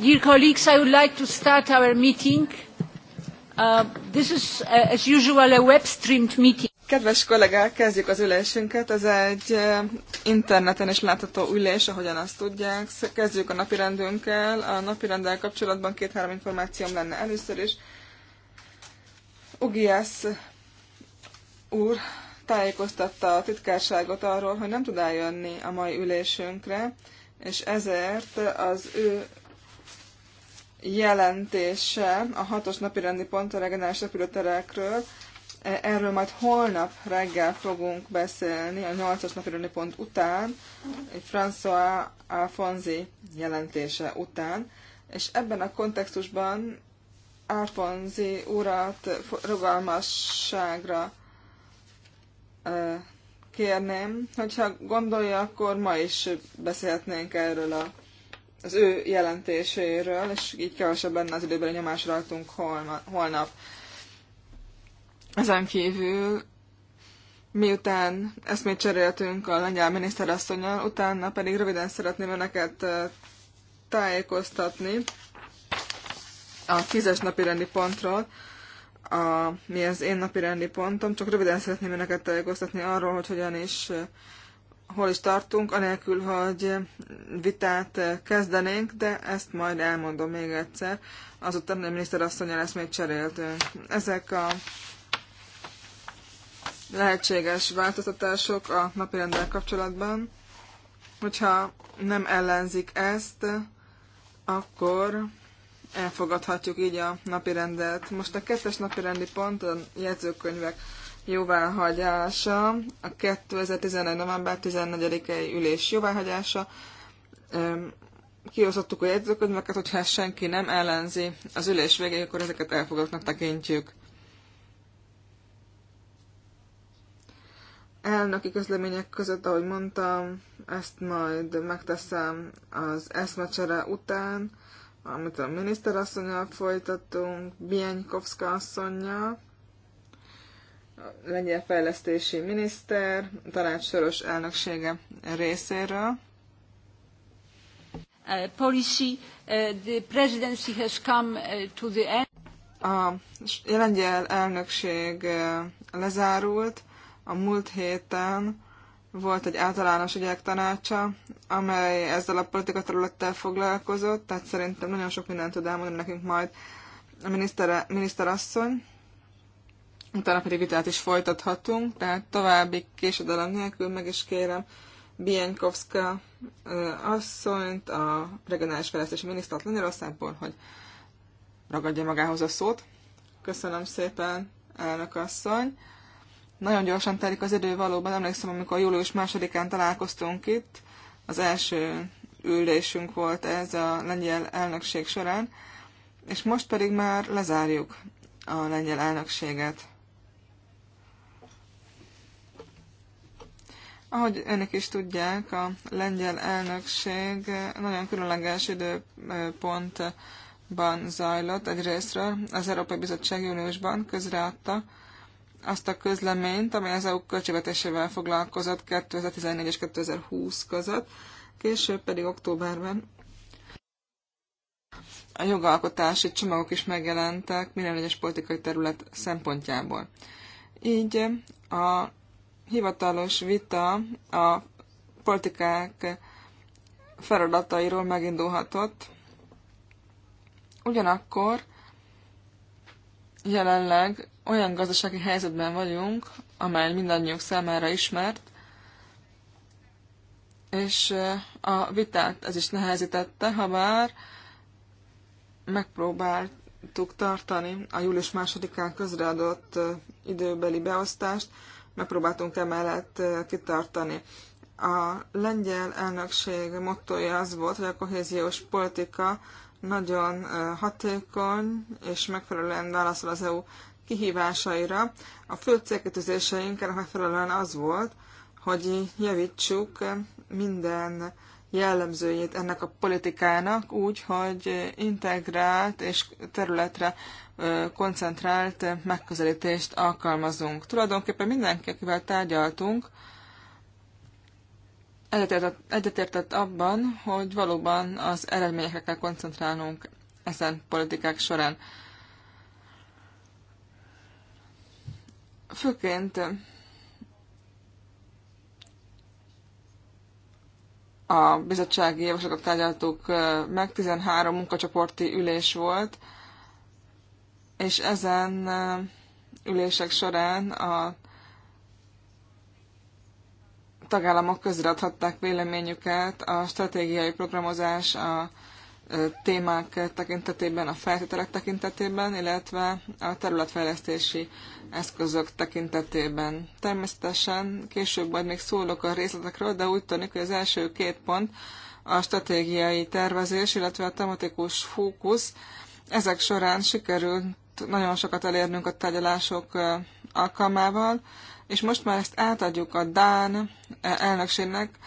Dear colleagues, I would like to start our meeting. Uh, this is, uh, as usual, a web-streamed meeting. Kedves kollégák, kezdjük az ülésünket. Ez egy uh, interneten is látható ülés, ahogyan azt tudják. Kezdjük a napirendünkkel. A napirenddel kapcsolatban két-három információm lenne először is. Ugiász úr tájékoztatta a titkárságot arról, hogy nem tud eljönni a mai ülésünkre, és ezért az ő jelentése a hatos napi rendi pont a regionális repülőterekről. E, erről majd holnap reggel fogunk beszélni, a nyolcas napi rendi pont után, egy François Alfonzi jelentése után, és ebben a kontextusban Alfonzi urat rugalmasságra kérném, hogyha gondolja, akkor ma is beszélhetnénk erről a az ő jelentéséről, és így kevesebb lenne az időbeli nyomásra adtunk holnap. Ezen kívül, miután ezt még cseréltünk a lengyel miniszterasszonyal, utána pedig röviden szeretném önöket tájékoztatni a tízes napi rendi pontról, a, mi az én napi rendi pontom, csak röviden szeretném önöket tájékoztatni arról, hogy hogyan is hol is tartunk, anélkül, hogy vitát kezdenénk, de ezt majd elmondom még egyszer. Azután a miniszterasszonyjal lesz még cseréltünk. Ezek a lehetséges változtatások a rendel kapcsolatban. Hogyha nem ellenzik ezt, akkor elfogadhatjuk így a napirendet. Most a kettes napirendi pont a jegyzőkönyvek jóváhagyása, a 2011. november 14-i ülés jóváhagyása. Kiosztottuk a jegyzőkönyveket, hogyha senki nem ellenzi az ülés végén, akkor ezeket elfogadottnak tekintjük. Elnöki közlemények között, ahogy mondtam, ezt majd megteszem az eszmecsere után, amit a miniszterasszonyjal folytattunk, Bienkowska asszonynal, lengyel fejlesztési miniszter, tanács soros elnöksége részéről. Eh, the presidency has come eh, to the end. A lengyel elnökség eh, lezárult. A múlt héten volt egy általános ügyek tanácsa, amely ezzel a politika területtel foglalkozott, tehát szerintem nagyon sok mindent tud elmondani nekünk majd a miniszter, miniszterasszony utána pedig vitát is folytathatunk, tehát további késedelem nélkül meg is kérem Bienkowska asszonyt, a regionális fejlesztési minisztert Lengyelországból, hogy ragadja magához a szót. Köszönöm szépen, elnök asszony. Nagyon gyorsan telik az idő valóban. Emlékszem, amikor július másodikán találkoztunk itt, az első ülésünk volt ez a lengyel elnökség során, és most pedig már lezárjuk a lengyel elnökséget. Ahogy önök is tudják, a lengyel elnökség nagyon különleges időpontban zajlott egyrésztről. Az Európai Bizottság júniusban közreadta azt a közleményt, amely az EU költségvetésével foglalkozott 2014 és 2020 között, később pedig októberben a jogalkotási csomagok is megjelentek minden egyes politikai terület szempontjából. Így a hivatalos vita a politikák feladatairól megindulhatott. Ugyanakkor jelenleg olyan gazdasági helyzetben vagyunk, amely mindannyiunk számára ismert, és eh, a vitát ez is nehezítette, ha bár megpróbáltuk tartani a július másodikán közreadott eh, időbeli beosztást, megpróbáltunk emellett kitartani. A lengyel elnökség mottoja az volt, hogy a kohéziós politika nagyon hatékony és megfelelően válaszol az EU kihívásaira. A fő célkötözéseink ennek megfelelően az volt, hogy javítsuk minden jellemzőjét ennek a politikának úgy, hogy integrált és területre koncentrált megközelítést alkalmazunk. Tulajdonképpen mindenki, akivel tárgyaltunk, egyetértett, abban, hogy valóban az eredményekre kell koncentrálnunk ezen politikák során. Főként a bizottsági javaslatot tárgyaltuk meg, 13 munkacsoporti ülés volt, és ezen ülések során a tagállamok közreadhatták véleményüket a stratégiai programozás, a témák tekintetében, a feltételek tekintetében, illetve a területfejlesztési eszközök tekintetében. Természetesen később majd még szólok a részletekről, de úgy tűnik, hogy az első két pont a stratégiai tervezés, illetve a tematikus fókusz, ezek során sikerült nagyon sokat elérnünk a tárgyalások alkalmával, és most már ezt átadjuk a Dán elnökségnek.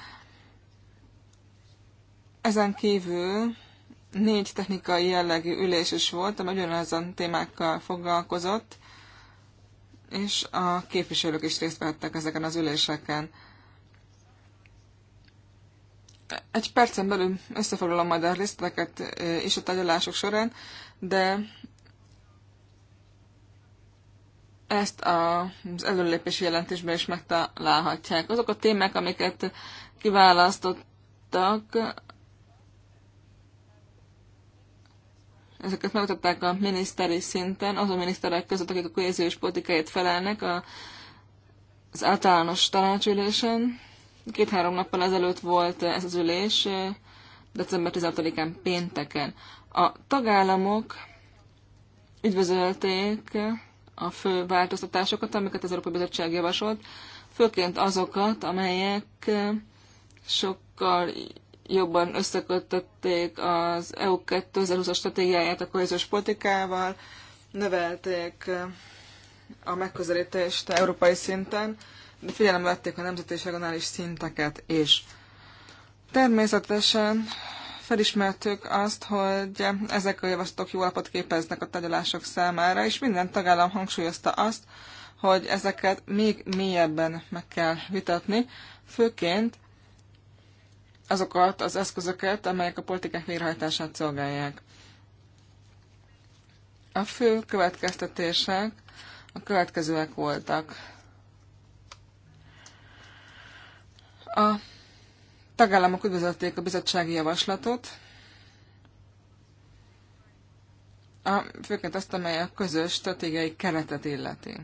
Ezen kívül négy technikai jellegű ülés is volt, amely ugyanazon témákkal foglalkozott, és a képviselők is részt vettek ezeken az üléseken. Egy percen belül összefoglalom majd a részleteket és a tárgyalások során, de ezt az előlépési jelentésben is megtalálhatják. Azok a témák, amiket kiválasztottak, ezeket megmutatták a miniszteri szinten, azon miniszterek között, akik a kohéziós politikáért felelnek a, az általános tanácsülésen. Két-három nappal ezelőtt volt ez az ülés, december 16-án pénteken. A tagállamok üdvözölték a fő változtatásokat, amiket az Európai Bizottság javasolt, főként azokat, amelyek eh, sokkal jobban összekötötték az EU 2020-as stratégiáját a kohéziós politikával, növelték eh, a megközelítést európai szinten, de figyelembe vették a nemzeti és regionális szinteket is. Természetesen felismertük azt, hogy ezek a javaslatok jó alapot képeznek a tárgyalások számára, és minden tagállam hangsúlyozta azt, hogy ezeket még mélyebben meg kell vitatni, főként azokat az eszközöket, amelyek a politikák végrehajtását szolgálják. A fő következtetések a következőek voltak. A tagállamok üdvözölték a bizottsági javaslatot, a, főként azt, amely a közös stratégiai keretet illeti.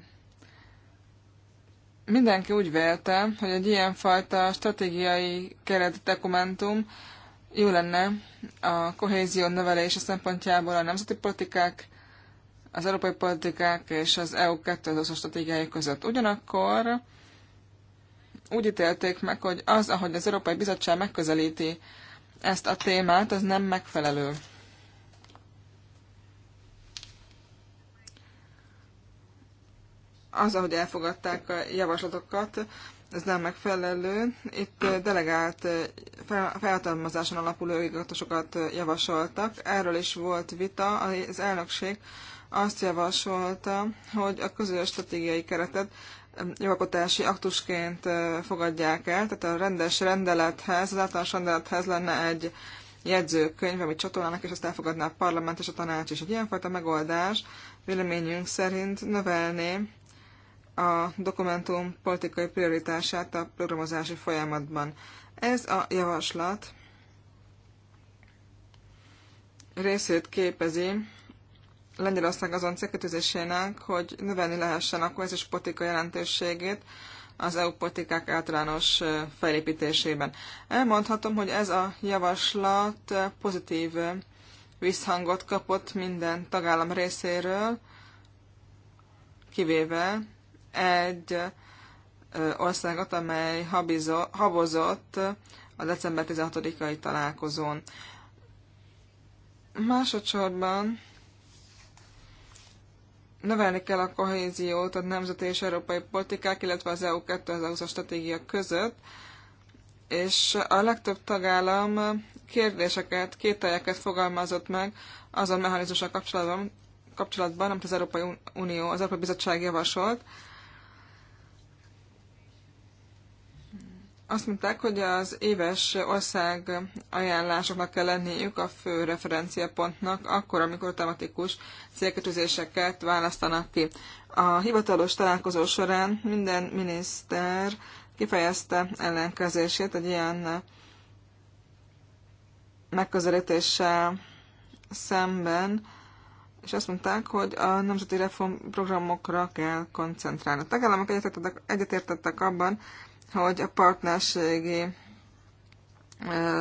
Mindenki úgy vélte, hogy egy ilyenfajta stratégiai dokumentum jó lenne a kohézió növelése szempontjából a nemzeti politikák, az európai politikák és az EU 2020-as stratégiái között. Ugyanakkor úgy ítélték meg, hogy az, ahogy az Európai Bizottság megközelíti ezt a témát, az nem megfelelő. Az, ahogy elfogadták a javaslatokat, ez nem megfelelő. Itt delegált felhatalmazáson alapuló igazgatósokat javasoltak. Erről is volt vita. Az elnökség azt javasolta, hogy a közös stratégiai keretet jogalkotási aktusként fogadják el, tehát a rendes rendelethez, az általános rendelethez lenne egy jegyzőkönyv, amit csatolnának, és azt elfogadná a parlament és a tanács is. Egy ilyenfajta megoldás véleményünk szerint növelné a dokumentum politikai prioritását a programozási folyamatban. Ez a javaslat részét képezi Lengyelország azon célkötözésének, hogy növelni lehessen a kohéziós politika jelentőségét az EU politikák általános felépítésében. Elmondhatom, hogy ez a javaslat pozitív visszhangot kapott minden tagállam részéről, kivéve egy országot, amely habizo, habozott a december 16-ai találkozón. Másodszorban növelni kell a kohéziót a nemzeti és európai politikák, illetve az EU 2020-as stratégia között, és a legtöbb tagállam kérdéseket, kételjeket fogalmazott meg azon mechanizmusok kapcsolatban, kapcsolatban, amit az Európai Unió, az Európai Bizottság javasolt, azt mondták, hogy az éves ország ajánlásoknak kell lenniük a fő referenciapontnak, akkor, amikor tematikus célkötözéseket választanak ki. A hivatalos találkozó során minden miniszter kifejezte ellenkezését egy ilyen megközelítéssel szemben, és azt mondták, hogy a nemzeti reformprogramokra kell koncentrálni. A tagállamok egyetértettek abban, hogy a partnerségi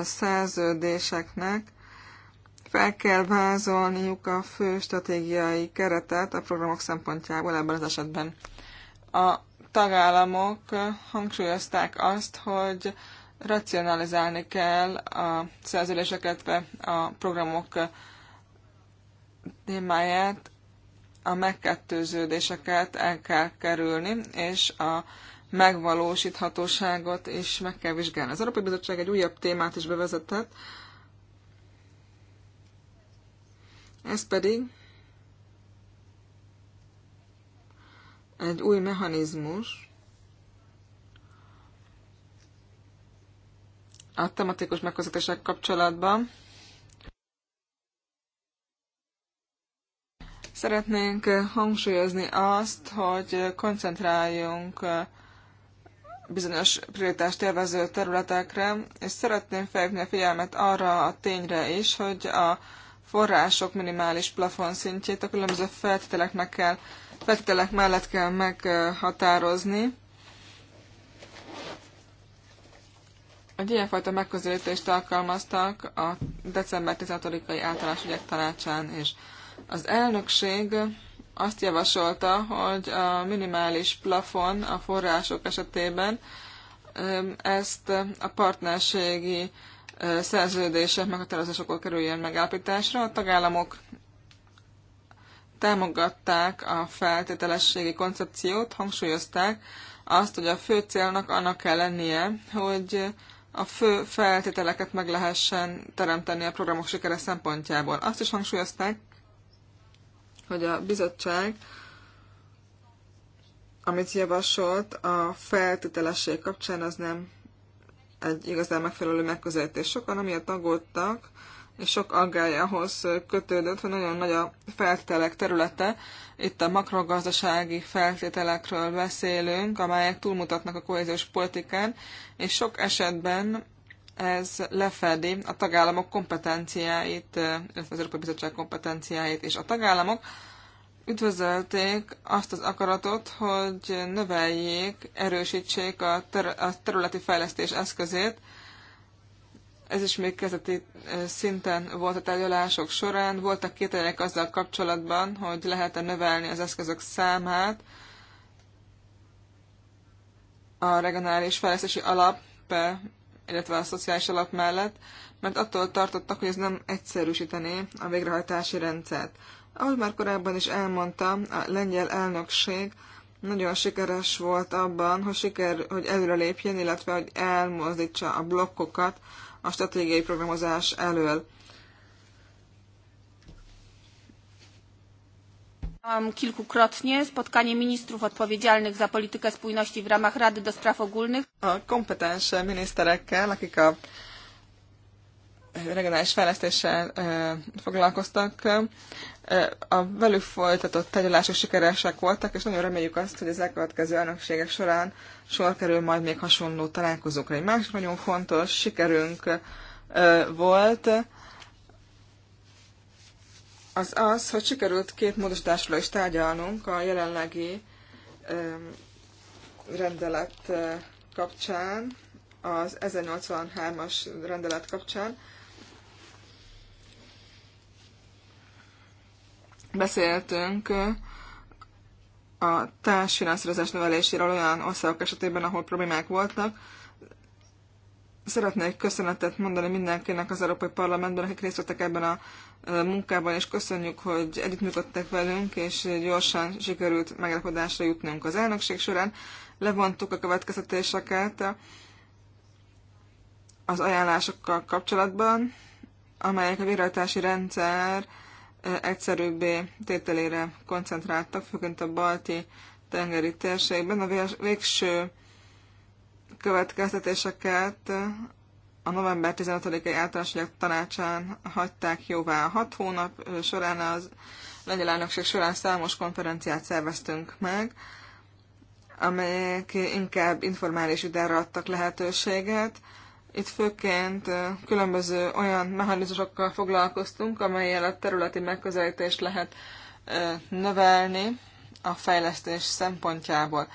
szerződéseknek fel kell vázolniuk a fő stratégiai keretet a programok szempontjából ebben az esetben. A tagállamok hangsúlyozták azt, hogy racionalizálni kell a szerződéseket, a programok témáját, a megkettőződéseket el kell kerülni, és a megvalósíthatóságot és meg kell vizsgálni. Az Európai Bizottság egy újabb témát is bevezetett, ez pedig egy új mechanizmus, a tematikus megközelítések kapcsolatban. Szeretnénk hangsúlyozni azt, hogy koncentráljunk bizonyos prioritást élvező területekre, és szeretném felhívni a figyelmet arra a tényre is, hogy a források minimális plafon szintjét a különböző feltételeknek kell, feltételek mellett kell meghatározni. Egy ilyenfajta megközelítést alkalmaztak a december 16-ai általános ügyek tanácsán, és az elnökség azt javasolta, hogy a minimális plafon a források esetében ezt a partnerségi szerződések meghatározásokkal kerüljön megállapításra. A tagállamok támogatták a feltételességi koncepciót, hangsúlyozták azt, hogy a fő célnak annak kell lennie, hogy a fő feltételeket meg lehessen teremteni a programok sikere szempontjából. Azt is hangsúlyozták, hogy a bizottság, amit javasolt a feltételesség kapcsán, az nem egy igazán megfelelő megközelítés. Sokan amiatt aggódtak, és sok aggájához kötődött, hogy nagyon nagy a feltételek területe. Itt a makrogazdasági feltételekről beszélünk, amelyek túlmutatnak a kohéziós politikán, és sok esetben ez lefedi a tagállamok kompetenciáit, illetve az Európai Bizottság kompetenciáit, és a tagállamok üdvözölték azt az akaratot, hogy növeljék, erősítsék a, ter- a területi fejlesztés eszközét. Ez is még kezdeti szinten volt a tárgyalások során. Voltak kételjek azzal kapcsolatban, hogy lehet-e növelni az eszközök számát a regionális fejlesztési alap illetve a szociális alap mellett, mert attól tartottak, hogy ez nem egyszerűsítené a végrehajtási rendszert. Ahogy már korábban is elmondtam, a lengyel elnökség nagyon sikeres volt abban, hogy, siker, hogy előre lépjen, illetve hogy elmozdítsa a blokkokat a stratégiai programozás elől. Mam kilkukrotnie spotkanie ministrów odpowiedzialnych za politykę spójności w ramach Rady do Spraw Ogólnych. A kompetens miniszterekkel, akik a regionális fejlesztéssel e, foglalkoztak, e, a velük folytatott tegyelások sikeresek voltak, és nagyon reméljük azt, hogy az elkövetkező elnökségek során sor kerül majd még hasonló találkozókra. Egy másik nagyon fontos sikerünk e, volt, az az, hogy sikerült két módosításról is tárgyalnunk a jelenlegi rendelet kapcsán, az 1083-as rendelet kapcsán. Beszéltünk a társfinanszírozás növeléséről olyan országok esetében, ahol problémák voltak, Szeretnék köszönetet mondani mindenkinek az Európai Parlamentben, akik részt vettek ebben a munkában, és köszönjük, hogy együttműködtek velünk, és gyorsan sikerült megállapodásra jutnunk az elnökség során. Levontuk a következtetéseket az ajánlásokkal kapcsolatban, amelyek a végrehajtási rendszer egyszerűbbé tételére koncentráltak, főként a balti tengeri térségben. A végső következtetéseket a november 15-i általános tanácsán hagyták jóvá. A hat hónap során az lengyel elnökség során számos konferenciát szerveztünk meg, amelyek inkább informális üdára adtak lehetőséget. Itt főként különböző olyan mechanizmusokkal foglalkoztunk, amelyel a területi megközelítést lehet növelni a fejlesztés szempontjából.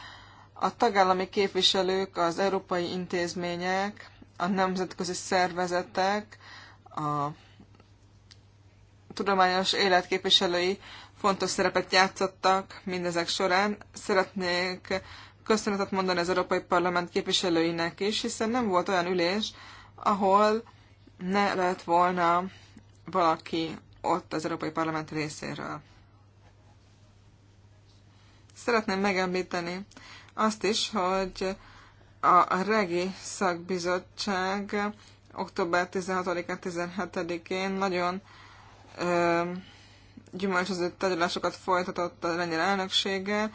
A tagállami képviselők, az európai intézmények, a nemzetközi szervezetek, a tudományos életképviselői fontos szerepet játszottak mindezek során. Szeretnék köszönetet mondani az Európai Parlament képviselőinek is, hiszen nem volt olyan ülés, ahol ne lett volna valaki ott az Európai Parlament részéről. Szeretném megemlíteni azt is, hogy a Regi Szakbizottság október 16-án, 17-én nagyon ö, gyümölcsöző tárgyalásokat folytatott a lengyel elnökséggel,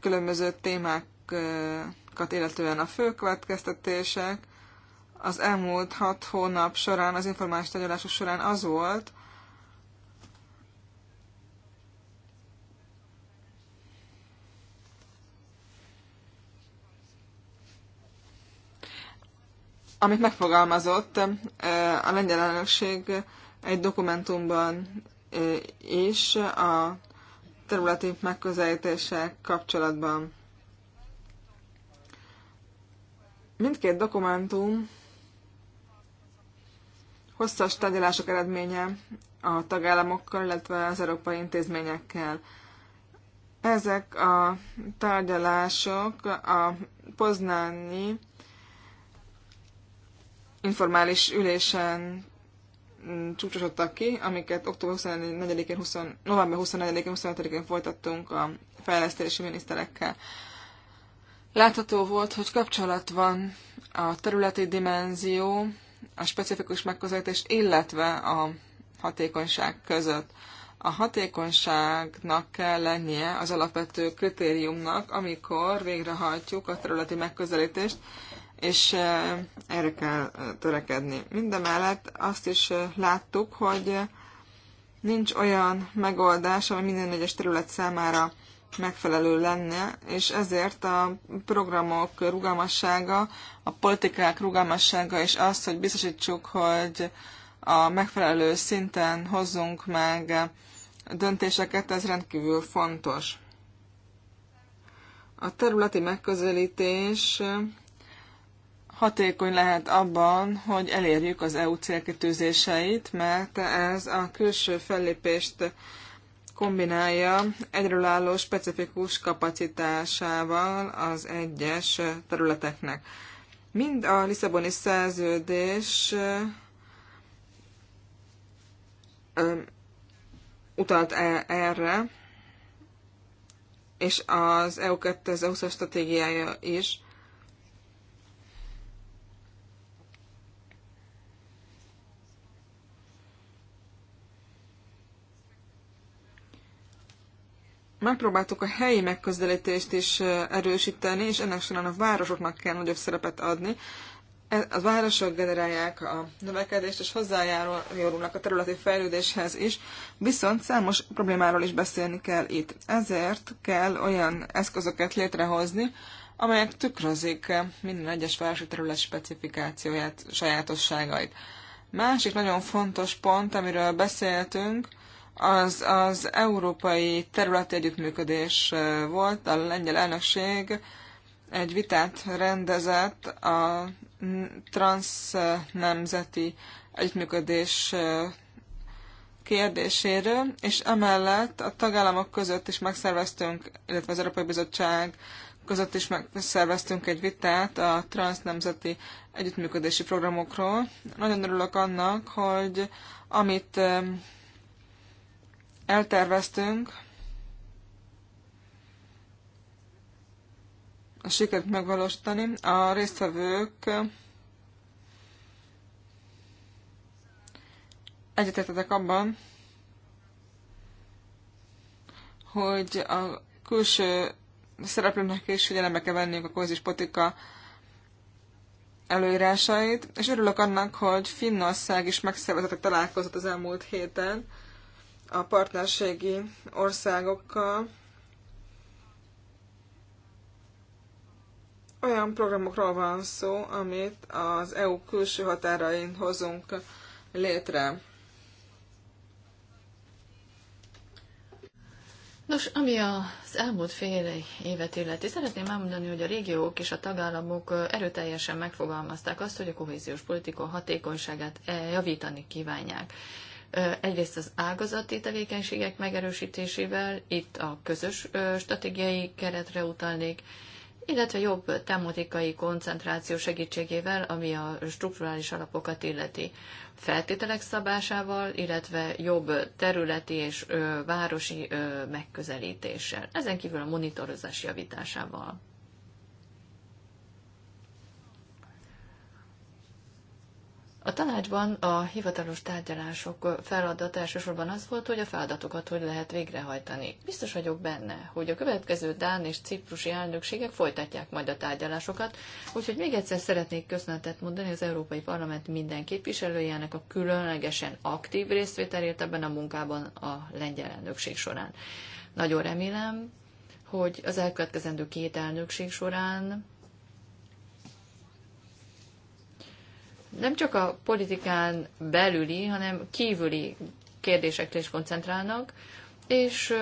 különböző témákat illetően a fő következtetések. Az elmúlt hat hónap során, az informális tárgyalások során az volt, amit megfogalmazott a lengyel elnökség egy dokumentumban is a területi megközelítések kapcsolatban. Mindkét dokumentum hosszas tárgyalások eredménye a tagállamokkal, illetve az európai intézményekkel. Ezek a tárgyalások a poznáni informális ülésen csúcsosodtak ki, amiket október 24-én, 20, november 24-én, 25-én folytattunk a fejlesztési miniszterekkel. Látható volt, hogy kapcsolat van a területi dimenzió, a specifikus megközelítés, illetve a hatékonyság között. A hatékonyságnak kell lennie az alapvető kritériumnak, amikor végrehajtjuk a területi megközelítést, és erre kell törekedni. Mindemellett azt is láttuk, hogy nincs olyan megoldás, ami minden egyes terület számára megfelelő lenne, és ezért a programok rugalmassága, a politikák rugalmassága, és az, hogy biztosítsuk, hogy a megfelelő szinten hozzunk meg döntéseket, ez rendkívül fontos. A területi megközelítés hatékony lehet abban, hogy elérjük az EU célkitűzéseit, mert ez a külső fellépést kombinálja egyről specifikus kapacitásával az egyes területeknek. Mind a Lisszaboni szerződés utalt e, erre, és az EU 2020-as e stratégiája is Megpróbáltuk a helyi megközelítést is erősíteni, és ennek során a városoknak kell nagyobb szerepet adni. E, a városok generálják a növekedést, és hozzájárulnak a területi fejlődéshez is, viszont számos problémáról is beszélni kell itt. Ezért kell olyan eszközöket létrehozni, amelyek tükrözik minden egyes városi terület specifikációját, sajátosságait. Másik nagyon fontos pont, amiről beszéltünk, az az európai területi együttműködés volt. A lengyel elnökség egy vitát rendezett a transznemzeti együttműködés kérdéséről, és emellett a tagállamok között is megszerveztünk, illetve az Európai Bizottság között is megszerveztünk egy vitát a transznemzeti együttműködési programokról. Nagyon örülök annak, hogy amit elterveztünk, a sikert megvalósítani. A résztvevők egyetértetek abban, hogy a külső szereplőnek is figyelembe kell venniük a kohezis politika előírásait, és örülök annak, hogy Finnország is megszervezett a találkozót az elmúlt héten, a partnerségi országokkal olyan programokról van szó, amit az EU külső határain hozunk létre. Nos, ami az elmúlt fél évet illeti, szeretném elmondani, hogy a régiók és a tagállamok erőteljesen megfogalmazták azt, hogy a kohéziós politika hatékonyságát eh, javítani kívánják egyrészt az ágazati tevékenységek megerősítésével, itt a közös stratégiai keretre utalnék, illetve jobb tematikai koncentráció segítségével, ami a strukturális alapokat illeti feltételek szabásával, illetve jobb területi és városi megközelítéssel. Ezen kívül a monitorozás javításával. A tanácsban a hivatalos tárgyalások feladata elsősorban az volt, hogy a feladatokat hogy lehet végrehajtani. Biztos vagyok benne, hogy a következő Dán és Ciprusi elnökségek folytatják majd a tárgyalásokat, úgyhogy még egyszer szeretnék köszönetet mondani az Európai Parlament minden képviselőjének a különlegesen aktív részvételért ebben a munkában a lengyel elnökség során. Nagyon remélem, hogy az elkövetkezendő két elnökség során nem csak a politikán belüli, hanem kívüli kérdésekre is koncentrálnak, és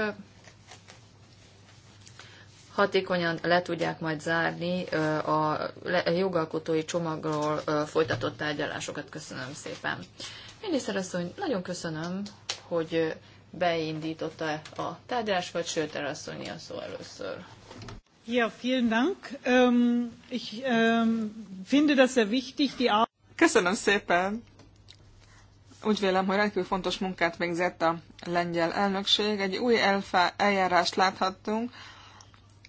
hatékonyan le tudják majd zárni a jogalkotói csomagról folytatott tárgyalásokat. Köszönöm szépen. asszony, nagyon köszönöm, hogy beindította a vagy sőt, elasszony a szó először. Ja, vielen Dank. Ähm, ich ähm, finde das sehr wichtig, die Arbeit. Köszönöm szépen! Úgy vélem, hogy rendkívül fontos munkát végzett a lengyel elnökség. Egy új elfá- eljárást láthattunk.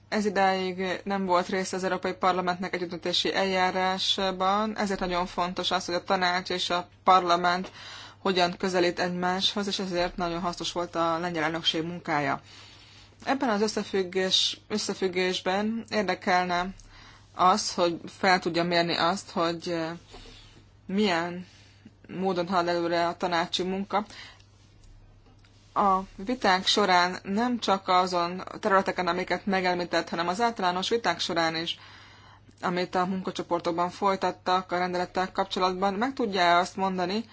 Ez idáig nem volt része az Európai Parlamentnek együttöntési eljárásban, ezért nagyon fontos az, hogy a tanács és a parlament hogyan közelít egymáshoz, és ezért nagyon hasznos volt a lengyel elnökség munkája. Ebben az összefüggés, összefüggésben érdekelne az, hogy fel tudja mérni azt, hogy milyen módon halad előre a tanácsi munka. A viták során nem csak azon területeken, amiket megelmített, hanem az általános viták során is, amit a munkacsoportokban folytattak a rendelettel kapcsolatban, meg tudja azt mondani,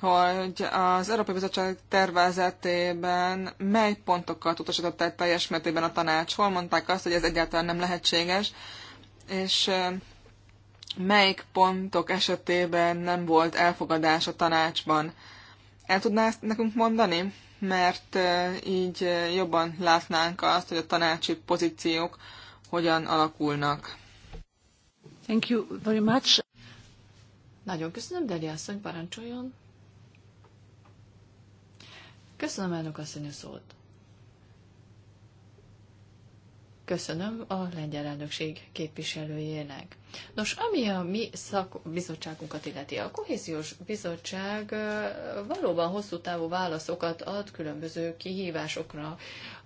hogy az Európai Bizottság tervezetében mely pontokat utasított el teljes mértékben a tanács, hol mondták azt, hogy ez egyáltalán nem lehetséges, és melyik pontok esetében nem volt elfogadás a tanácsban. El tudná ezt nekünk mondani? Mert így jobban látnánk azt, hogy a tanácsi pozíciók hogyan alakulnak. Thank you very much. Nagyon köszönöm, Deli asszony, parancsoljon. Köszönöm elnök asszony a szót. Köszönöm a lengyel elnökség képviselőjének. Nos, ami a mi szakbizottságunkat illeti, a kohéziós bizottság valóban hosszú távú válaszokat ad különböző kihívásokra,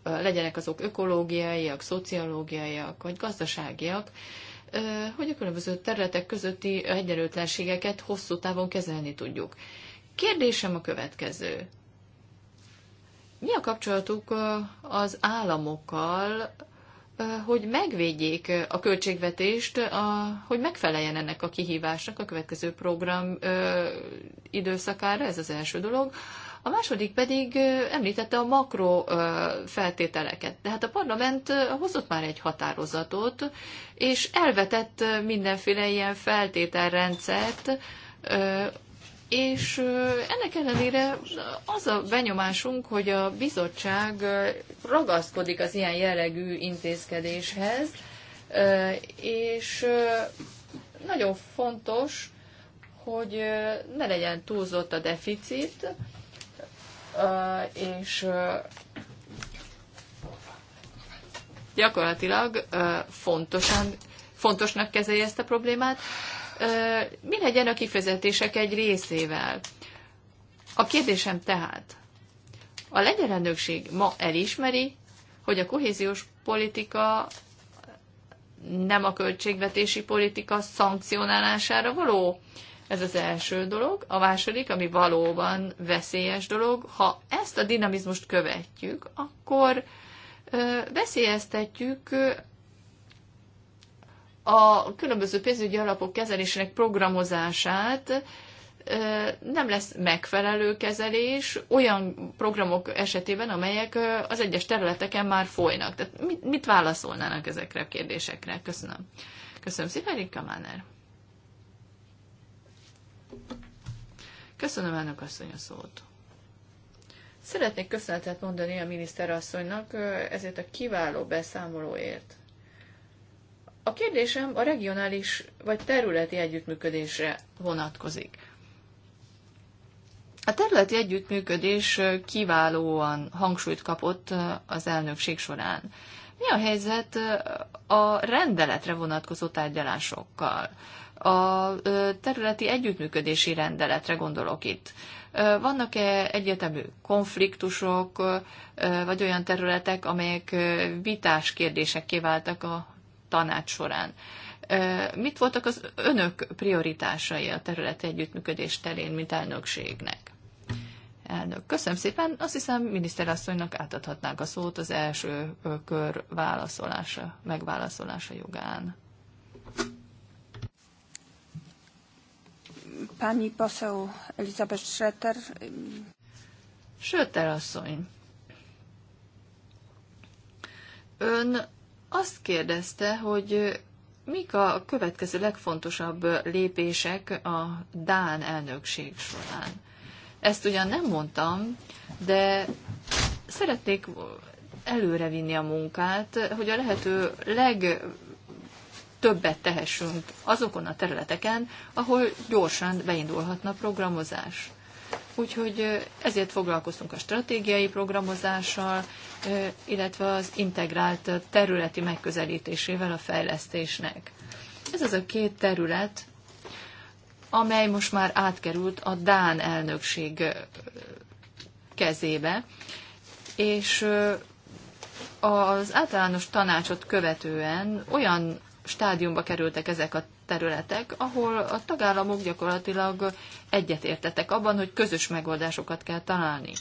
legyenek azok ökológiaiak, szociológiaiak vagy gazdaságiak, hogy a különböző területek közötti egyenlőtlenségeket hosszú távon kezelni tudjuk. Kérdésem a következő. Mi a kapcsolatuk az államokkal, hogy megvédjék a költségvetést, a, hogy megfeleljen ennek a kihívásnak a következő program ö, időszakára, ez az első dolog. A második pedig említette a makro feltételeket. tehát a parlament hozott már egy határozatot, és elvetett mindenféle ilyen feltételrendszert, és ennek ellenére az a benyomásunk, hogy a bizottság ragaszkodik az ilyen jellegű intézkedéshez, és nagyon fontos, hogy ne legyen túlzott a deficit, és gyakorlatilag fontosan, fontosnak kezelje ezt a problémát mi legyen a kifizetések egy részével? A kérdésem tehát, a lengyel elnökség ma elismeri, hogy a kohéziós politika nem a költségvetési politika szankcionálására való. Ez az első dolog. A második, ami valóban veszélyes dolog, ha ezt a dinamizmust követjük, akkor veszélyeztetjük a különböző pénzügyi alapok kezelésének programozását, nem lesz megfelelő kezelés olyan programok esetében, amelyek az egyes területeken már folynak. Tehát mit, mit válaszolnának ezekre a kérdésekre? Köszönöm. Köszönöm szépen, Rika Máner. Köszönöm elnök asszony a szót. Szeretnék köszönetet mondani a miniszter asszonynak ezért a kiváló beszámolóért. A kérdésem a regionális vagy területi együttműködésre vonatkozik. A területi együttműködés kiválóan hangsúlyt kapott az elnökség során. Mi a helyzet a rendeletre vonatkozó tárgyalásokkal? A területi együttműködési rendeletre gondolok itt. Vannak-e egyetemű konfliktusok, vagy olyan területek, amelyek vitás kérdések kiváltak a tanács során. Mit voltak az önök prioritásai a területi együttműködés terén, mint elnökségnek? Elnök, köszönöm szépen. Azt hiszem, miniszterasszonynak átadhatnánk a szót az első kör válaszolása, megválaszolása jogán. Pani poseł Elizabeth Schröter. Schröter asszony. Ön azt kérdezte, hogy mik a következő legfontosabb lépések a Dán elnökség során. Ezt ugyan nem mondtam, de szeretnék előrevinni a munkát, hogy a lehető legtöbbet tehessünk azokon a területeken, ahol gyorsan beindulhatna programozás. Úgyhogy ezért foglalkoztunk a stratégiai programozással, illetve az integrált területi megközelítésével a fejlesztésnek. Ez az a két terület, amely most már átkerült a Dán elnökség kezébe, és az általános tanácsot követően olyan stádiumba kerültek ezek a területek, ahol a tagállamok gyakorlatilag egyetértettek abban, hogy közös megoldásokat kell találni.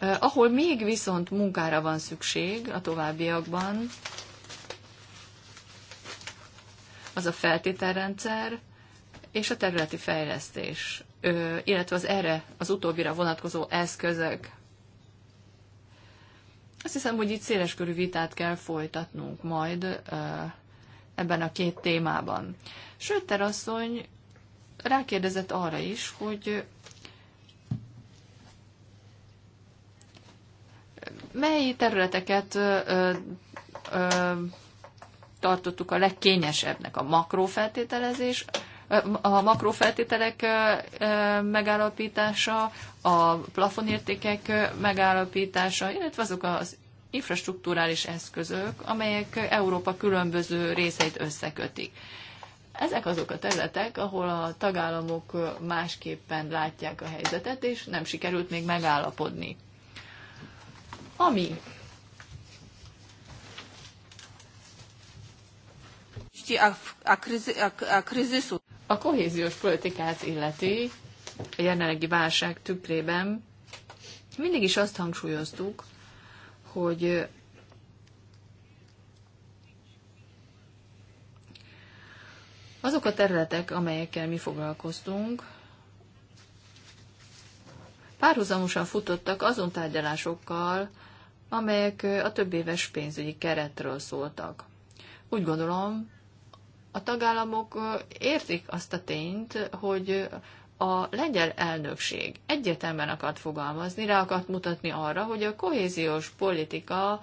Ahol még viszont munkára van szükség a továbbiakban, az a feltételrendszer és a területi fejlesztés, illetve az erre, az utóbbira vonatkozó eszközök. Azt hiszem, hogy itt széleskörű vitát kell folytatnunk majd ebben a két témában. Schröter asszony rákérdezett arra is, hogy mely területeket ö, ö, tartottuk a legkényesebbnek a makrófeltételezés, a makrófeltételek megállapítása, a plafonértékek megállapítása, illetve azok az infrastruktúrális eszközök, amelyek Európa különböző részeit összekötik. Ezek azok a területek, ahol a tagállamok másképpen látják a helyzetet, és nem sikerült még megállapodni. Ami a kohéziós politikát illeti, a jelenlegi válság tükrében mindig is azt hangsúlyoztuk, hogy azok a területek, amelyekkel mi foglalkoztunk, párhuzamosan futottak azon tárgyalásokkal, amelyek a több éves pénzügyi keretről szóltak. Úgy gondolom, a tagállamok értik azt a tényt, hogy a lengyel elnökség egyértelműen akart fogalmazni, rá akart mutatni arra, hogy a kohéziós politika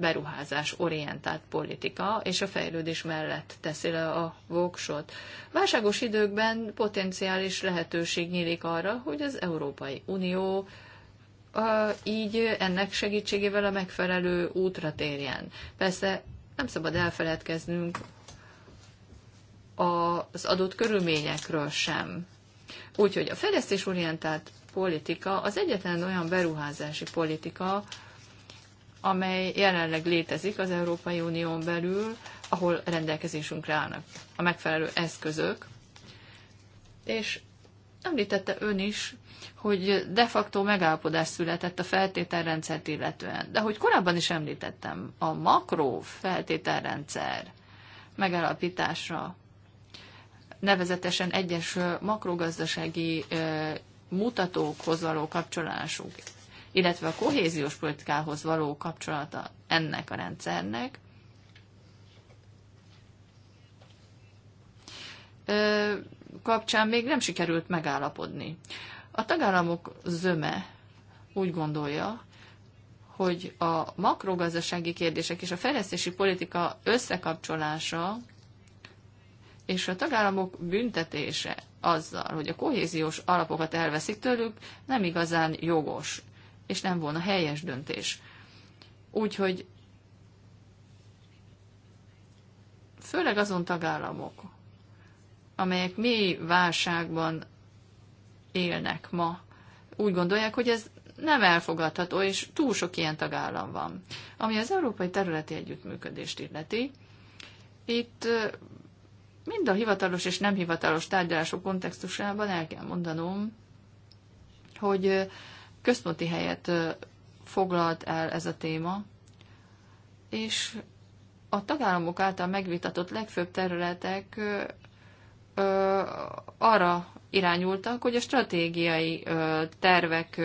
beruházás orientált politika, és a fejlődés mellett teszi le a voksot. Válságos időkben potenciális lehetőség nyílik arra, hogy az Európai Unió így ennek segítségével a megfelelő útra térjen. Persze nem szabad elfeledkeznünk az adott körülményekről sem. Úgyhogy a fejlesztésorientált politika az egyetlen olyan beruházási politika, amely jelenleg létezik az Európai Unión belül, ahol rendelkezésünkre állnak a megfelelő eszközök. És említette ön is, hogy de facto megállapodás született a feltételrendszert illetően. De hogy korábban is említettem, a makró feltételrendszer megállapítása nevezetesen egyes makrogazdasági mutatókhoz való kapcsolásuk, illetve a kohéziós politikához való kapcsolata ennek a rendszernek, kapcsán még nem sikerült megállapodni. A tagállamok zöme úgy gondolja, hogy a makrogazdasági kérdések és a fejlesztési politika összekapcsolása és a tagállamok büntetése azzal, hogy a kohéziós alapokat elveszik tőlük, nem igazán jogos, és nem volna helyes döntés. Úgyhogy főleg azon tagállamok, amelyek mély válságban élnek ma, úgy gondolják, hogy ez nem elfogadható, és túl sok ilyen tagállam van. Ami az európai területi együttműködést illeti, itt mind a hivatalos és nem hivatalos tárgyalások kontextusában el kell mondanom, hogy központi helyet foglalt el ez a téma, és a tagállamok által megvitatott legfőbb területek arra irányultak, hogy a stratégiai tervek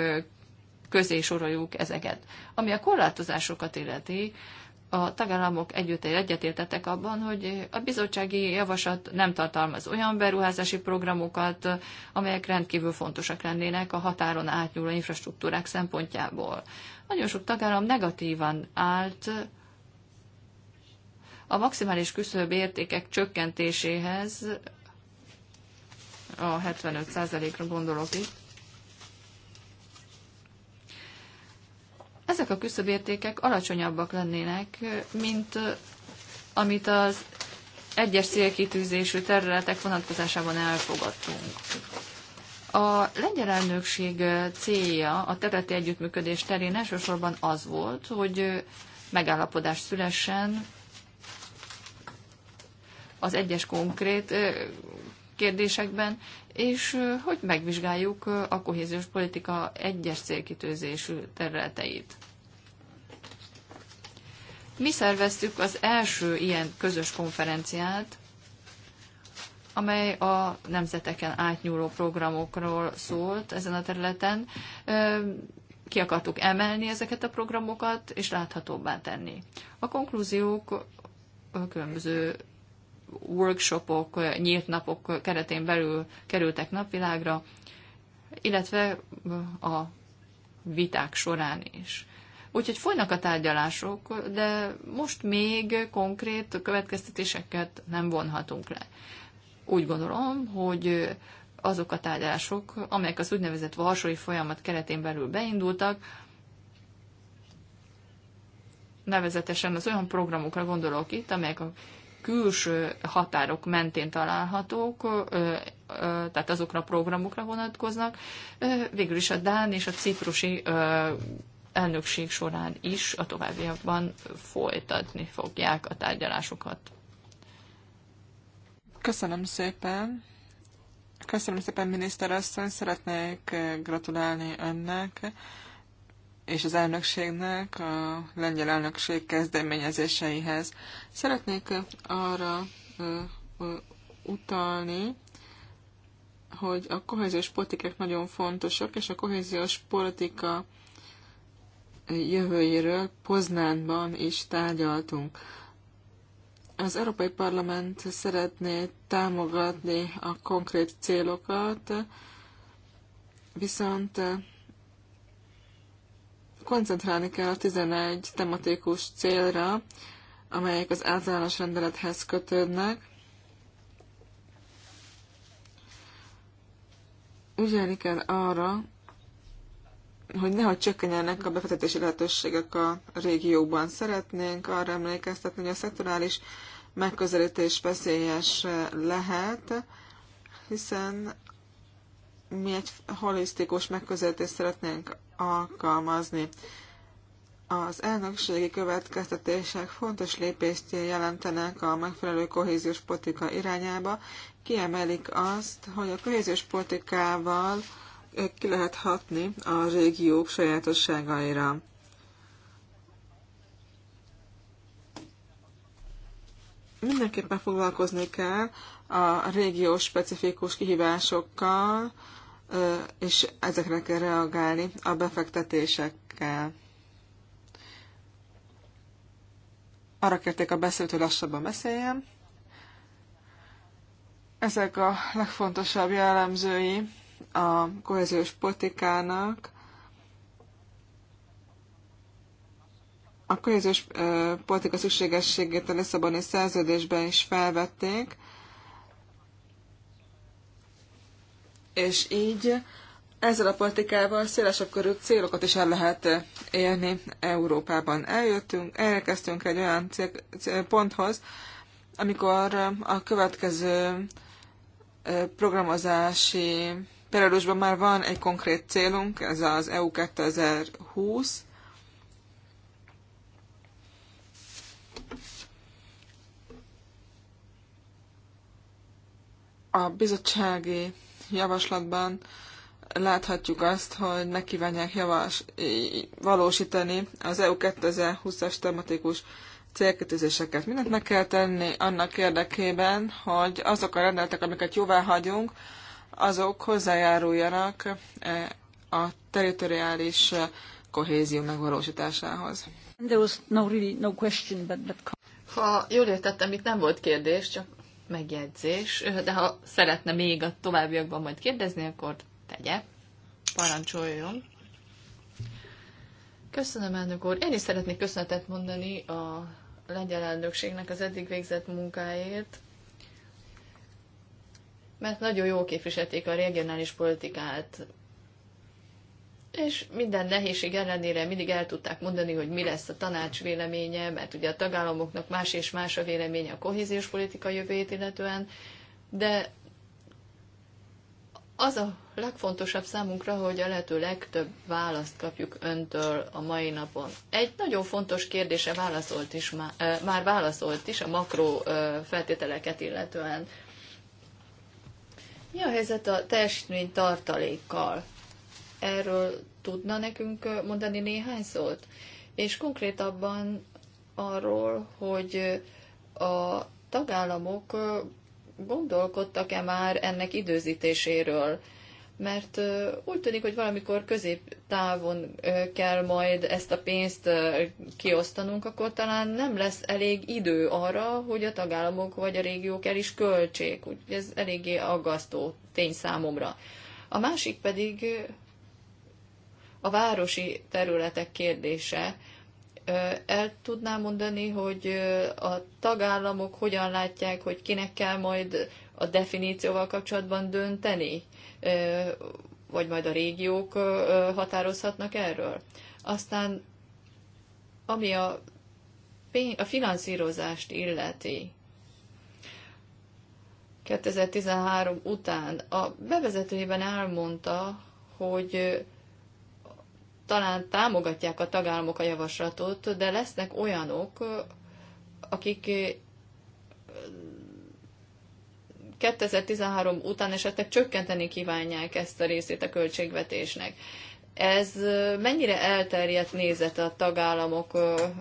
közé soroljuk ezeket. Ami a korlátozásokat illeti, a tagállamok együtt egyetértettek abban, hogy a bizottsági javaslat nem tartalmaz olyan beruházási programokat, amelyek rendkívül fontosak lennének a határon átnyúló infrastruktúrák szempontjából. Nagyon sok tagállam negatívan állt a maximális küszöbb értékek csökkentéséhez, a 75%-ra gondolok itt, ezek a küszöbértékek alacsonyabbak lennének, mint amit az egyes célkitűzésű területek vonatkozásában elfogadtunk. A lengyel elnökség célja a területi együttműködés terén elsősorban az volt, hogy megállapodás szülessen az egyes konkrét kérdésekben, és hogy megvizsgáljuk a kohéziós politika egyes célkitőzésű területeit. Mi szerveztük az első ilyen közös konferenciát, amely a nemzeteken átnyúló programokról szólt ezen a területen. Ki akartuk emelni ezeket a programokat, és láthatóbbá tenni. A konklúziók a különböző workshopok, nyílt napok keretén belül kerültek napvilágra, illetve a viták során is. Úgyhogy folynak a tárgyalások, de most még konkrét következtetéseket nem vonhatunk le. Úgy gondolom, hogy azok a tárgyalások, amelyek az úgynevezett Varsói folyamat keretén belül beindultak, nevezetesen az olyan programokra gondolok itt, amelyek a külső határok mentén találhatók, tehát azokra a programokra vonatkoznak. Végül is a Dán és a ciprusi elnökség során is a továbbiakban folytatni fogják a tárgyalásokat. Köszönöm szépen. Köszönöm szépen, miniszter asszony, szeretnék gratulálni önnek és az elnökségnek a lengyel elnökség kezdeményezéseihez. Szeretnék arra utalni, hogy a kohéziós politikák nagyon fontosak, és a kohéziós politika jövőjéről Poznánban is tárgyaltunk. Az Európai Parlament szeretné támogatni a konkrét célokat, viszont koncentrálni kell a 11 tematikus célra, amelyek az általános rendelethez kötődnek. Ügyelni kell arra, hogy nehogy csökkenjenek a befektetési lehetőségek a régióban. Szeretnénk arra emlékeztetni, hogy a szektorális megközelítés veszélyes lehet, hiszen mi egy holisztikus megközelítést szeretnénk alkalmazni. Az elnökségi következtetések fontos lépést jelentenek a megfelelő kohéziós politika irányába. Kiemelik azt, hogy a kohéziós politikával ki lehet hatni a régiók sajátosságaira. Mindenképpen foglalkozni kell a régiós specifikus kihívásokkal, és ezekre kell reagálni a befektetésekkel. Arra kérték a beszélőt, hogy lassabban beszéljem. Ezek a legfontosabb jellemzői a kohéziós politikának. A kohéziós politika szükségességét a Lisszaboni szerződésben is felvették, és így ezzel a politikával szélesebb körű célokat is el lehet élni Európában. Eljöttünk, elkezdtünk egy olyan cél, cél, ponthoz, amikor a következő programozási periódusban már van egy konkrét célunk, ez az EU 2020, a bizottsági javaslatban láthatjuk azt, hogy megkívánják javas, valósítani az EU 2020-as tematikus célkitűzéseket. Mindent meg kell tenni annak érdekében, hogy azok a rendeletek, amiket jóvá hagyunk, azok hozzájáruljanak e, a territoriális e, kohézió megvalósításához. Ha jól értettem, itt nem volt kérdés, csak megjegyzés, de ha szeretne még a továbbiakban majd kérdezni, akkor tegye, parancsoljon. Köszönöm, elnök úr. Én is szeretnék köszönetet mondani a lengyel elnökségnek az eddig végzett munkáért, mert nagyon jól képviselték a regionális politikát és minden nehézség ellenére mindig el tudták mondani, hogy mi lesz a tanács véleménye, mert ugye a tagállamoknak más és más a véleménye a kohéziós politika jövőjét illetően, de az a legfontosabb számunkra, hogy a lehető legtöbb választ kapjuk öntől a mai napon. Egy nagyon fontos kérdése válaszolt is, már válaszolt is a makró feltételeket illetően. Mi a helyzet a teljesítmény tartalékkal? Erről tudna nekünk mondani néhány szót? És konkrétabban arról, hogy a tagállamok gondolkodtak-e már ennek időzítéséről? Mert úgy tűnik, hogy valamikor középtávon kell majd ezt a pénzt kiosztanunk, akkor talán nem lesz elég idő arra, hogy a tagállamok vagy a régiók el is költsék. Úgyhogy ez eléggé aggasztó tény számomra. A másik pedig, a városi területek kérdése. El tudná mondani, hogy a tagállamok hogyan látják, hogy kinek kell majd a definícióval kapcsolatban dönteni, vagy majd a régiók határozhatnak erről. Aztán, ami a, a finanszírozást illeti, 2013 után a bevezetőjében elmondta, hogy talán támogatják a tagállamok a javaslatot, de lesznek olyanok, akik 2013 után esetleg csökkenteni kívánják ezt a részét a költségvetésnek. Ez mennyire elterjedt nézet a tagállamok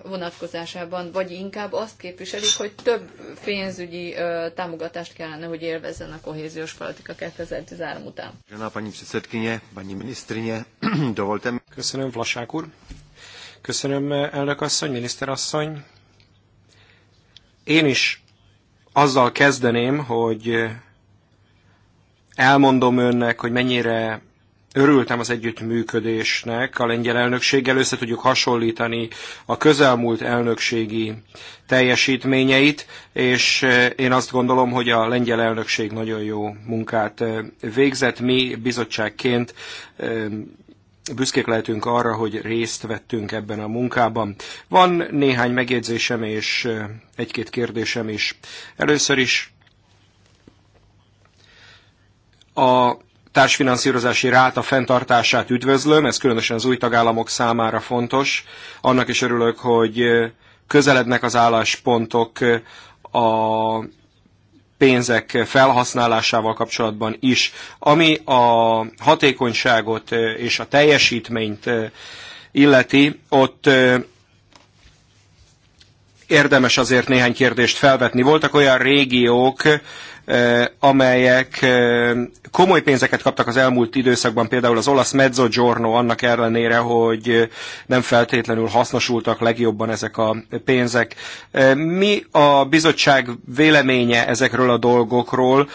vonatkozásában, vagy inkább azt képviselik, hogy több pénzügyi támogatást kellene, hogy élvezzen a kohéziós politika 2013 után? Pani předsedkyně, pani ministrině, dovolte Köszönöm, Vlasák úr. Köszönöm, elnök asszony, miniszter asszony. Én is azzal kezdeném, hogy elmondom önnek, hogy mennyire örültem az együttműködésnek a lengyel elnökséggel, össze tudjuk hasonlítani a közelmúlt elnökségi teljesítményeit, és e, én azt gondolom, hogy a lengyel elnökség nagyon jó munkát e, végzett. Mi bizottságként e, büszkék lehetünk arra, hogy részt vettünk ebben a munkában. Van néhány megjegyzésem és egy-két kérdésem is. Először is a társfinanszírozási ráta fenntartását üdvözlöm, ez különösen az új tagállamok számára fontos. Annak is örülök, hogy közelednek az álláspontok a pénzek felhasználásával kapcsolatban is. Ami a hatékonyságot és a teljesítményt illeti, ott érdemes azért néhány kérdést felvetni. Voltak olyan régiók, amelyek komoly pénzeket kaptak az elmúlt időszakban, például az olasz Mezzogiorno annak ellenére, hogy nem feltétlenül hasznosultak legjobban ezek a pénzek. Mi a bizottság véleménye ezekről a dolgokról?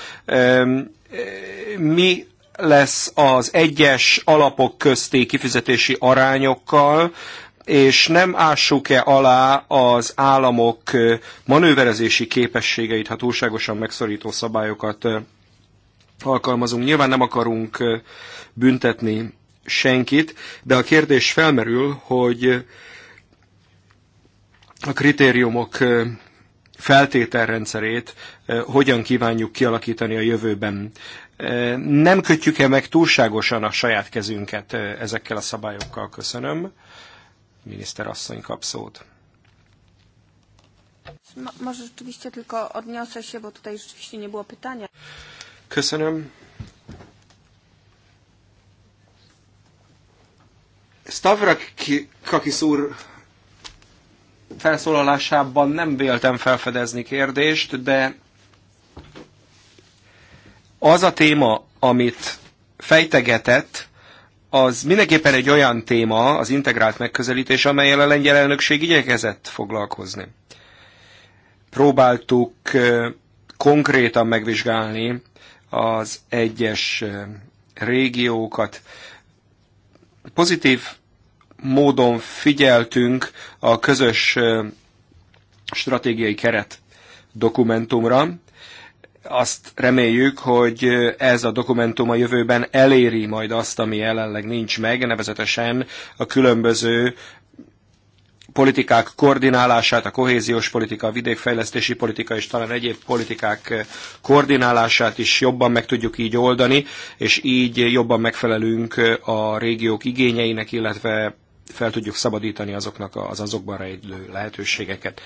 Mi lesz az egyes alapok közti kifizetési arányokkal, és nem ássuk-e alá az államok manőverezési képességeit, ha túlságosan megszorító szabályokat alkalmazunk. Nyilván nem akarunk büntetni senkit, de a kérdés felmerül, hogy a kritériumok feltételrendszerét hogyan kívánjuk kialakítani a jövőben. Nem kötjük-e meg túlságosan a saját kezünket ezekkel a szabályokkal? Köszönöm miniszter asszony kap szót. Może rzeczywiście tylko odniosę się, bo tutaj rzeczywiście nie było pytania. Köszönöm. Stavrak Kakis úr felszólalásában nem véltem felfedezni kérdést, de az a téma, amit fejtegetett, az mindenképpen egy olyan téma, az integrált megközelítés, amelyel a lengyel elnökség igyekezett foglalkozni. Próbáltuk konkrétan megvizsgálni az egyes régiókat. Pozitív módon figyeltünk a közös stratégiai keret dokumentumra, azt reméljük, hogy ez a dokumentum a jövőben eléri majd azt, ami jelenleg nincs meg, nevezetesen a különböző politikák koordinálását, a kohéziós politika, a vidékfejlesztési politika és talán egyéb politikák koordinálását is jobban meg tudjuk így oldani, és így jobban megfelelünk a régiók igényeinek, illetve fel tudjuk szabadítani azoknak az azokban rejlő lehetőségeket.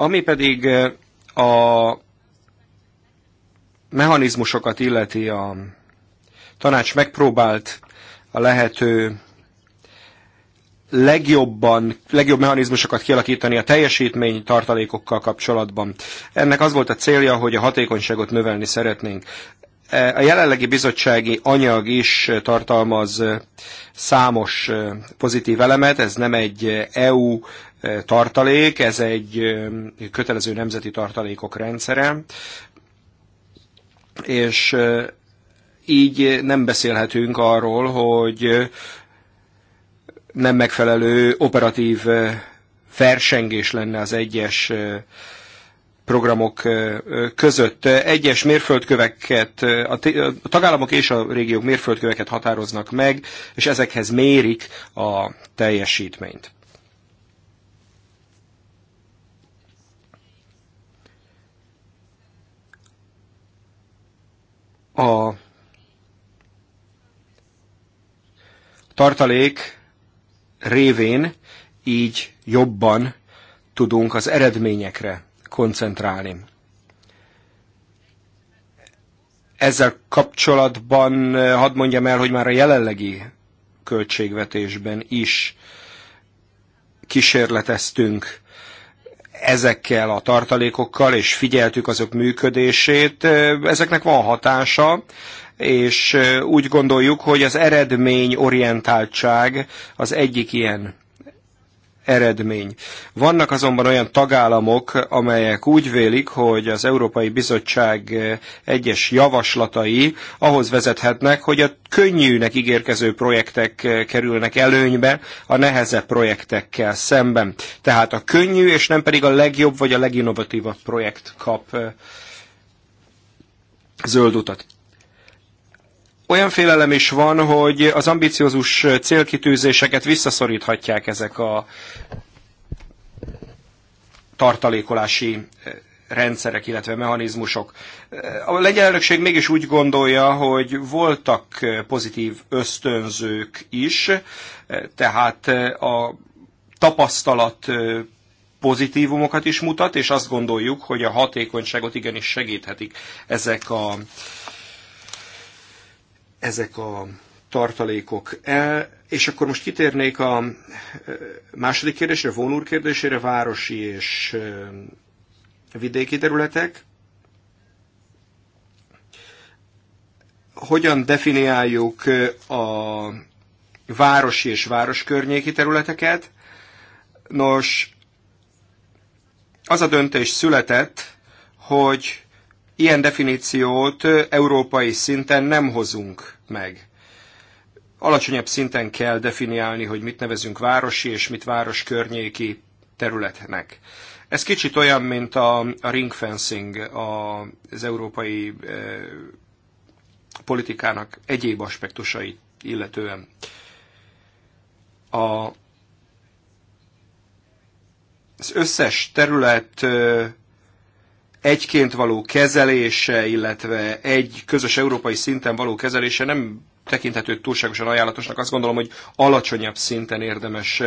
Ami pedig eh, a mechanizmusokat illeti a tanács megpróbált a lehető legjobban, legjobb mechanizmusokat kialakítani a teljesítmény tartalékokkal kapcsolatban. Ennek az volt a célja, hogy a hatékonyságot növelni szeretnénk. E, a jelenlegi bizottsági anyag is tartalmaz eh, számos eh, pozitív elemet, ez nem egy EU tartalék, ez egy kötelező nemzeti tartalékok rendszere, és így nem beszélhetünk arról, hogy nem megfelelő operatív versengés lenne az egyes programok között. Egyes mérföldköveket, a tagállamok és a régiók mérföldköveket határoznak meg, és ezekhez mérik a teljesítményt. A tartalék révén így jobban tudunk az eredményekre koncentrálni. Ezzel kapcsolatban eh, hadd mondjam el, hogy már a jelenlegi költségvetésben is kísérleteztünk ezekkel a tartalékokkal, és figyeltük azok működését, ezeknek van hatása, és úgy gondoljuk, hogy az eredményorientáltság az egyik ilyen eredmény. Vannak azonban olyan tagállamok, amelyek úgy vélik, hogy az Európai Bizottság eh, egyes javaslatai ahhoz vezethetnek, hogy a könnyűnek ígérkező projektek eh, kerülnek előnybe a nehezebb projektekkel szemben. Tehát a könnyű, és nem pedig a legjobb vagy a leginnovatívabb projekt kap eh, zöld utat olyan félelem is van, hogy az ambiciózus célkitűzéseket visszaszoríthatják ezek a tartalékolási eh, rendszerek, illetve mechanizmusok. Eh, a lengyel elnökség mégis úgy gondolja, hogy voltak eh, pozitív ösztönzők is, tehát a tapasztalat pozitívumokat is mutat, és azt gondoljuk, hogy a hatékonyságot igenis segíthetik ezek a ezek a tartalékok. El, és akkor most kitérnék a eh, második kérdésre, vonúr kérdésére, városi és eh, vidéki területek. Hogyan definiáljuk eh, a városi és városkörnyéki területeket? Nos, az a döntés született, hogy Ilyen definíciót európai szinten nem hozunk meg. Alacsonyabb szinten kell definiálni, hogy mit nevezünk városi és mit város környéki területnek. Ez kicsit olyan, mint a, a ring fencing az európai e, politikának egyéb aspektusai illetően. A, az összes terület egyként való kezelése, illetve egy közös európai szinten való kezelése nem tekinthető túlságosan ajánlatosnak. Azt gondolom, hogy alacsonyabb szinten érdemes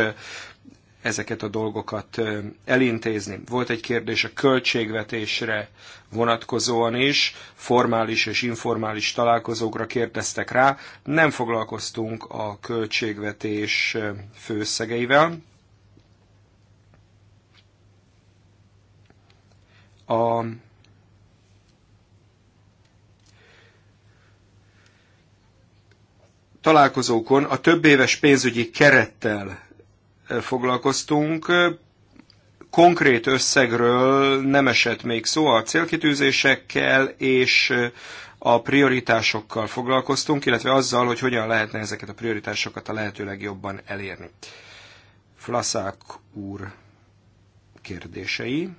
ezeket a dolgokat elintézni. Volt egy kérdés a költségvetésre vonatkozóan is, formális és informális találkozókra kérdeztek rá. Nem foglalkoztunk a költségvetés főszegeivel. a találkozókon a több éves pénzügyi kerettel foglalkoztunk. Konkrét összegről nem esett még szó a célkitűzésekkel és a prioritásokkal foglalkoztunk, illetve azzal, hogy hogyan lehetne ezeket a prioritásokat a lehető legjobban elérni. Flaszák úr kérdései.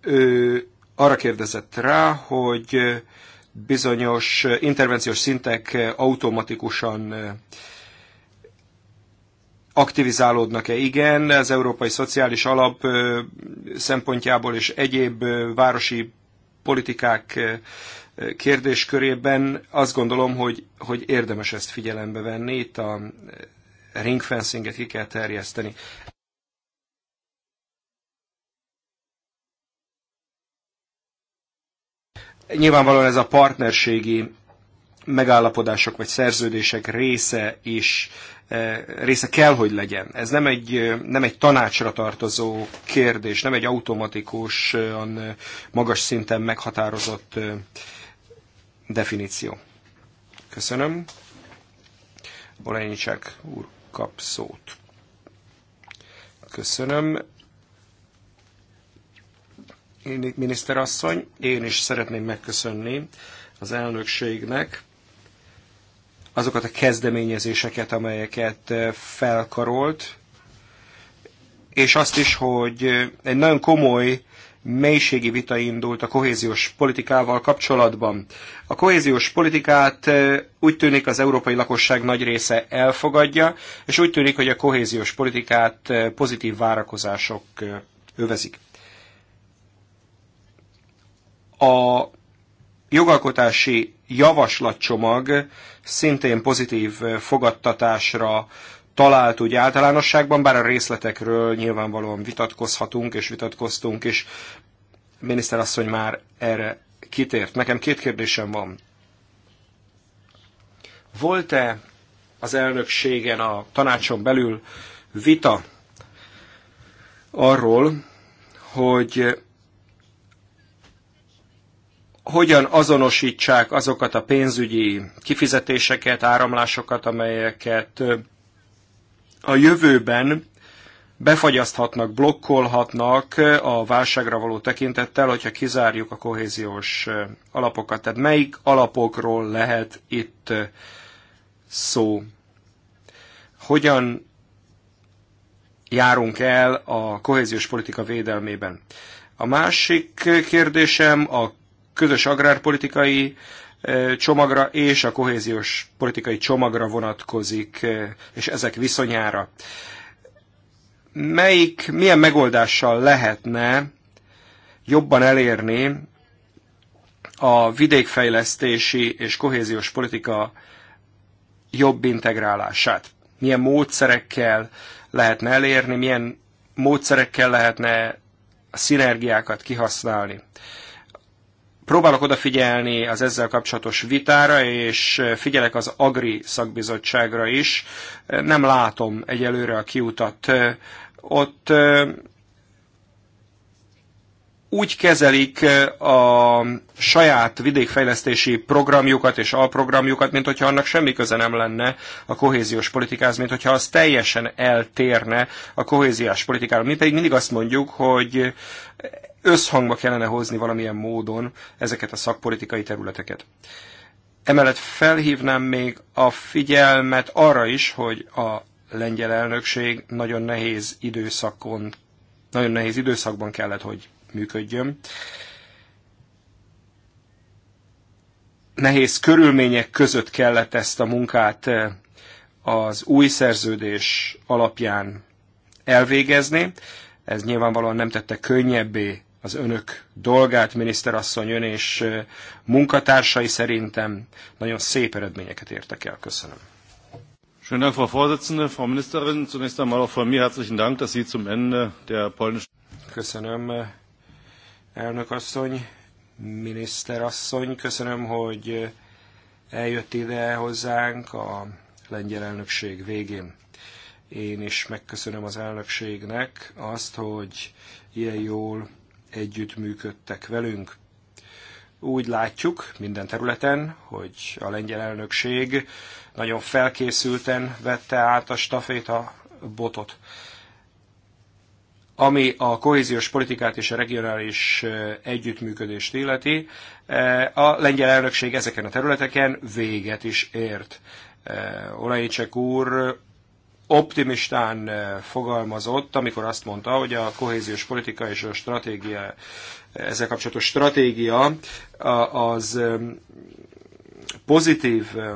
ő arra kérdezett rá, hogy bizonyos intervenciós szintek automatikusan aktivizálódnak-e? Igen, az Európai Szociális Alap szempontjából és egyéb városi politikák kérdéskörében azt gondolom, hogy, hogy érdemes ezt figyelembe venni, itt a ringfencinget ki kell terjeszteni. Nyilvánvalóan ez a partnerségi megállapodások vagy szerződések része is eh, része kell, hogy legyen. Ez nem egy, eh, nem egy tanácsra tartozó kérdés, nem egy automatikus, eh, magas szinten meghatározott definíció. Köszönöm. Olejnicsák úr kap szót. Köszönöm miniszterasszony. Én is szeretném megköszönni az elnökségnek azokat a kezdeményezéseket, amelyeket felkarolt, és azt is, hogy egy nagyon komoly mélységi vita indult a kohéziós politikával kapcsolatban. A kohéziós politikát úgy tűnik az európai lakosság nagy része elfogadja, és úgy tűnik, hogy a kohéziós politikát pozitív várakozások övezik. A jogalkotási javaslatcsomag szintén pozitív fogadtatásra talált úgy általánosságban, bár a részletekről nyilvánvalóan vitatkozhatunk és vitatkoztunk, és miniszterasszony már erre kitért. Nekem két kérdésem van. Volt-e az elnökségen a tanácson belül vita arról, hogy hogyan azonosítsák azokat a pénzügyi kifizetéseket, áramlásokat, amelyeket a jövőben befagyaszthatnak, blokkolhatnak a válságra való tekintettel, hogyha kizárjuk a kohéziós alapokat. Tehát melyik alapokról lehet itt szó? Hogyan járunk el a kohéziós politika védelmében? A másik kérdésem a közös agrárpolitikai eh, csomagra és a kohéziós politikai csomagra vonatkozik, eh, és ezek viszonyára. Melyik, milyen megoldással lehetne jobban elérni a vidékfejlesztési és kohéziós politika jobb integrálását? Milyen módszerekkel lehetne elérni, milyen módszerekkel lehetne a szinergiákat kihasználni? Próbálok odafigyelni az ezzel kapcsolatos vitára, és figyelek az Agri szakbizottságra is. Nem látom egyelőre a kiutat. Ott úgy kezelik a saját vidékfejlesztési programjukat és alprogramjukat, mint hogyha annak semmi köze nem lenne a kohéziós politikához, mint hogyha az teljesen eltérne a kohéziós politikára. Mi pedig mindig azt mondjuk, hogy összhangba kellene hozni valamilyen módon ezeket a szakpolitikai területeket. Emellett felhívnám még a figyelmet arra is, hogy a lengyel elnökség nagyon nehéz időszakon, nagyon nehéz időszakban kellett, hogy működjön. Nehéz körülmények között kellett ezt a munkát eh, az új szerződés alapján elvégezni. Ez nyilvánvalóan nem tette könnyebbé az önök dolgát, miniszterasszony ön és munkatársai szerintem nagyon szép eredményeket értek el. Köszönöm. Schönen Dank, Frau Vorsitzende, Frau Ministerin. Zunächst einmal auch von mir herzlichen Dank, dass Sie zum Ende der polnischen... Köszönöm, elnök asszony, miniszterasszony. Köszönöm, hogy eljött ide hozzánk a lengyel elnökség végén. Én is megköszönöm az elnökségnek azt, hogy ilyen jól együttműködtek velünk. Úgy látjuk minden területen, hogy a lengyel elnökség nagyon felkészülten vette át a staféta botot. Ami a kohéziós politikát és a regionális együttműködést illeti, a lengyel elnökség ezeken a területeken véget is ért. Olajcsek úr optimistán eh, fogalmazott, amikor azt mondta, hogy a kohéziós politika és a stratégia, ezzel kapcsolatos stratégia az eh, pozitív eh,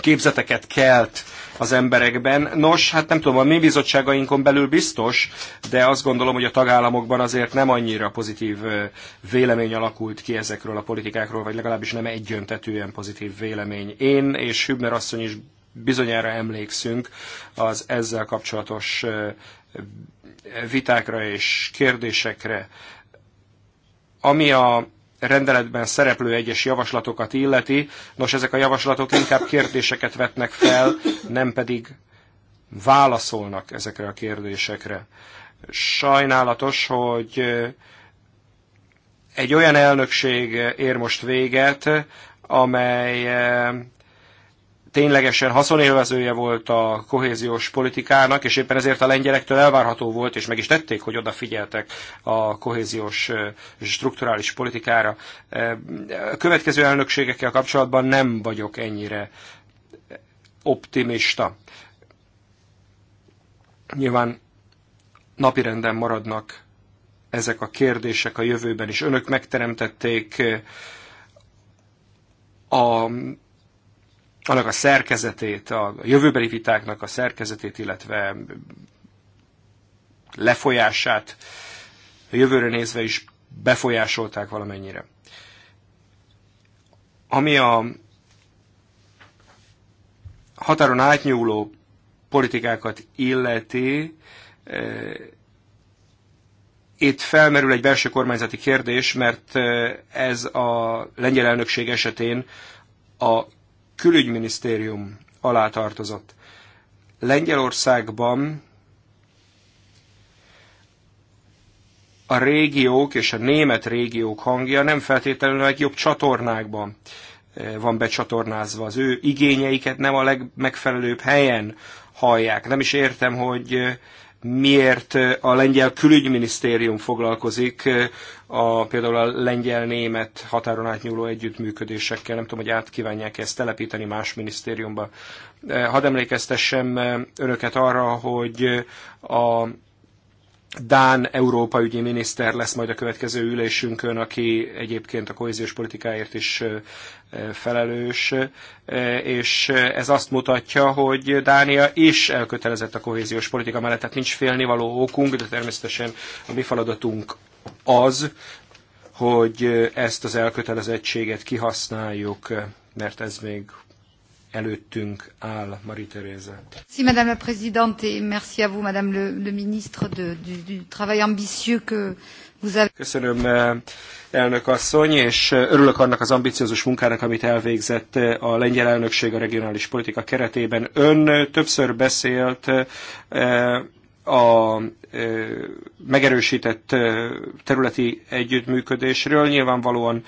képzeteket kelt az emberekben. Nos, hát nem tudom, a mi bizottságainkon belül biztos, de azt gondolom, hogy a tagállamokban azért nem annyira pozitív vélemény alakult ki ezekről a politikákról, vagy legalábbis nem egyöntetően pozitív vélemény. Én és Hübner asszony is bizonyára emlékszünk az ezzel kapcsolatos vitákra és kérdésekre. Ami a rendeletben szereplő egyes javaslatokat illeti, nos ezek a javaslatok inkább kérdéseket vetnek fel, nem pedig válaszolnak ezekre a kérdésekre. Sajnálatos, hogy egy olyan elnökség ér most véget, amely ténylegesen haszonélvezője volt a kohéziós politikának, és éppen ezért a lengyelektől elvárható volt, és meg is tették, hogy odafigyeltek a kohéziós strukturális politikára. A következő elnökségekkel kapcsolatban nem vagyok ennyire optimista. Nyilván napirenden maradnak ezek a kérdések a jövőben is. Önök megteremtették a annak a szerkezetét, a jövőbeli vitáknak a szerkezetét, illetve lefolyását a jövőre nézve is befolyásolták valamennyire. Ami a határon átnyúló politikákat illeti, eh, itt felmerül egy belső kormányzati kérdés, mert eh, ez a lengyel elnökség esetén a külügyminisztérium alá tartozott. Lengyelországban a régiók és a német régiók hangja nem feltétlenül egy jobb csatornákban eh, van becsatornázva. Az ő igényeiket nem a legmegfelelőbb helyen hallják. Nem is értem, hogy eh, miért a lengyel külügyminisztérium foglalkozik a, például a lengyel-német határon átnyúló együttműködésekkel. Nem tudom, hogy át kívánják ezt telepíteni más minisztériumba. Hadd emlékeztessem önöket arra, hogy a Dán Európa ügyi miniszter lesz majd a következő ülésünkön, aki egyébként a kohéziós politikáért is felelős, és ez azt mutatja, hogy Dánia is elkötelezett a kohéziós politika mellett, tehát nincs félnivaló okunk, de természetesen a mi feladatunk az, hogy ezt az elkötelezettséget kihasználjuk, mert ez még előttünk áll, Marie Therese. Si, Madame la Présidente, et merci à vous, Madame le, le Ministre, de, du, du travail ambitieux que vous avez. Köszönöm, eh, elnök asszony, és eh, örülök annak az ambiciózus munkának, amit elvégzett eh, a lengyel elnökség a regionális politika keretében. Ön többször beszélt a megerősített területi együttműködésről. Nyilvánvalóan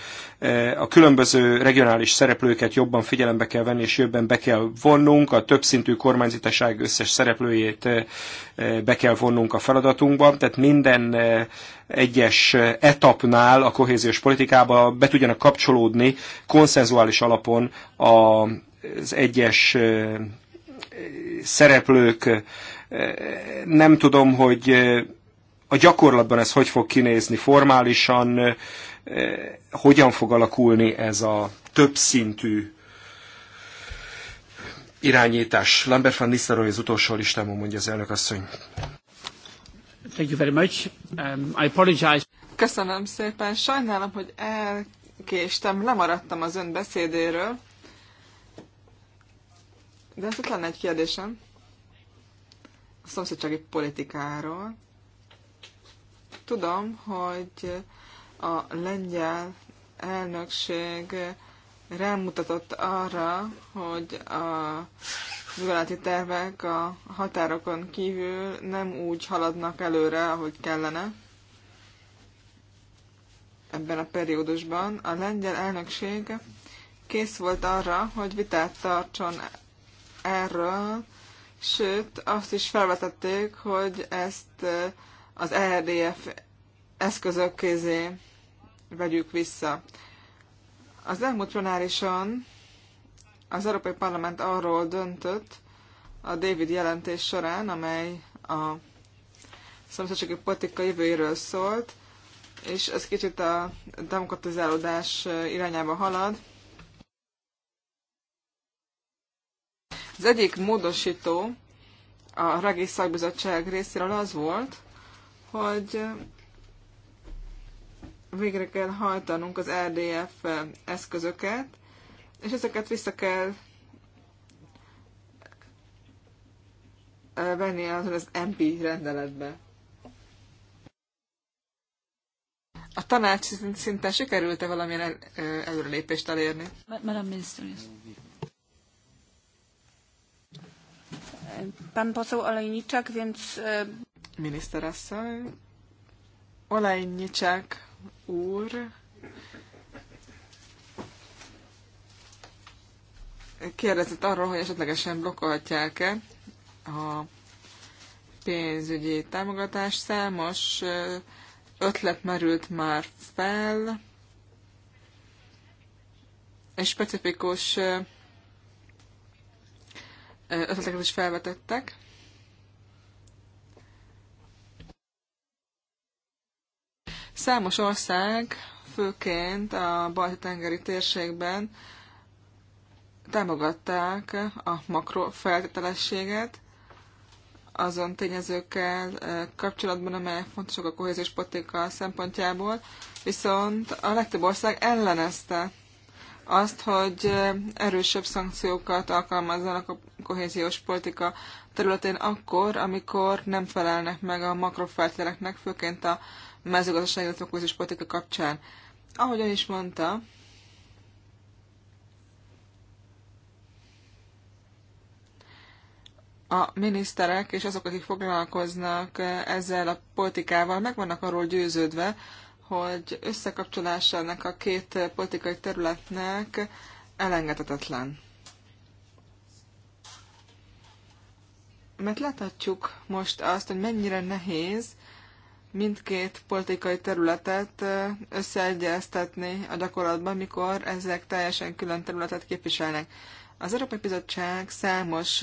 a különböző regionális szereplőket jobban figyelembe kell venni, és jobban be kell vonnunk, a többszintű kormányzatiság összes szereplőjét be kell vonnunk a feladatunkba, tehát minden egyes etapnál a kohéziós politikába be tudjanak kapcsolódni konszenzuális alapon az egyes szereplők nem tudom, hogy eh, a gyakorlatban ez hogy fog kinézni formálisan, eh, hogyan fog alakulni ez a többszintű irányítás. Lambert van Nisztaroly az utolsó listámon, mondja az elnök asszony. Thank you very much. Um, I apologize. Köszönöm szépen. Sajnálom, hogy elkéstem, lemaradtam az ön beszédéről. De ez hát lenne egy kérdésem szomszédsági politikáról. Tudom, hogy a lengyel elnökség rámutatott arra, hogy a műveleti tervek a határokon kívül nem úgy haladnak előre, ahogy kellene ebben a periódusban. A lengyel elnökség kész volt arra, hogy vitát tartson erről sőt azt is felvetették, hogy ezt az ERDF eszközök kézé vegyük vissza. Az elmúlt plenárison az Európai Parlament arról döntött a David jelentés során, amely a szomszédsági politika jövőjéről szólt, és ez kicsit a demokratizálódás irányába halad, Az egyik módosító a Regi Szakbizottság részéről az volt, hogy végre kell hajtanunk az RDF eszközöket, és ezeket vissza kell eh, venni az MP rendeletbe. A tanács szinten sikerült-e valamilyen eh, előrelépést elérni? Madame Minister, Pan poseł Olejniczak, więc... E, Miniszterasszony, Olejnicsák ur. kérdezett arról, hogy esetlegesen blokkolhatják-e a pénzügyi támogatás számos e, ötlet merült már fel, és specifikus e, ötleteket is felvetettek. Számos ország, főként a balti-tengeri térségben támogatták a makrofeltételességet azon tényezőkkel kapcsolatban, amelyek fontosak a kohéziós politika szempontjából, viszont a legtöbb ország ellenezte azt, hogy erősebb szankciókat alkalmazzanak a kohéziós politika területén akkor, amikor nem felelnek meg a makrofeltételeknek, főként a mezőgazdasági, a kohéziós politika kapcsán. Ahogyan is mondta, a miniszterek és azok, akik foglalkoznak ezzel a politikával, meg vannak arról győződve, hogy összekapcsolása ennek a két politikai területnek elengedhetetlen. Mert láthatjuk most azt, hogy mennyire nehéz mindkét politikai területet összeegyeztetni a gyakorlatban, mikor ezek teljesen külön területet képviselnek. Az Európai Bizottság számos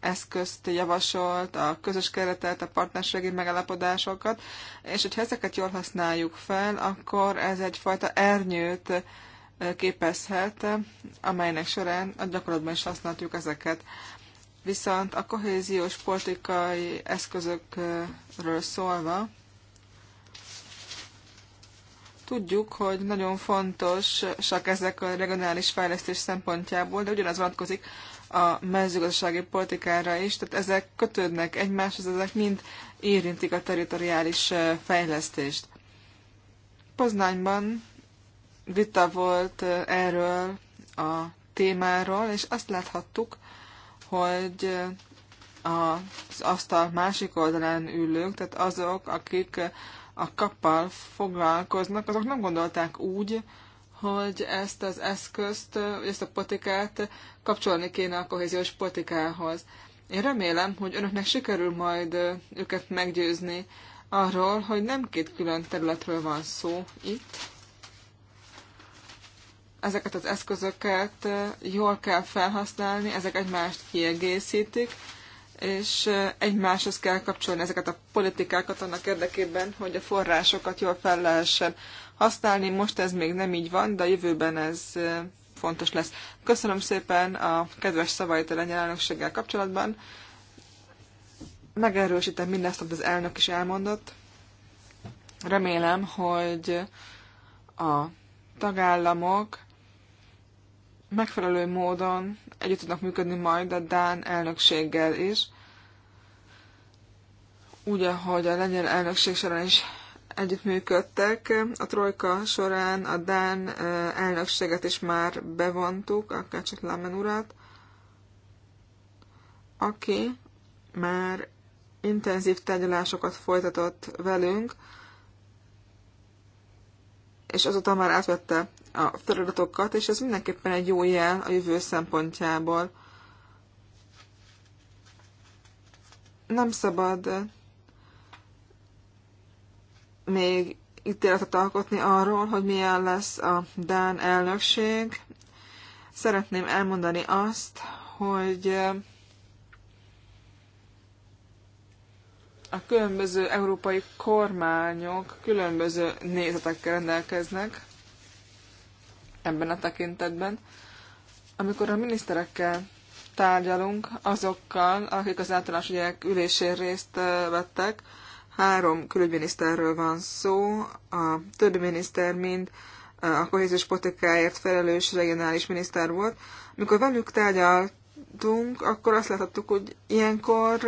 eszközt javasolt, a közös keretet, a partnerségi megállapodásokat, és hogyha ezeket jól használjuk fel, akkor ez egyfajta ernyőt képezhet, amelynek során a gyakorlatban is használjuk ezeket. Viszont a kohéziós politikai eszközökről szólva, tudjuk, hogy nagyon fontosak ezek a regionális fejlesztés szempontjából, de ugyanaz vonatkozik a mezőgazdasági politikára is, tehát ezek kötődnek egymáshoz, ezek mind érintik a territoriális fejlesztést. Poznányban vita volt erről a témáról, és azt láthattuk, hogy az asztal másik oldalán ülők, tehát azok, akik a kappal foglalkoznak, azok nem gondolták úgy, hogy ezt az eszközt, ezt a politikát kapcsolni kéne a kohéziós politikához. Én remélem, hogy önöknek sikerül majd őket meggyőzni arról, hogy nem két külön területről van szó itt. Ezeket az eszközöket jól kell felhasználni, ezek egymást kiegészítik, és egymáshoz kell kapcsolni ezeket a politikákat annak érdekében, hogy a forrásokat jól fel lehessen használni. Most ez még nem így van, de a jövőben ez fontos lesz. Köszönöm szépen a kedves szavait a lengyel elnökséggel kapcsolatban. Megerősítem mindezt, amit az elnök is elmondott. Remélem, hogy a tagállamok megfelelő módon együtt tudnak működni majd a Dán elnökséggel is, úgy, ahogy a lengyel elnökség során is együttműködtek. A trojka során a Dán eh, elnökséget is már bevontuk, a Kácsik Lamen urat, aki már intenzív tárgyalásokat folytatott velünk, és azóta már átvette a feladatokat, és ez mindenképpen egy jó jel a jövő szempontjából. Nem szabad még ítéletet alkotni arról, hogy milyen lesz a Dán elnökség. Szeretném elmondani azt, hogy eh, a különböző európai kormányok különböző nézetekkel rendelkeznek ebben a tekintetben. Amikor a miniszterekkel tárgyalunk, azokkal, akik az általános ügyek ülésén részt eh, vettek, Három külügyminiszterről van szó, a többi miniszter mind eh, a kohéziós politikáért felelős regionális miniszter volt. Mikor velük tárgyaltunk, akkor azt láthattuk, hogy ilyenkor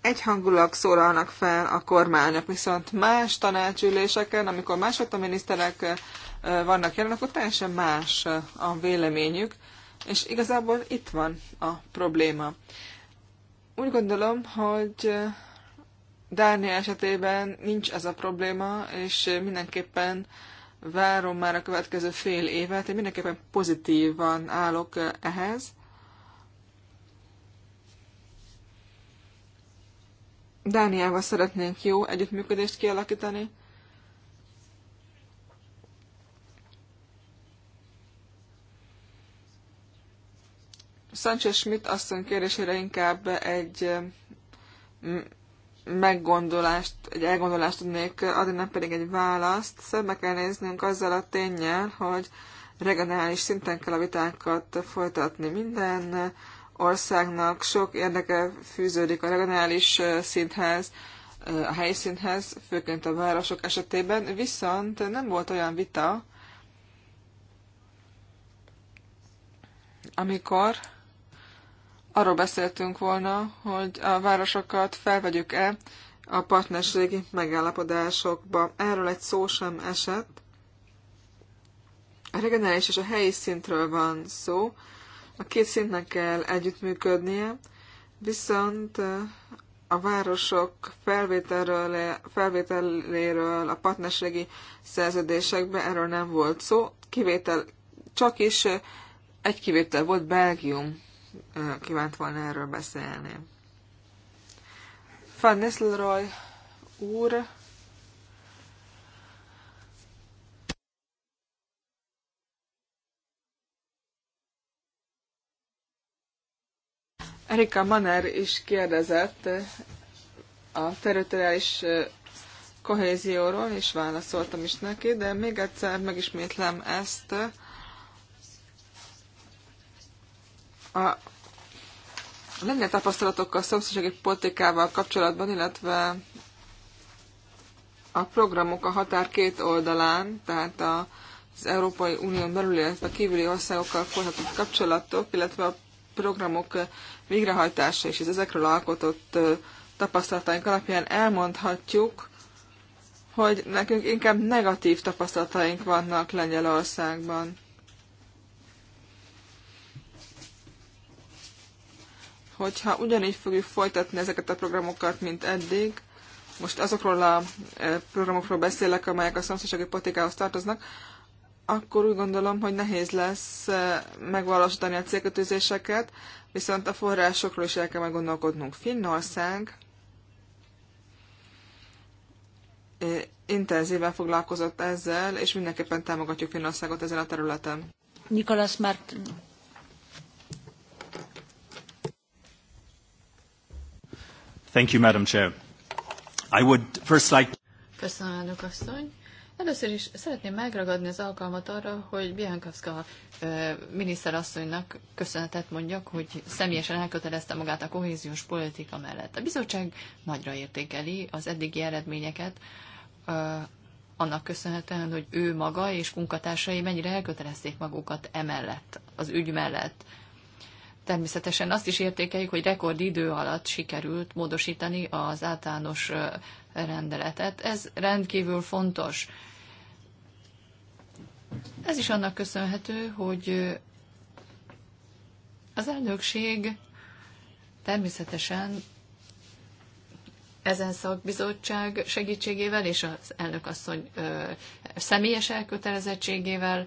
egyhangulag szólalnak fel a kormányok, viszont más tanácsüléseken, amikor másfajta miniszterek eh, vannak jelen, akkor teljesen más eh, a véleményük, és igazából itt van a probléma. Úgy gondolom, hogy Dánia esetében nincs ez a probléma, és mindenképpen várom már a következő fél évet, én mindenképpen pozitívan állok ehhez. Dániával szeretnénk jó együttműködést kialakítani. Sanchez Schmidt asszony kérésére inkább egy mm, meggondolást, egy elgondolást tudnék adni, nem pedig egy választ. Szembe kell néznünk azzal a tényel, hogy regionális szinten kell a vitákat folytatni. Minden országnak sok érdeke fűződik a regionális szinthez, a helyi szinthez, főként a városok esetében, viszont nem volt olyan vita, amikor arról beszéltünk volna, hogy a városokat felvegyük-e a partnerségi megállapodásokba. Erről egy szó sem esett. A regenerális és a helyi szintről van szó. A két szintnek kell együttműködnie, viszont a városok felvételről, felvételéről, a partnerségi szerződésekben erről nem volt szó. Kivétel, csak is egy kivétel volt Belgium kívánt volna erről beszélni. Van Nesleroy úr, Erika Manner is kérdezett a territoriális kohézióról, és válaszoltam is neki, de még egyszer megismétlem ezt, a lenne tapasztalatokkal, szomszédsági politikával kapcsolatban, illetve a programok a határ két oldalán, tehát a, az Európai Unión belül, illetve a kívüli országokkal folytatott kapcsolatok, illetve a programok végrehajtása és az ezekről alkotott tapasztalataink alapján elmondhatjuk, hogy nekünk inkább negatív tapasztalataink vannak Lengyelországban. hogyha ugyanígy fogjuk folytatni ezeket a programokat, mint eddig, most azokról a e, programokról beszélek, amelyek a szomszédsági politikához tartoznak, akkor úgy gondolom, hogy nehéz lesz e, megvalósítani a célkötőzéseket, viszont a forrásokról is el kell meggondolkodnunk. Finnország e, intenzíven foglalkozott ezzel, és mindenképpen támogatjuk Finnországot ezen a területen. Nikolas Martin. Thank you, Madam Chair. I would first like... Köszönöm, elnök asszony. Először is szeretném megragadni az alkalmat arra, hogy Biankowska miniszterasszonynak köszönetet mondjak, hogy személyesen elkötelezte magát a kohéziós politika mellett. A bizottság nagyra értékeli az eddigi eredményeket, annak köszönhetően, hogy ő maga és munkatársai mennyire elkötelezték magukat emellett, az ügy mellett. Természetesen azt is értékeljük, hogy idő alatt sikerült módosítani az általános rendeletet. Ez rendkívül fontos. Ez is annak köszönhető, hogy az elnökség természetesen ezen szakbizottság segítségével és az elnökasszony személyes elkötelezettségével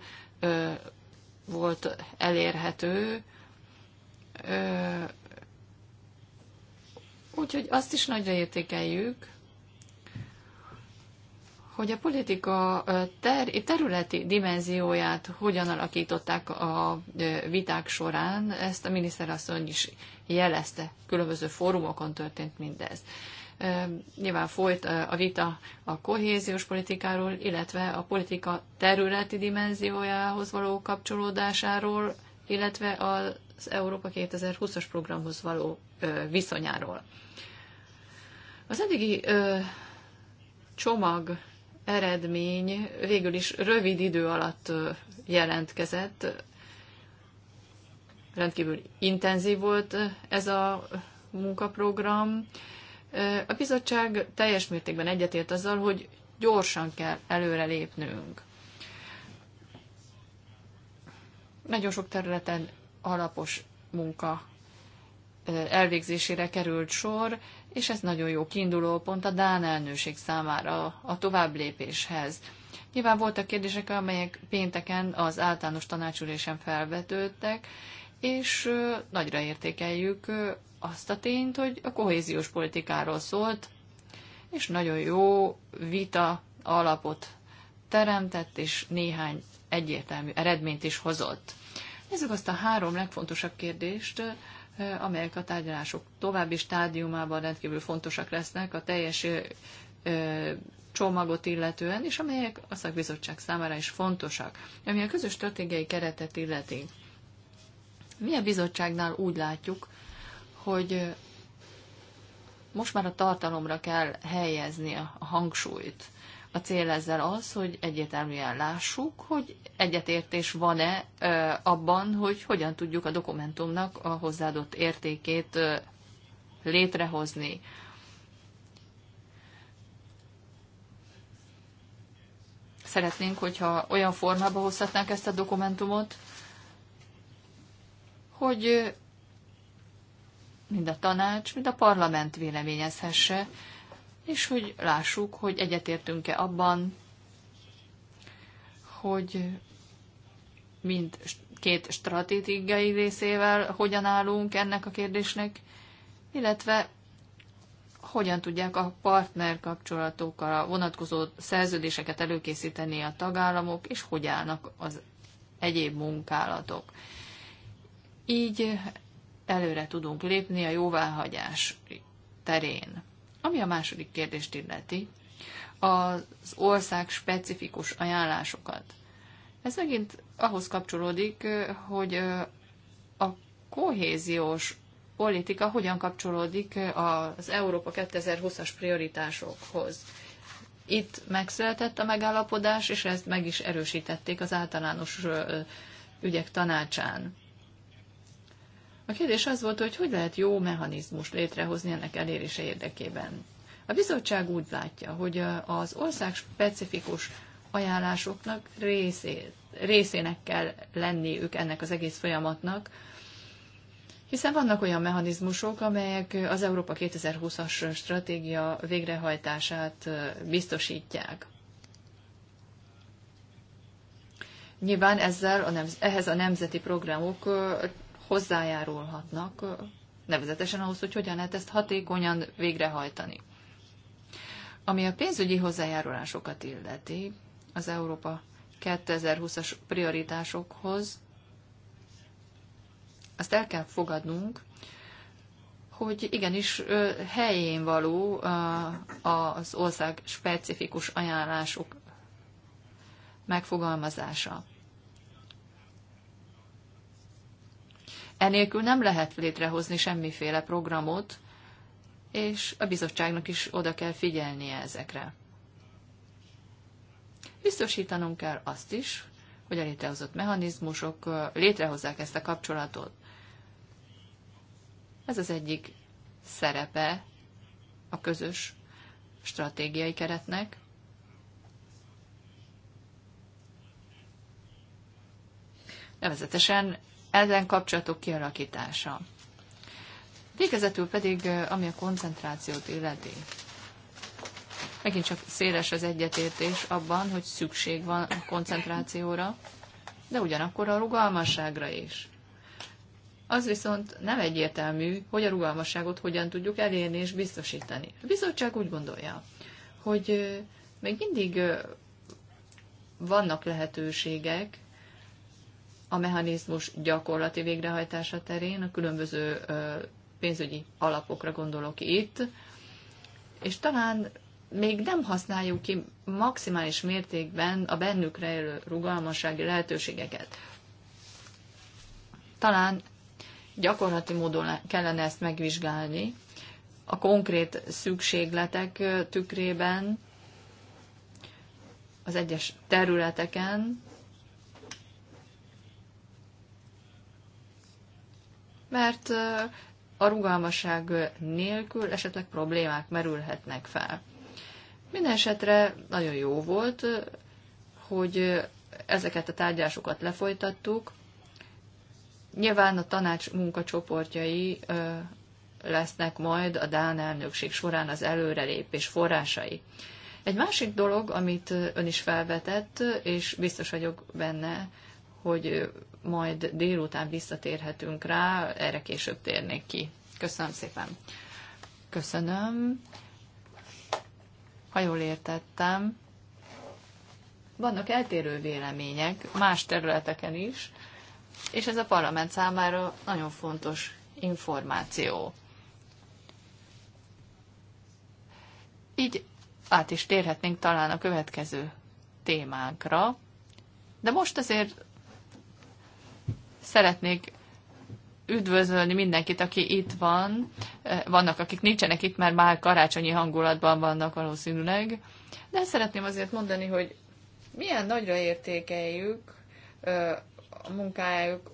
volt elérhető Úgyhogy azt is nagyra értékeljük, hogy a politika ter- területi dimenzióját hogyan alakították a viták során, ezt a miniszterasszony is jelezte, különböző fórumokon történt mindez. Nyilván folyt a vita a kohéziós politikáról, illetve a politika területi dimenziójához való kapcsolódásáról, illetve a az Európa 2020-as programhoz való viszonyáról. Az eddigi csomag eredmény végül is rövid idő alatt jelentkezett. Rendkívül intenzív volt ez a munkaprogram. A bizottság teljes mértékben egyetért azzal, hogy gyorsan kell előrelépnünk. Nagyon sok területen alapos munka elvégzésére került sor, és ez nagyon jó kiinduló pont a Dán elnőség számára a tovább lépéshez. Nyilván voltak kérdések, amelyek pénteken az általános tanácsülésen felvetődtek, és nagyra értékeljük azt a tényt, hogy a kohéziós politikáról szólt, és nagyon jó vita alapot teremtett, és néhány egyértelmű eredményt is hozott. Nézzük azt a három legfontosabb kérdést, amelyek a tárgyalások további stádiumában rendkívül fontosak lesznek a teljes csomagot illetően, és amelyek a szakbizottság számára is fontosak, ami a közös stratégiai keretet illeti. Mi a bizottságnál úgy látjuk, hogy most már a tartalomra kell helyezni a hangsúlyt. A cél ezzel az, hogy egyértelműen lássuk, hogy egyetértés van-e abban, hogy hogyan tudjuk a dokumentumnak a hozzáadott értékét létrehozni. Szeretnénk, hogyha olyan formába hozhatnánk ezt a dokumentumot, hogy mind a tanács, mind a parlament véleményezhesse, és hogy lássuk, hogy egyetértünk-e abban, hogy mind két stratégiai részével hogyan állunk ennek a kérdésnek, illetve hogyan tudják a partner kapcsolatokkal a vonatkozó szerződéseket előkészíteni a tagállamok, és hogy állnak az egyéb munkálatok. Így előre tudunk lépni a jóváhagyás terén. Ami a második kérdést illeti, az ország specifikus ajánlásokat. Ez megint ahhoz kapcsolódik, hogy a kohéziós politika hogyan kapcsolódik az Európa 2020-as prioritásokhoz. Itt megszületett a megállapodás, és ezt meg is erősítették az általános ügyek tanácsán. A kérdés az volt, hogy hogy lehet jó mechanizmust létrehozni ennek elérése érdekében. A bizottság úgy látja, hogy az ország specifikus ajánlásoknak részét, részének kell lenniük ennek az egész folyamatnak, hiszen vannak olyan mechanizmusok, amelyek az Európa 2020-as stratégia végrehajtását biztosítják. Nyilván ezzel a nemz- ehhez a nemzeti programok hozzájárulhatnak, nevezetesen ahhoz, hogy hogyan lehet ezt hatékonyan végrehajtani. Ami a pénzügyi hozzájárulásokat illeti az Európa 2020-as prioritásokhoz, azt el kell fogadnunk, hogy igenis helyén való az ország specifikus ajánlások megfogalmazása. Enélkül nem lehet létrehozni semmiféle programot, és a bizottságnak is oda kell figyelnie ezekre. Biztosítanunk kell azt is, hogy a létrehozott mechanizmusok létrehozzák ezt a kapcsolatot. Ez az egyik szerepe a közös stratégiai keretnek, nevezetesen ezen kapcsolatok kialakítása. Végezetül pedig, ami a koncentrációt illeti. Megint csak széles az egyetértés abban, hogy szükség van a koncentrációra, de ugyanakkor a rugalmasságra is. Az viszont nem egyértelmű, hogy a rugalmasságot hogyan tudjuk elérni és biztosítani. A bizottság úgy gondolja, hogy még mindig vannak lehetőségek a mechanizmus gyakorlati végrehajtása terén, a különböző pénzügyi alapokra gondolok itt, és talán még nem használjuk ki maximális mértékben a bennük rejlő rugalmassági lehetőségeket. Talán gyakorlati módon kellene ezt megvizsgálni, a konkrét szükségletek tükrében, az egyes területeken, mert a rugalmaság nélkül esetleg problémák merülhetnek fel. Minden esetre nagyon jó volt, hogy ezeket a tárgyásokat lefolytattuk. Nyilván a tanács munkacsoportjai lesznek majd a Dán elnökség során az előrelépés forrásai. Egy másik dolog, amit ön is felvetett, és biztos vagyok benne, hogy majd délután visszatérhetünk rá, erre később térnék ki. Köszönöm szépen. Köszönöm. Ha jól értettem, vannak eltérő vélemények más területeken is, és ez a parlament számára nagyon fontos információ. Így át is térhetnénk talán a következő témánkra, de most azért Szeretnék üdvözölni mindenkit, aki itt van. Eh, vannak, akik nincsenek itt, mert már karácsonyi hangulatban vannak valószínűleg. De szeretném azért mondani, hogy milyen nagyra értékeljük eh, a munkájuk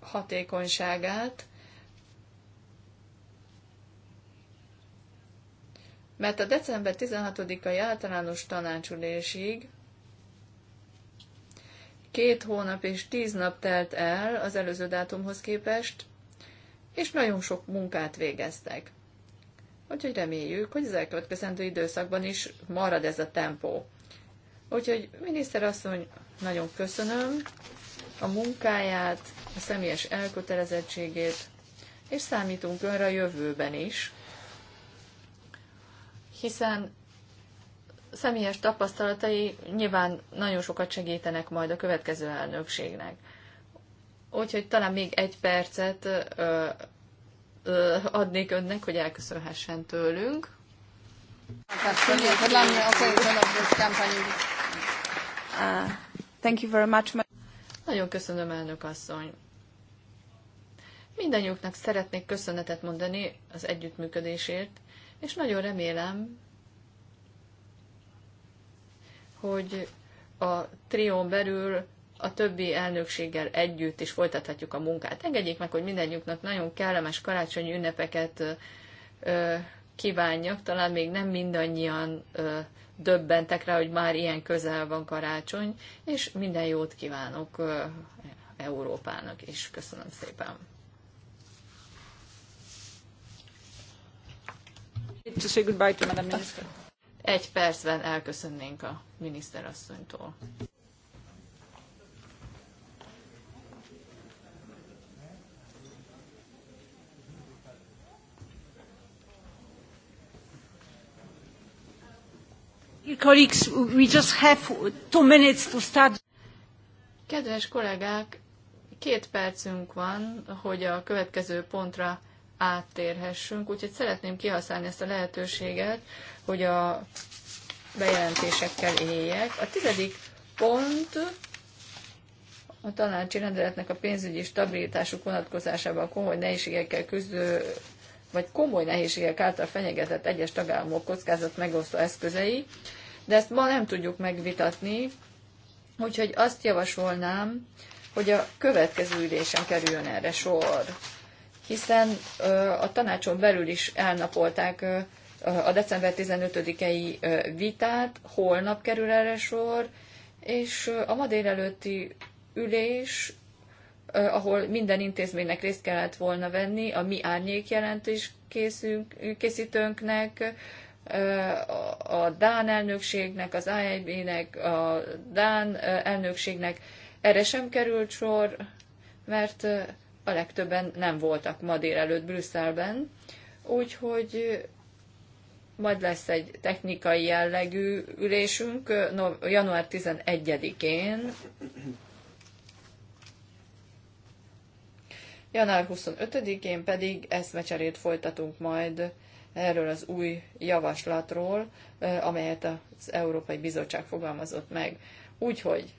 hatékonyságát, mert a december 16-ai általános tanácsülésig Két hónap és tíz nap telt el az előző dátumhoz képest, és nagyon sok munkát végeztek. Úgyhogy reméljük, hogy az elkövetkezendő időszakban is marad ez a tempó. Úgyhogy miniszter asszony, nagyon köszönöm a munkáját, a személyes elkötelezettségét, és számítunk önre a jövőben is, hiszen személyes tapasztalatai nyilván nagyon sokat segítenek majd a következő elnökségnek. Úgyhogy talán még egy percet ö, ö, adnék önnek, hogy elköszönhessen tőlünk. Thank you very much. Nagyon köszönöm, elnök asszony. Mindenjuknak szeretnék köszönetet mondani az együttműködésért, és nagyon remélem, hogy a trión belül a többi elnökséggel együtt is folytathatjuk a munkát. Engedjék meg, hogy mindennyiuknak nagyon kellemes karácsonyi ünnepeket ö, kívánjak. Talán még nem mindannyian ö, döbbentek rá, hogy már ilyen közel van karácsony, és minden jót kívánok ö, Európának is. Köszönöm szépen! to say goodbye to Madam Minister egy percben elköszönnénk a miniszterasszonytól. Colleagues, we just have two minutes to start. Kedves kollégák, két percünk van, hogy a következő pontra áttérhessünk, úgyhogy szeretném kihasználni ezt a lehetőséget, hogy a bejelentésekkel éljek. A tizedik pont a tanácsi rendeletnek a pénzügyi stabilitásuk vonatkozásában komoly nehézségekkel küzdő, vagy komoly nehézségek által fenyegetett egyes tagállamok kockázat megosztó eszközei, de ezt ma nem tudjuk megvitatni, úgyhogy azt javasolnám, hogy a következő ülésen kerüljön erre sor hiszen a tanácson belül is elnapolták a december 15-i vitát, holnap kerül erre sor, és a ma délelőtti ülés, ahol minden intézménynek részt kellett volna venni, a mi árnyékjelentés jelentés készítőnknek, a Dán elnökségnek, az AIB-nek, e a Dán elnökségnek, erre sem került sor, mert a legtöbben nem voltak ma délelőtt Brüsszelben, úgyhogy majd lesz egy technikai jellegű ülésünk január 11-én. Január 25-én pedig eszmecserét folytatunk majd erről az új javaslatról, amelyet az Európai Bizottság fogalmazott meg. Úgyhogy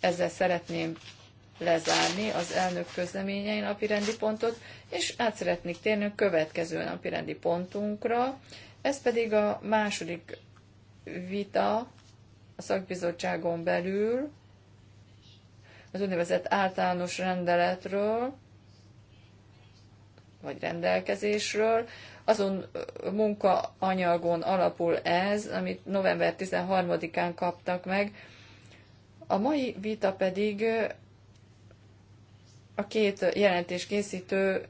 ezzel szeretném lezárni az elnök közleményei napirendi pontot, és át szeretnék térni a következő napirendi pontunkra. Ez pedig a második vita a szakbizottságon belül az úgynevezett általános rendeletről, vagy rendelkezésről. Azon munkaanyagon alapul ez, amit november 13-án kaptak meg. A mai vita pedig a két jelentés készítő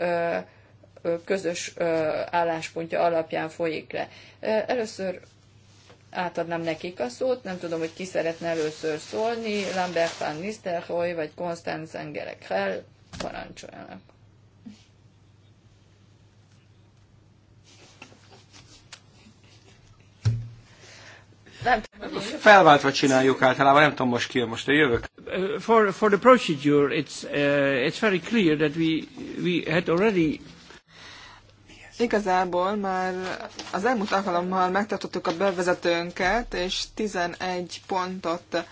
közös álláspontja alapján folyik le. Először átadnám nekik a szót, nem tudom, hogy ki szeretne először szólni, Lambert van Nistelrooy vagy Konstanz Engelek Hell, parancsoljanak. Nem tudom, Felváltva csináljuk általában, nem tudom most ki, most a jövök. Uh, for, for the procedure, it's, uh, it's very clear that we, we had already Igazából már az elmúlt alkalommal megtartottuk a bevezetőnket, és 11 pontot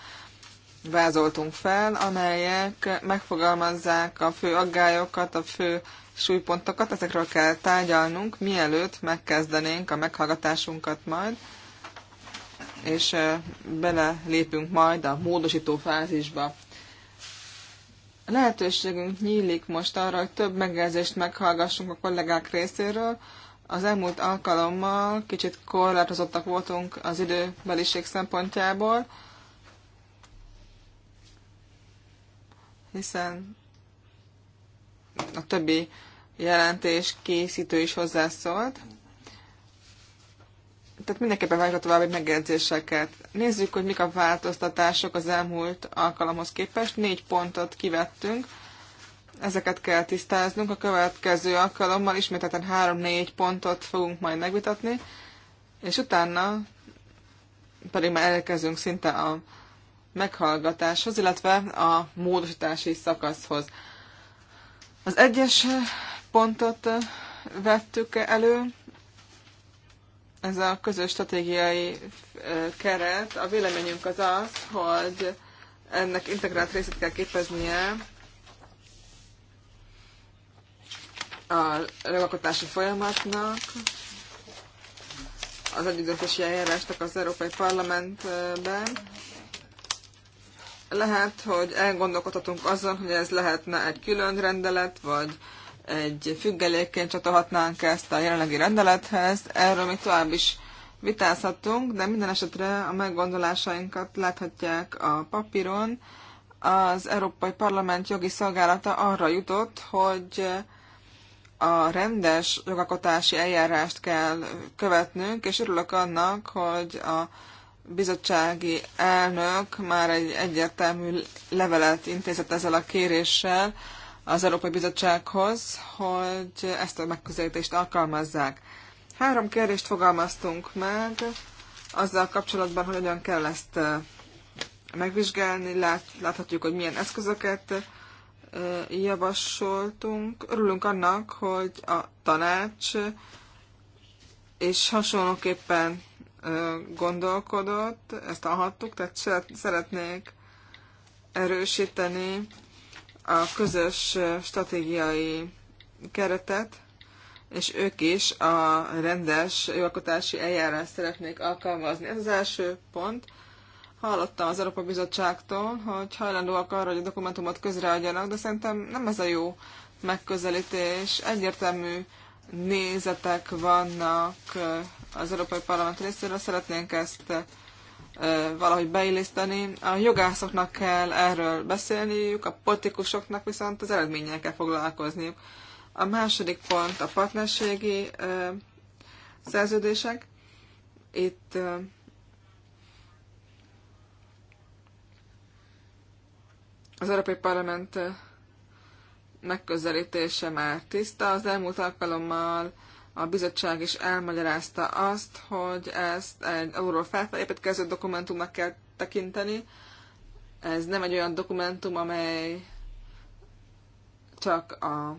vázoltunk fel, amelyek megfogalmazzák a fő aggályokat, a fő súlypontokat, ezekről kell tárgyalnunk, mielőtt megkezdenénk a meghallgatásunkat majd és belelépünk majd a módosító fázisba. A lehetőségünk nyílik most arra, hogy több megjelzést meghallgassunk a kollégák részéről. Az elmúlt alkalommal kicsit korlátozottak voltunk az időbeliség szempontjából, hiszen a többi jelentés készítő is hozzászólt tehát mindenképpen várjuk a további megjegyzéseket. Nézzük, hogy mik a változtatások az elmúlt alkalomhoz képest. Négy pontot kivettünk, ezeket kell tisztáznunk. A következő alkalommal ismételten három-négy pontot fogunk majd megvitatni, és utána pedig már elkezdünk szinte a meghallgatáshoz, illetve a módosítási szakaszhoz. Az egyes pontot vettük elő, ez a közös stratégiai keret, a véleményünk az az, hogy ennek integrált részét kell képeznie a jogalkotási folyamatnak, az együttdöntési eljárásnak az Európai Parlamentben. Lehet, hogy elgondolkodhatunk azon, hogy ez lehetne egy külön rendelet, vagy egy függelékként csatolhatnánk ezt a jelenlegi rendelethez. Erről még tovább is vitázhatunk, de minden esetre a meggondolásainkat láthatják a papíron. Az Európai Parlament jogi szolgálata arra jutott, hogy a rendes jogakotási eljárást kell követnünk, és örülök annak, hogy a bizottsági elnök már egy egyértelmű levelet intézett ezzel a kéréssel az Európai Bizottsághoz, hogy ezt a megközelítést alkalmazzák. Három kérdést fogalmaztunk meg azzal kapcsolatban, hogy hogyan kell ezt megvizsgálni, lát, láthatjuk, hogy milyen eszközöket javasoltunk. Örülünk annak, hogy a tanács és hasonlóképpen gondolkodott, ezt hallhattuk, tehát szeretnék erősíteni a közös stratégiai keretet, és ők is a rendes jogalkotási eljárást szeretnék alkalmazni. Ez az első pont. Hallottam az Európa Bizottságtól, hogy hajlandóak arra, hogy a dokumentumot közreadjanak, de szerintem nem ez a jó megközelítés. Egyértelmű nézetek vannak az Európai Parlament részéről, szeretnénk ezt valahogy beilleszteni. A jogászoknak kell erről beszélniük, a politikusoknak viszont az eredményekkel kell foglalkozniuk. A második pont a partnerségi szerződések. Itt az Európai Parlament megközelítése már tiszta. Az elmúlt alkalommal a bizottság is elmagyarázta azt, hogy ezt egy alulról felfelé építkező dokumentumnak kell tekinteni. Ez nem egy olyan dokumentum, amely csak a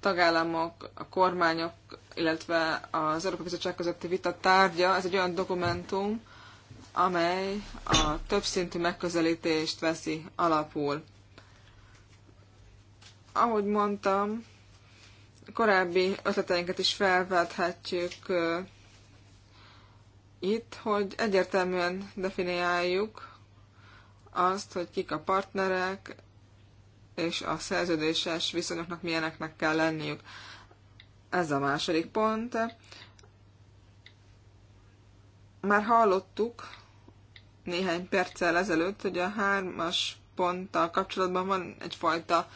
tagállamok, a kormányok, illetve az Európai Bizottság közötti vita tárgya. Ez egy olyan dokumentum, amely a többszintű megközelítést veszi alapul. Ahogy mondtam, korábbi ötleteinket is felvethetjük itt, hogy egyértelműen definiáljuk azt, hogy kik a partnerek, és a szerződéses viszonyoknak milyeneknek kell lenniük. Ez a második pont. Már hallottuk néhány perccel ezelőtt, hogy a hármas ponttal kapcsolatban van egyfajta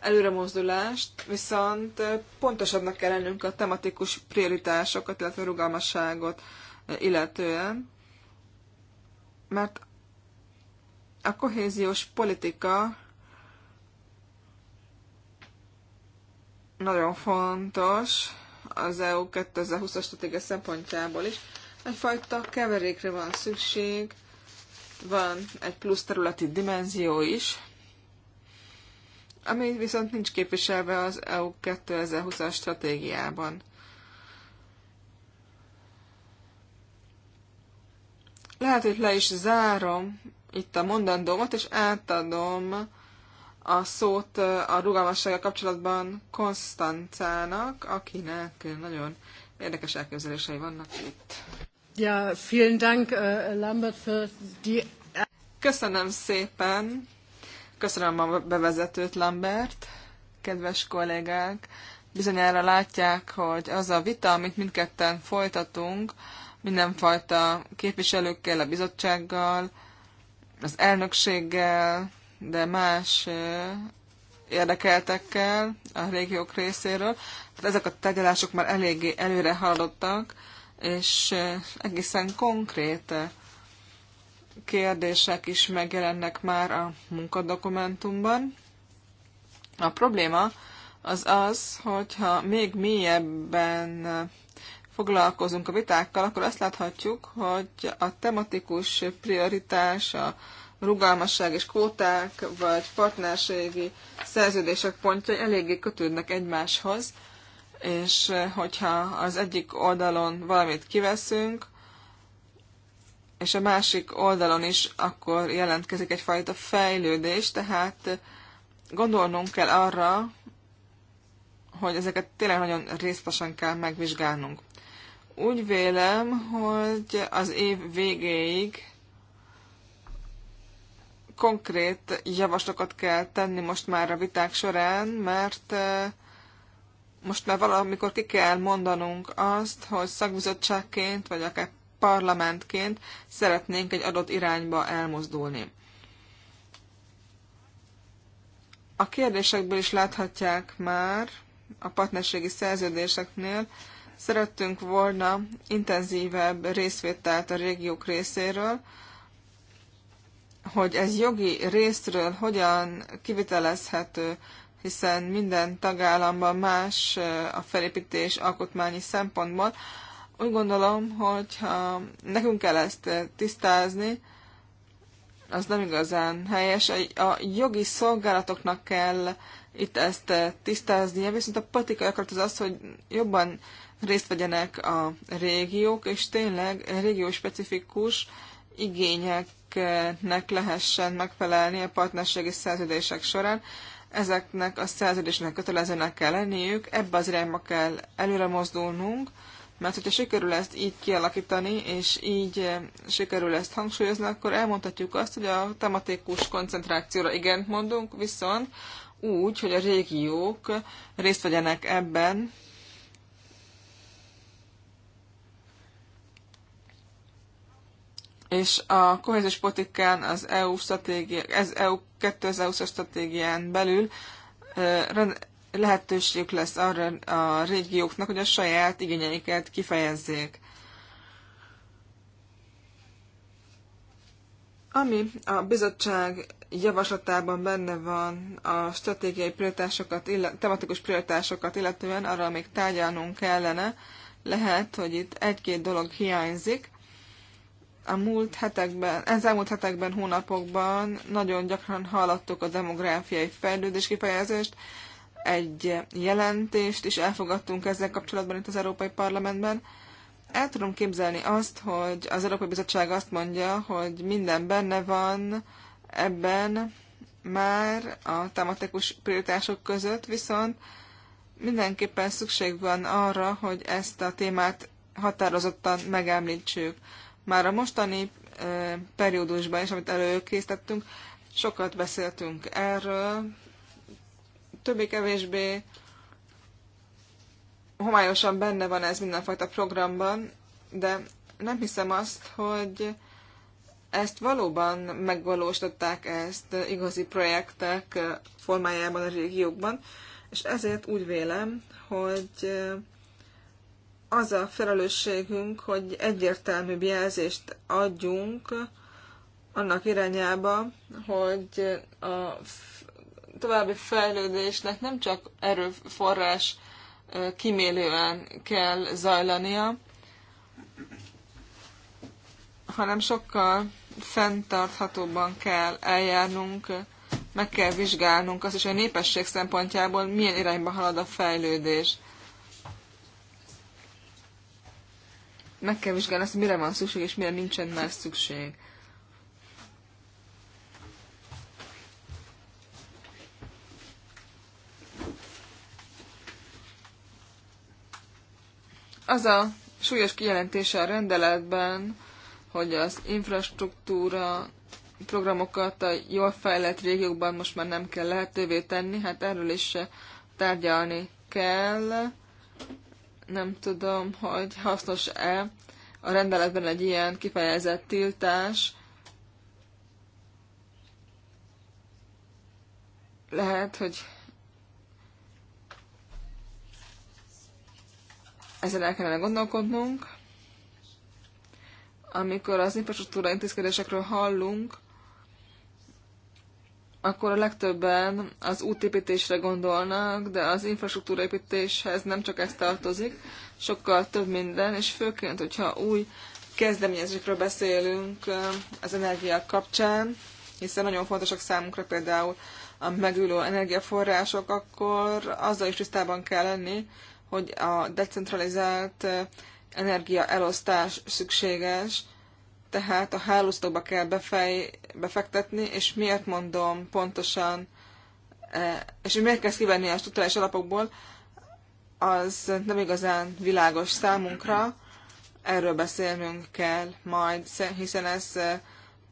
előremozdulást, viszont pontosabbnak kell lennünk a tematikus prioritásokat, illetve rugalmasságot illetően, mert a kohéziós politika nagyon fontos az EU 2020-as stratégia szempontjából is. Egyfajta keverékre van szükség, van egy plusz területi dimenzió is, ami viszont nincs képviselve az EU 2020-as stratégiában. Lehet, hogy le is zárom itt a mondandómat, és átadom a szót a rugalmassága kapcsolatban Konstancának, akinek nagyon érdekes elképzelései vannak itt. Ja, vielen Dank, äh, Lambert, für die... Köszönöm szépen Köszönöm a bevezetőt, Lambert, kedves kollégák. Bizonyára látják, hogy az a vita, amit mindketten folytatunk, mindenfajta képviselőkkel, a bizottsággal, az elnökséggel, de más érdekeltekkel a régiók részéről. Tehát ezek a tárgyalások már eléggé előre haladottak, és egészen konkrét kérdések is megjelennek már a munkadokumentumban. A probléma az az, hogyha még mélyebben foglalkozunk a vitákkal, akkor azt láthatjuk, hogy a tematikus prioritás, a rugalmasság és kóták, vagy partnerségi szerződések pontjai eléggé kötődnek egymáshoz, és hogyha az egyik oldalon valamit kiveszünk, és a másik oldalon is akkor jelentkezik egyfajta fejlődés, tehát gondolnunk kell arra, hogy ezeket tényleg nagyon részletesen kell megvizsgálnunk. Úgy vélem, hogy az év végéig konkrét javaslatokat kell tenni most már a viták során, mert eh, most már valamikor ki kell mondanunk azt, hogy szakbizottságként, vagy akár parlamentként szeretnénk egy adott irányba elmozdulni. A kérdésekből is láthatják már a partnerségi szerződéseknél, szerettünk volna intenzívebb részvételt a régiók részéről, hogy ez jogi részről hogyan kivitelezhető, hiszen minden tagállamban más eh, a felépítés alkotmányi szempontból, úgy gondolom, hogy ha nekünk kell ezt tisztázni, az nem igazán helyes. A jogi szolgálatoknak kell itt ezt tisztáznia, viszont a politikai akarat az az, hogy jobban részt vegyenek a régiók, és tényleg specifikus igényeknek lehessen megfelelni a partnerségi szerződések során. Ezeknek a szerződésnek kötelezőnek kell lenniük, ebbe az irányba kell előre mozdulnunk, mert hogyha sikerül ezt így kialakítani, és így eh, sikerül ezt hangsúlyozni, akkor elmondhatjuk azt, hogy a tematikus koncentrációra igent mondunk, viszont úgy, hogy a régiók részt vegyenek ebben, és a kohéziós politikán az EU stratégia, ez EU 2020-as stratégián belül eh, lehetőség lesz arra a régióknak, hogy a saját igényeiket kifejezzék. Ami a bizottság javaslatában benne van a stratégiai prioritásokat, illet, tematikus prioritásokat illetően, arra még tárgyalnunk kellene, lehet, hogy itt egy-két dolog hiányzik. A múlt hetekben, ez elmúlt hetekben, hónapokban nagyon gyakran hallottuk a demográfiai fejlődés kifejezést, egy jelentést is elfogadtunk ezzel kapcsolatban itt az Európai Parlamentben. El tudom képzelni azt, hogy az Európai Bizottság azt mondja, hogy minden benne van ebben már a tematikus prioritások között, viszont mindenképpen szükség van arra, hogy ezt a témát határozottan megemlítsük. Már a mostani eh, periódusban is, amit előkészítettünk, sokat beszéltünk erről, többé-kevésbé homályosan benne van ez mindenfajta programban, de nem hiszem azt, hogy ezt valóban megvalósították ezt igazi projektek formájában a régiókban, és ezért úgy vélem, hogy az a felelősségünk, hogy egyértelmű jelzést adjunk annak irányába, hogy a további fejlődésnek nem csak erőforrás kimélően kell zajlania, hanem sokkal fenntarthatóban kell eljárnunk, meg kell vizsgálnunk azt is, hogy a népesség szempontjából milyen irányba halad a fejlődés. Meg kell vizsgálni azt, mire van szükség, és mire nincsen már szükség. az a súlyos kijelentése a rendeletben, hogy az infrastruktúra programokat a jól fejlett régiókban most már nem kell lehetővé tenni, hát erről is tárgyalni kell. Nem tudom, hogy hasznos-e a rendeletben egy ilyen kifejezett tiltás. Lehet, hogy Ezzel el kellene gondolkodnunk. Amikor az infrastruktúra intézkedésekről hallunk, akkor a legtöbben az útépítésre gondolnak, de az infrastruktúraépítéshez nem csak ez tartozik, sokkal több minden, és főként, hogyha új kezdeményezésekről beszélünk eh, az energia kapcsán, hiszen nagyon fontosak számunkra például a megülő energiaforrások, akkor azzal is tisztában kell lenni, hogy a decentralizált energia elosztás szükséges, tehát a hálózatokba kell befej, befektetni, és miért mondom pontosan, és miért kell kivenni a struktúrális alapokból, az nem igazán világos számunkra, erről beszélnünk kell majd, hiszen ez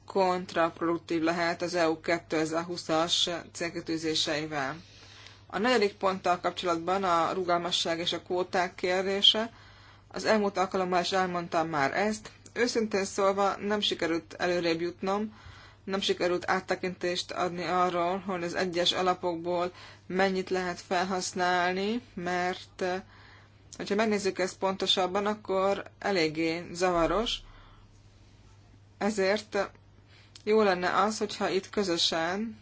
kontraproduktív lehet az EU 2020-as célkötőzéseivel. A negyedik ponttal kapcsolatban a rugalmasság és a kvóták kérdése. Az elmúlt alkalommal is elmondtam már ezt. Őszintén szólva nem sikerült előrébb jutnom, nem sikerült áttekintést adni arról, hogy az egyes alapokból mennyit lehet felhasználni, mert hogyha megnézzük ezt pontosabban, akkor eléggé zavaros. Ezért jó lenne az, hogyha itt közösen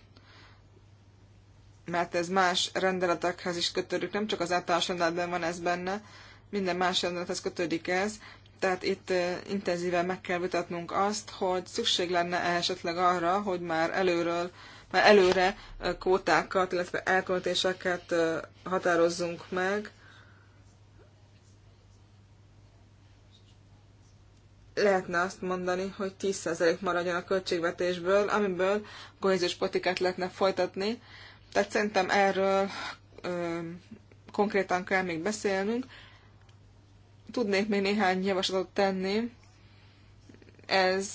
mert ez más rendeletekhez is kötődik, nem csak az általános rendeletben van ez benne, minden más rendelethez kötődik ez, tehát itt intenzíven meg kell vitatnunk azt, hogy szükség lenne esetleg arra, hogy már előről, már előre kvótákat, illetve elköltéseket határozzunk meg, lehetne azt mondani, hogy 10% maradjon a költségvetésből, amiből kohéziós politikát lehetne folytatni, tehát szerintem erről ö, konkrétan kell még beszélnünk. Tudnék még néhány javaslatot tenni. Ez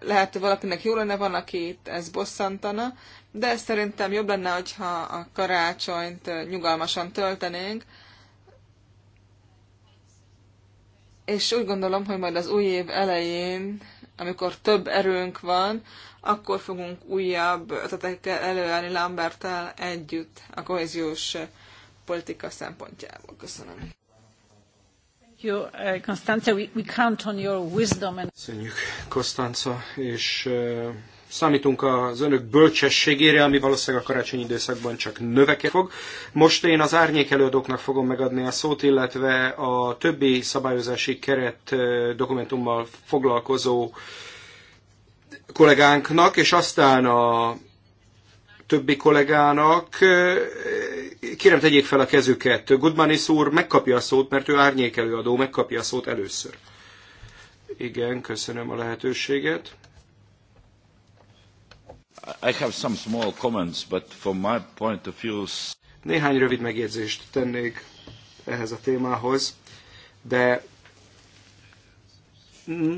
lehet, hogy valakinek jó lenne, van, akit ez bosszantana, de szerintem jobb lenne, hogyha a karácsonyt nyugalmasan töltenénk. És úgy gondolom, hogy majd az új év elején amikor több erőnk van, akkor fogunk újabb ötletekkel előállni Lambertel együtt a kohéziós politika szempontjából. Köszönöm. Uh, Köszönjük, Konstanca, és uh, Számítunk az önök bölcsességére, ami valószínűleg a karácsonyi időszakban csak növekedni fog. Most én az árnyékelőadóknak fogom megadni a szót, illetve a többi szabályozási keret dokumentummal foglalkozó kollégánknak, és aztán a többi kollégának. Kérem, tegyék fel a kezüket. Gudmanis úr megkapja a szót, mert ő árnyékelőadó, megkapja a szót először. Igen, köszönöm a lehetőséget. I have some small comments, but from my point of view... Néhány rövid megjegyzést tennék ehhez a témához, de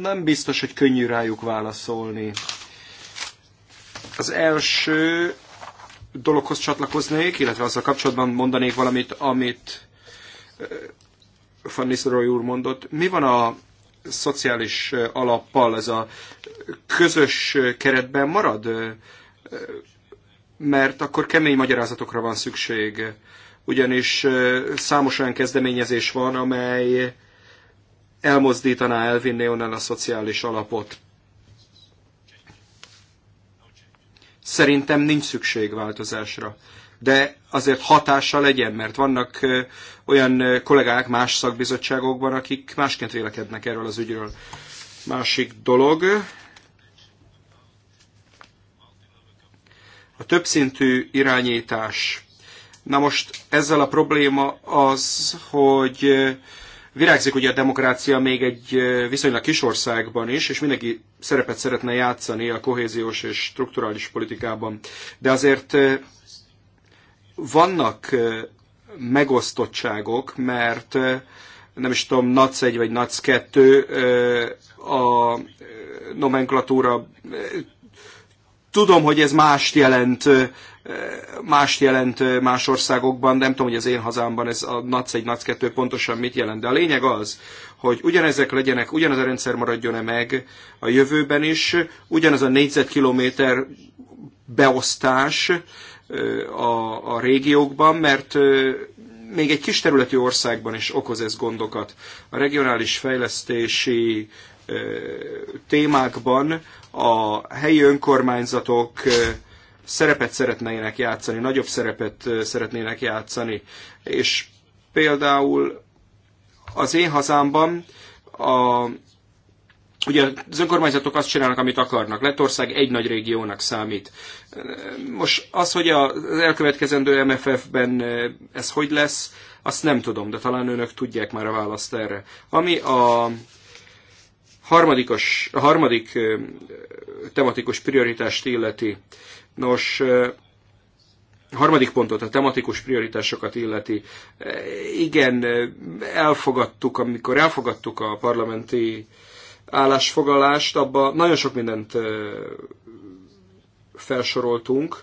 nem biztos, hogy könnyű rájuk válaszolni. Az első dologhoz csatlakoznék, illetve azzal kapcsolatban mondanék valamit, amit Van Nistelrooy úr mondott. Mi van a szociális alappal, ez a közös keretben marad? Mert akkor kemény magyarázatokra van szükség. Ugyanis számos olyan kezdeményezés van, amely elmozdítaná, elvinné onnan a szociális alapot. Szerintem nincs szükség változásra de azért hatása legyen, mert vannak olyan kollégák más szakbizottságokban, akik másként vélekednek erről az ügyről. Másik dolog, a többszintű irányítás. Na most ezzel a probléma az, hogy virágzik ugye a demokrácia még egy viszonylag kis országban is, és mindenki szerepet szeretne játszani a kohéziós és strukturális politikában. De azért vannak megosztottságok, mert nem is tudom, NAC 1 vagy NAC 2 a nomenklatúra. Tudom, hogy ez mást jelent, mást jelent más országokban, de nem tudom, hogy az én hazámban ez a NAC 1, NAC 2 pontosan mit jelent. De a lényeg az, hogy ugyanezek legyenek, ugyanaz a rendszer maradjon-e meg a jövőben is, ugyanaz a négyzetkilométer beosztás, a, a régiókban, mert még egy kis területű országban is okoz ez gondokat. A regionális fejlesztési témákban a helyi önkormányzatok szerepet szeretnének játszani, nagyobb szerepet szeretnének játszani. És például az én hazámban a Ugye az önkormányzatok azt csinálnak, amit akarnak. Lettország egy nagy régiónak számít. Most az, hogy az elkövetkezendő MFF-ben ez hogy lesz, azt nem tudom, de talán önök tudják már a választ erre. Ami a harmadikos, a harmadik tematikus prioritást illeti, nos, a harmadik pontot, a tematikus prioritásokat illeti. Igen, elfogadtuk, amikor elfogadtuk a parlamenti állásfogalást, abban nagyon sok mindent felsoroltunk.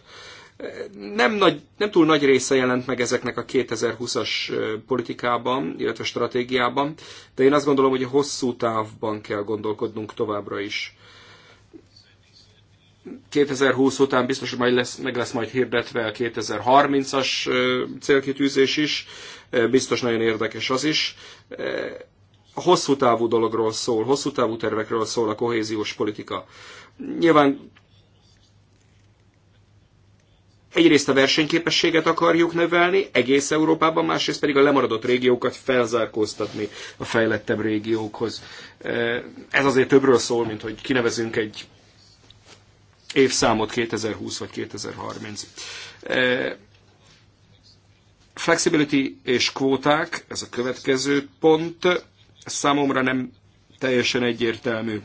Nem, nagy, nem túl nagy része jelent meg ezeknek a 2020-as politikában, illetve stratégiában, de én azt gondolom, hogy a hosszú távban kell gondolkodnunk továbbra is. 2020 után biztos, hogy majd lesz, meg lesz majd hirdetve a 2030-as célkitűzés is, biztos nagyon érdekes az is hosszú távú dologról szól, hosszú távú tervekről szól a kohéziós politika. Nyilván egyrészt a versenyképességet akarjuk növelni egész Európában, másrészt pedig a lemaradott régiókat felzárkóztatni a fejlettebb régiókhoz. Ez azért többről szól, mint hogy kinevezünk egy évszámot 2020 vagy 2030. Flexibility és kvóták, ez a következő pont. Ez számomra nem teljesen egyértelmű.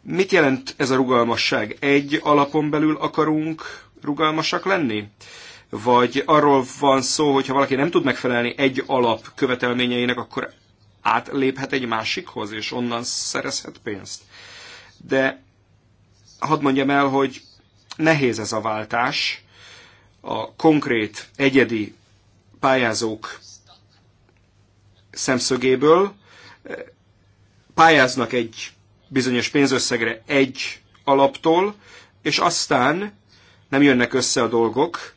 Mit jelent ez a rugalmasság? Egy alapon belül akarunk rugalmasak lenni? Vagy arról van szó, hogy ha valaki nem tud megfelelni egy alap követelményeinek, akkor átléphet egy másikhoz, és onnan szerezhet pénzt. De hadd mondjam el, hogy nehéz ez a váltás. A konkrét, egyedi pályázók szemszögéből pályáznak egy bizonyos pénzösszegre egy alaptól, és aztán nem jönnek össze a dolgok,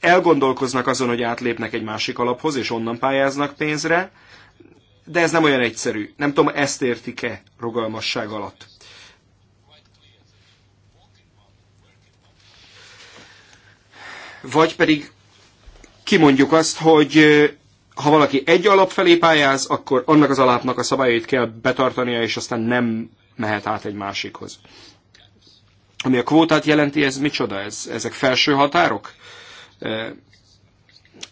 elgondolkoznak azon, hogy átlépnek egy másik alaphoz, és onnan pályáznak pénzre, de ez nem olyan egyszerű. Nem tudom, ezt értik-e rugalmasság alatt. Vagy pedig kimondjuk azt, hogy ha valaki egy alap felé pályáz, akkor annak az alapnak a szabályait kell betartania, és aztán nem mehet át egy másikhoz. Ami a kvótát jelenti, ez micsoda? Ez, ezek felső határok?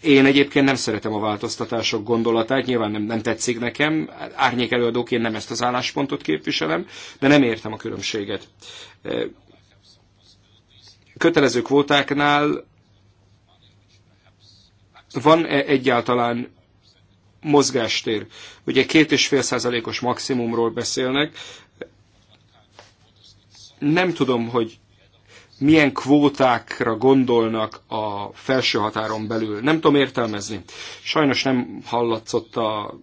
Én egyébként nem szeretem a változtatások gondolatát, nyilván nem, nem tetszik nekem, árnyék előadóként nem ezt az álláspontot képviselem, de nem értem a különbséget. Kötelező kvótáknál van-e egyáltalán mozgástér? Ugye fél százalékos maximumról beszélnek. Nem tudom, hogy milyen kvótákra gondolnak a felső határon belül. Nem tudom értelmezni. Sajnos nem hallatszott a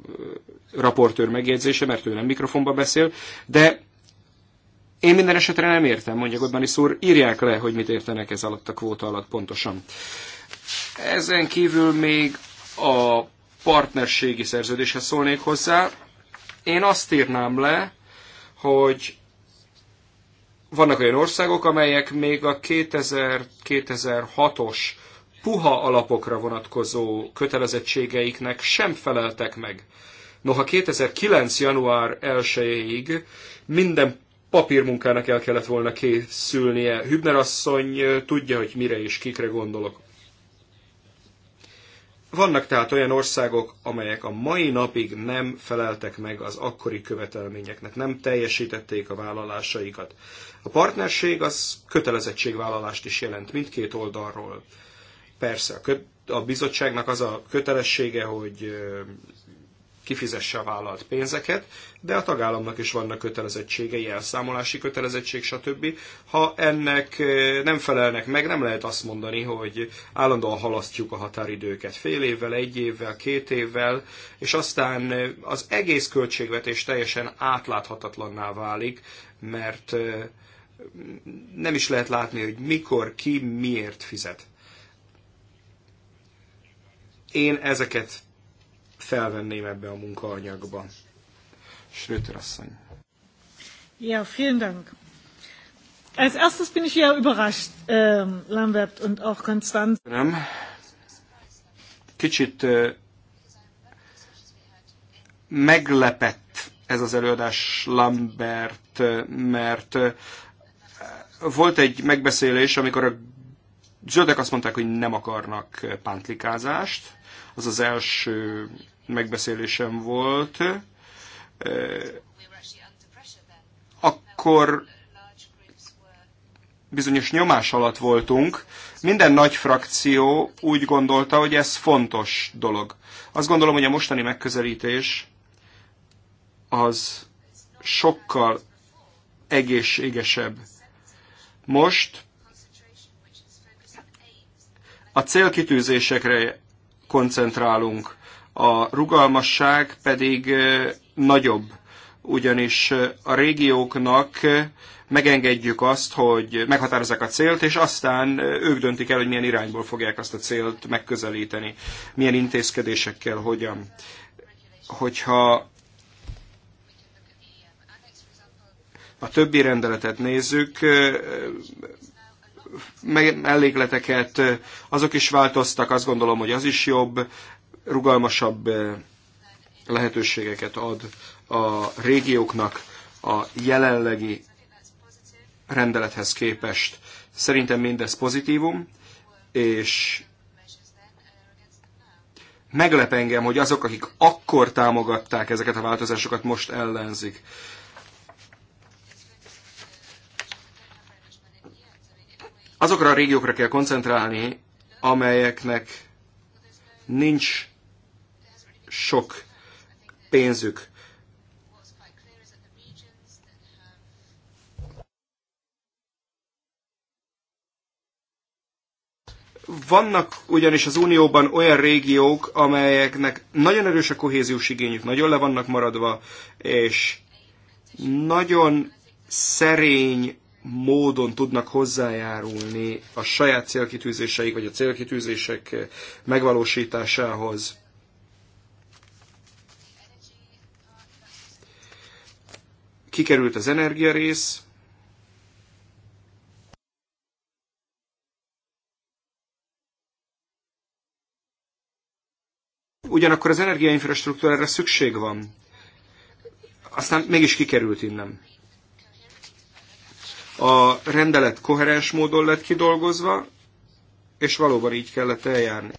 raportőr megjegyzése, mert ő nem mikrofonba beszél, de én minden esetre nem értem, mondja Godbani szúr, írják le, hogy mit értenek ez alatt a kvóta alatt pontosan. Ezen kívül még a partnerségi szerződéshez szólnék hozzá. Én azt írnám le, hogy vannak olyan országok, amelyek még a 2006 os puha alapokra vonatkozó kötelezettségeiknek sem feleltek meg. Noha 2009. január 1-ig minden papírmunkának el kellett volna készülnie. Hübner asszony tudja, hogy mire és kikre gondolok. Vannak tehát olyan országok, amelyek a mai napig nem feleltek meg az akkori követelményeknek, nem teljesítették a vállalásaikat. A partnerség az kötelezettségvállalást is jelent mindkét oldalról. Persze, a, kö- a bizottságnak az a kötelessége, hogy kifizesse a vállalt pénzeket, de a tagállamnak is vannak kötelezettségei, elszámolási kötelezettség, stb. Ha ennek eh, nem felelnek meg, nem lehet azt mondani, hogy állandóan halasztjuk a határidőket fél évvel, egy évvel, két évvel, és aztán eh, az egész költségvetés teljesen átláthatatlanná válik, mert eh, nem is lehet látni, hogy mikor, ki, miért fizet. Én ezeket felvenném ebbe a munkaanyagba. Schröter asszony. Ja, vielen Dank. Als erstes bin ich ja überrascht, äh, Lambert und auch Konstanz. Kicsit äh, meglepett ez az előadás Lambert, mert äh, volt egy megbeszélés, amikor a zöldek azt mondták, hogy nem akarnak pántlikázást. Az az első megbeszélésem volt, akkor bizonyos nyomás alatt voltunk. Minden nagy frakció úgy gondolta, hogy ez fontos dolog. Azt gondolom, hogy a mostani megközelítés az sokkal egészségesebb. Most a célkitűzésekre koncentrálunk a rugalmasság pedig nagyobb, ugyanis a régióknak megengedjük azt, hogy meghatározzák a célt, és aztán ők döntik el, hogy milyen irányból fogják azt a célt megközelíteni, milyen intézkedésekkel, hogyan. Hogyha a többi rendeletet nézzük, mellékleteket, azok is változtak, azt gondolom, hogy az is jobb, rugalmasabb eh, lehetőségeket ad a régióknak a jelenlegi rendelethez képest. Szerintem mindez pozitívum, és meglep engem, hogy azok, akik akkor támogatták ezeket a változásokat, most ellenzik. Azokra a régiókra kell koncentrálni, amelyeknek nincs sok pénzük Vannak ugyanis az Unióban olyan régiók, amelyeknek nagyon erős a kohéziós igényük, nagyon le vannak maradva, és nagyon szerény módon tudnak hozzájárulni a saját célkitűzéseik, vagy a célkitűzések megvalósításához. kikerült az energia rész, Ugyanakkor az energiainfrastruktúrára szükség van. Aztán mégis kikerült innen. A rendelet koherens módon lett kidolgozva, és valóban így kellett eljárni.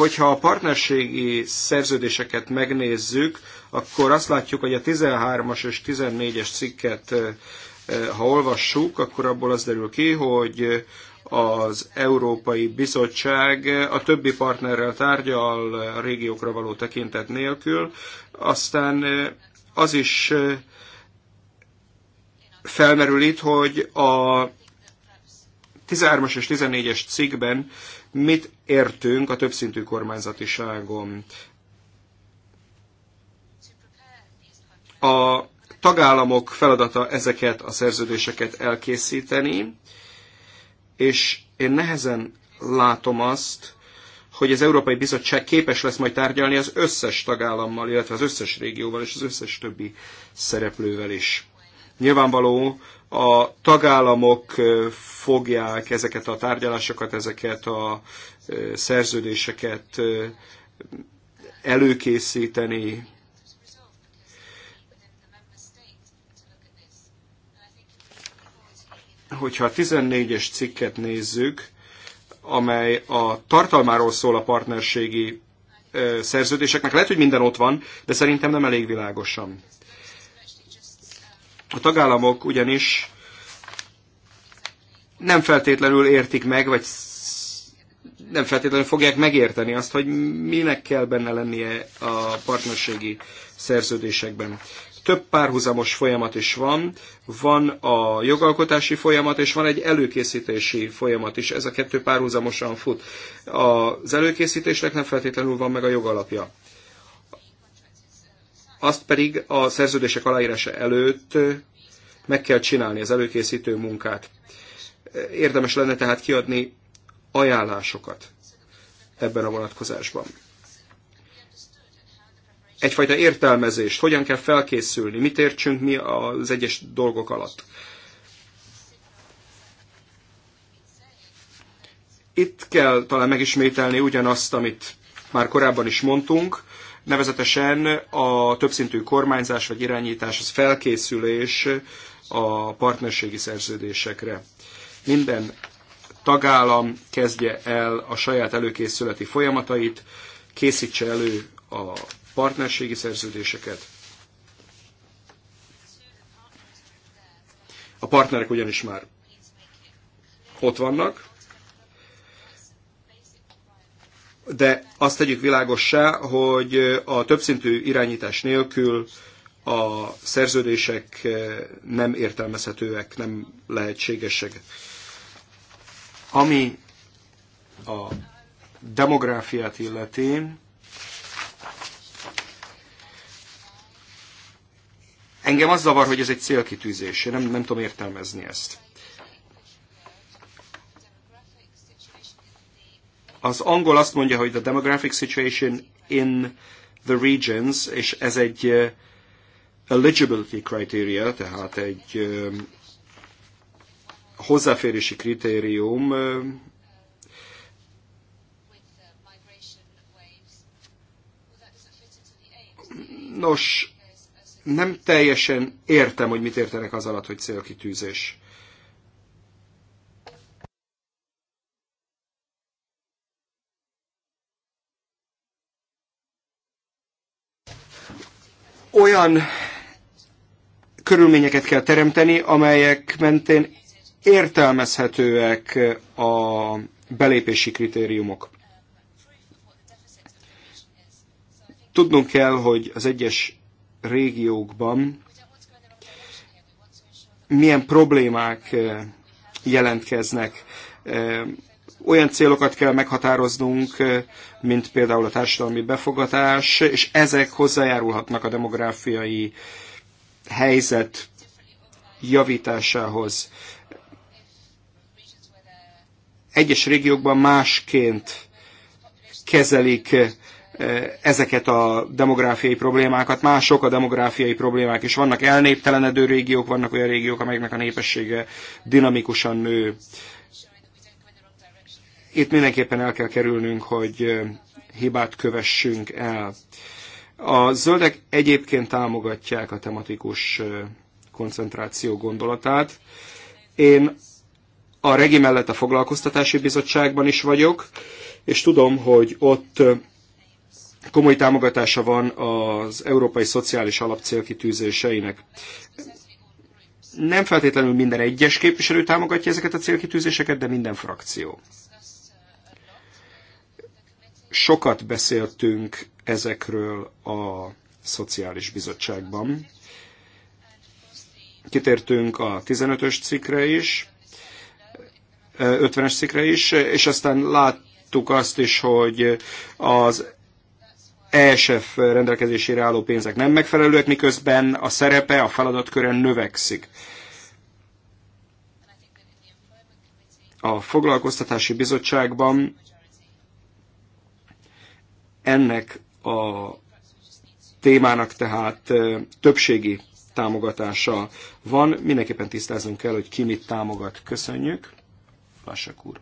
Hogyha a partnerségi szerződéseket megnézzük, akkor azt látjuk, hogy a 13-as és 14-es cikket, ha olvassuk, akkor abból az derül ki, hogy az Európai Bizottság a többi partnerrel tárgyal a régiókra való tekintet nélkül, aztán az is felmerül itt, hogy a 13-as és 14-es cikkben Mit értünk a többszintű kormányzatiságon? A tagállamok feladata ezeket a szerződéseket elkészíteni, és én nehezen látom azt, hogy az Európai Bizottság képes lesz majd tárgyalni az összes tagállammal, illetve az összes régióval és az összes többi szereplővel is. Nyilvánvaló, a tagállamok fogják ezeket a tárgyalásokat, ezeket a szerződéseket előkészíteni, hogyha a 14-es cikket nézzük, amely a tartalmáról szól a partnerségi szerződéseknek, lehet, hogy minden ott van, de szerintem nem elég világosan. A tagállamok ugyanis nem feltétlenül értik meg, vagy nem feltétlenül fogják megérteni azt, hogy minek kell benne lennie a partnerségi szerződésekben. Több párhuzamos folyamat is van, van a jogalkotási folyamat, és van egy előkészítési folyamat is. Ez a kettő párhuzamosan fut. Az előkészítésnek nem feltétlenül van meg a jogalapja azt pedig a szerződések aláírása előtt eh, meg kell csinálni az előkészítő munkát. Eh, érdemes lenne tehát kiadni ajánlásokat ebben a vonatkozásban. Egyfajta értelmezést, hogyan kell felkészülni, mit értsünk mi az egyes dolgok alatt. Itt kell talán megismételni ugyanazt, amit már korábban is mondtunk, Nevezetesen a többszintű kormányzás vagy irányítás, az felkészülés a partnerségi szerződésekre. Minden tagállam kezdje el a saját előkészületi folyamatait, készítse elő a partnerségi szerződéseket. A partnerek ugyanis már ott vannak, de azt tegyük világossá, hogy a többszintű irányítás nélkül a szerződések nem értelmezhetőek, nem lehetségesek. Ami a demográfiát illeti, engem az zavar, hogy ez egy célkitűzés. Én nem, nem tudom értelmezni ezt. Az angol azt mondja, hogy the demographic situation in the regions, és ez egy eh, eligibility criteria, tehát egy eh, hozzáférési kritérium, eh, Nos, nem teljesen értem, hogy mit értenek az alatt, hogy célkitűzés. olyan körülményeket kell teremteni, amelyek mentén értelmezhetőek a belépési kritériumok. Tudnunk kell, hogy az egyes régiókban milyen problémák jelentkeznek olyan célokat kell meghatároznunk, mint például a társadalmi befogadás, és ezek hozzájárulhatnak a demográfiai helyzet javításához. Egyes régiókban másként kezelik ezeket a demográfiai problémákat. Mások a demográfiai problémák is. Vannak elnéptelenedő régiók, vannak olyan régiók, amelyeknek a népessége dinamikusan nő. Itt mindenképpen el kell kerülnünk, hogy hibát kövessünk el. A zöldek egyébként támogatják a tematikus koncentráció gondolatát. Én a regi mellett a foglalkoztatási bizottságban is vagyok, és tudom, hogy ott komoly támogatása van az európai szociális alap célkitűzéseinek. Nem feltétlenül minden egyes képviselő támogatja ezeket a célkitűzéseket, de minden frakció. Sokat beszéltünk ezekről a Szociális Bizottságban. Kitértünk a 15-ös cikkre is, 50-es cikkre is, és aztán láttuk azt is, hogy az ESF rendelkezésére álló pénzek nem megfelelőek, miközben a szerepe, a feladatköre növekszik. A foglalkoztatási bizottságban ennek a témának tehát többségi támogatása van. Mindenképpen tisztázunk kell, hogy ki mit támogat. Köszönjük. Lássak úr.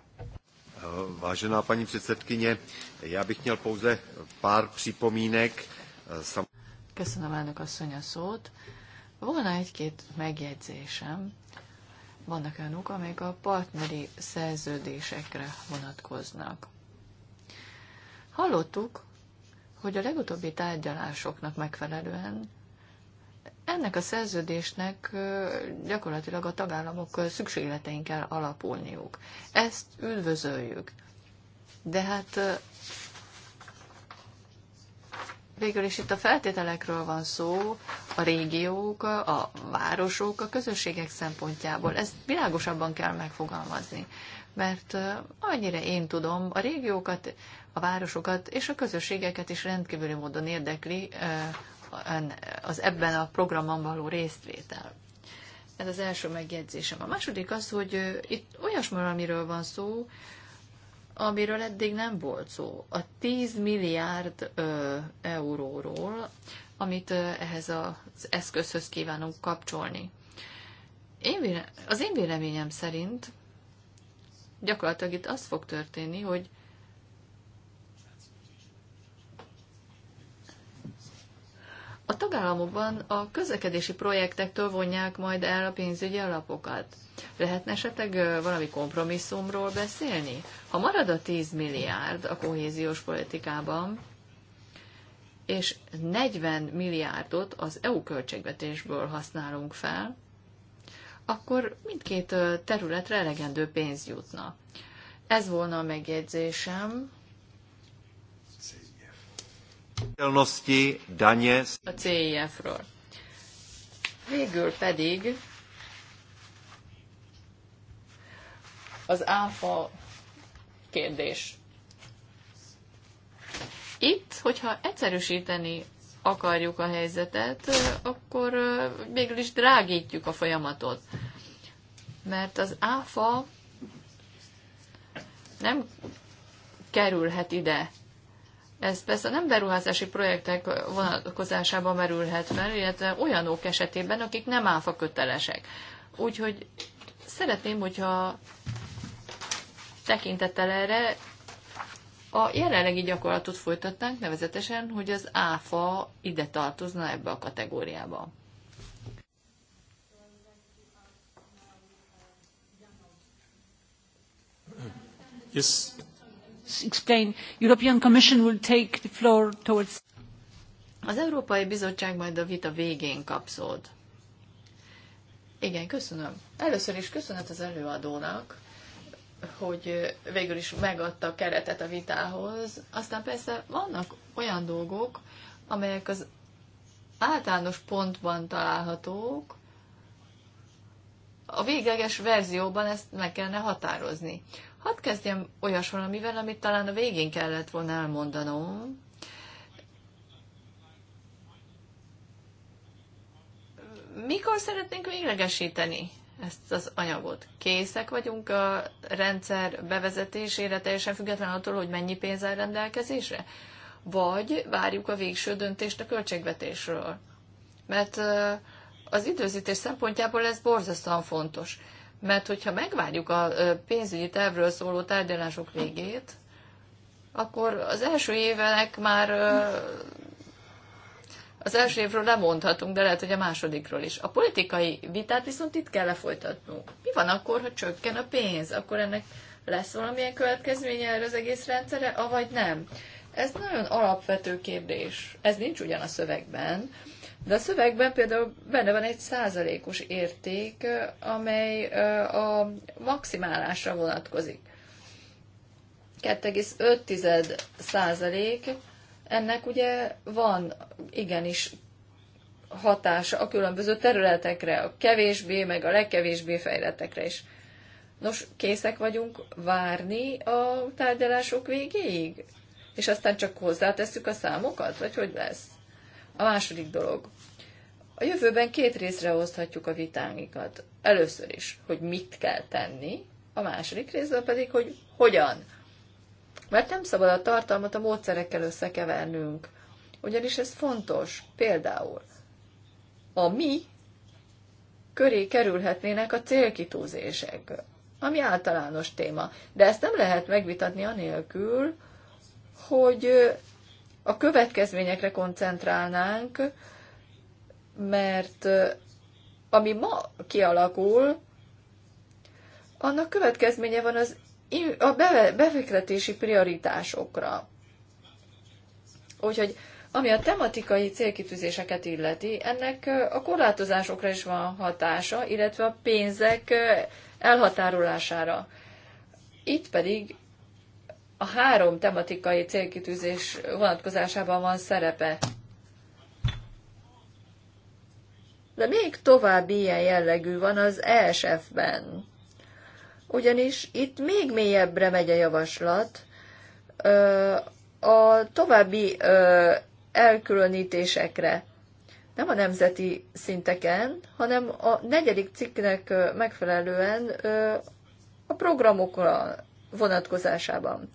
Vážená paní předsedkyně, já bych měl pouze pár připomínek. Köszönöm elnök asszony a szót. Volna egy-két megjegyzésem. Vannak olyanok, amelyek a partneri szerződésekre vonatkoznak. Hallottuk, hogy a legutóbbi tárgyalásoknak megfelelően ennek a szerződésnek gyakorlatilag a tagállamok szükségletein kell alapulniuk. Ezt üdvözöljük. De hát végül is itt a feltételekről van szó, a régiók, a városok, a közösségek szempontjából. Ezt világosabban kell megfogalmazni. Mert annyira én tudom, a régiókat a városokat és a közösségeket is rendkívüli módon érdekli az ebben a programban való résztvétel. Ez az első megjegyzésem. A második az, hogy itt amiről van szó, amiről eddig nem volt szó. A 10 milliárd euróról, amit ehhez az eszközhöz kívánunk kapcsolni. Én, az én véleményem szerint gyakorlatilag itt az fog történni, hogy A tagállamokban a közlekedési projektektől vonják majd el a pénzügyi alapokat. Lehetne esetleg valami kompromisszumról beszélni? Ha marad a 10 milliárd a kohéziós politikában, és 40 milliárdot az EU költségvetésből használunk fel, akkor mindkét területre elegendő pénz jutna. Ez volna a megjegyzésem a CIF-ről. Végül pedig az áfa kérdés. Itt, hogyha egyszerűsíteni akarjuk a helyzetet, akkor végül is drágítjuk a folyamatot. Mert az áfa nem kerülhet ide. Ez persze nem beruházási projektek vonatkozásában merülhet fel, illetve olyanok esetében, akik nem áfa kötelesek. Úgyhogy szeretném, hogyha tekintettel erre a jelenlegi gyakorlatot folytatnánk, nevezetesen, hogy az áfa ide tartozna ebbe a kategóriába. Yes, az Európai Bizottság majd a vita végén kap szót. Igen, köszönöm. Először is köszönet az előadónak, hogy végül is megadta a keretet a vitához. Aztán persze vannak olyan dolgok, amelyek az általános pontban találhatók, a végleges verzióban ezt meg kellene határozni. Hadd kezdjem olyas valamivel, amit talán a végén kellett volna elmondanom. Mikor szeretnénk véglegesíteni ezt az anyagot? Készek vagyunk a rendszer bevezetésére, teljesen független attól, hogy mennyi pénz áll rendelkezésre? Vagy várjuk a végső döntést a költségvetésről? Mert az időzítés szempontjából ez borzasztóan fontos mert hogyha megvárjuk a pénzügyi tervről szóló tárgyalások végét, akkor az első évenek már az első évről lemondhatunk, de lehet, hogy a másodikról is. A politikai vitát viszont itt kell lefolytatnunk. Mi van akkor, ha csökken a pénz? Akkor ennek lesz valamilyen következménye erre az egész rendszerre, avagy nem? Ez nagyon alapvető kérdés. Ez nincs ugyan a szövegben, de a szövegben például benne van egy százalékos érték, amely a maximálásra vonatkozik. 2,5 százalék, ennek ugye van igenis hatása a különböző területekre, a kevésbé, meg a legkevésbé fejlettekre is. Nos, készek vagyunk várni a tárgyalások végéig? És aztán csak hozzátesszük a számokat? Vagy hogy lesz? A második dolog. A jövőben két részre oszthatjuk a vitánikat. Először is, hogy mit kell tenni, a második részben pedig, hogy hogyan. Mert nem szabad a tartalmat a módszerekkel összekevernünk, ugyanis ez fontos. Például a mi köré kerülhetnének a célkitúzések, ami általános téma. De ezt nem lehet megvitatni anélkül, hogy a következményekre koncentrálnánk, mert ami ma kialakul, annak következménye van az a befektetési prioritásokra. Úgyhogy ami a tematikai célkitűzéseket illeti, ennek a korlátozásokra is van hatása, illetve a pénzek elhatárolására. Itt pedig a három tematikai célkitűzés vonatkozásában van szerepe. De még további ilyen jellegű van az ESF-ben. Ugyanis itt még mélyebbre megy a javaslat. A további elkülönítésekre nem a nemzeti szinteken, hanem a negyedik cikknek megfelelően a programokra vonatkozásában.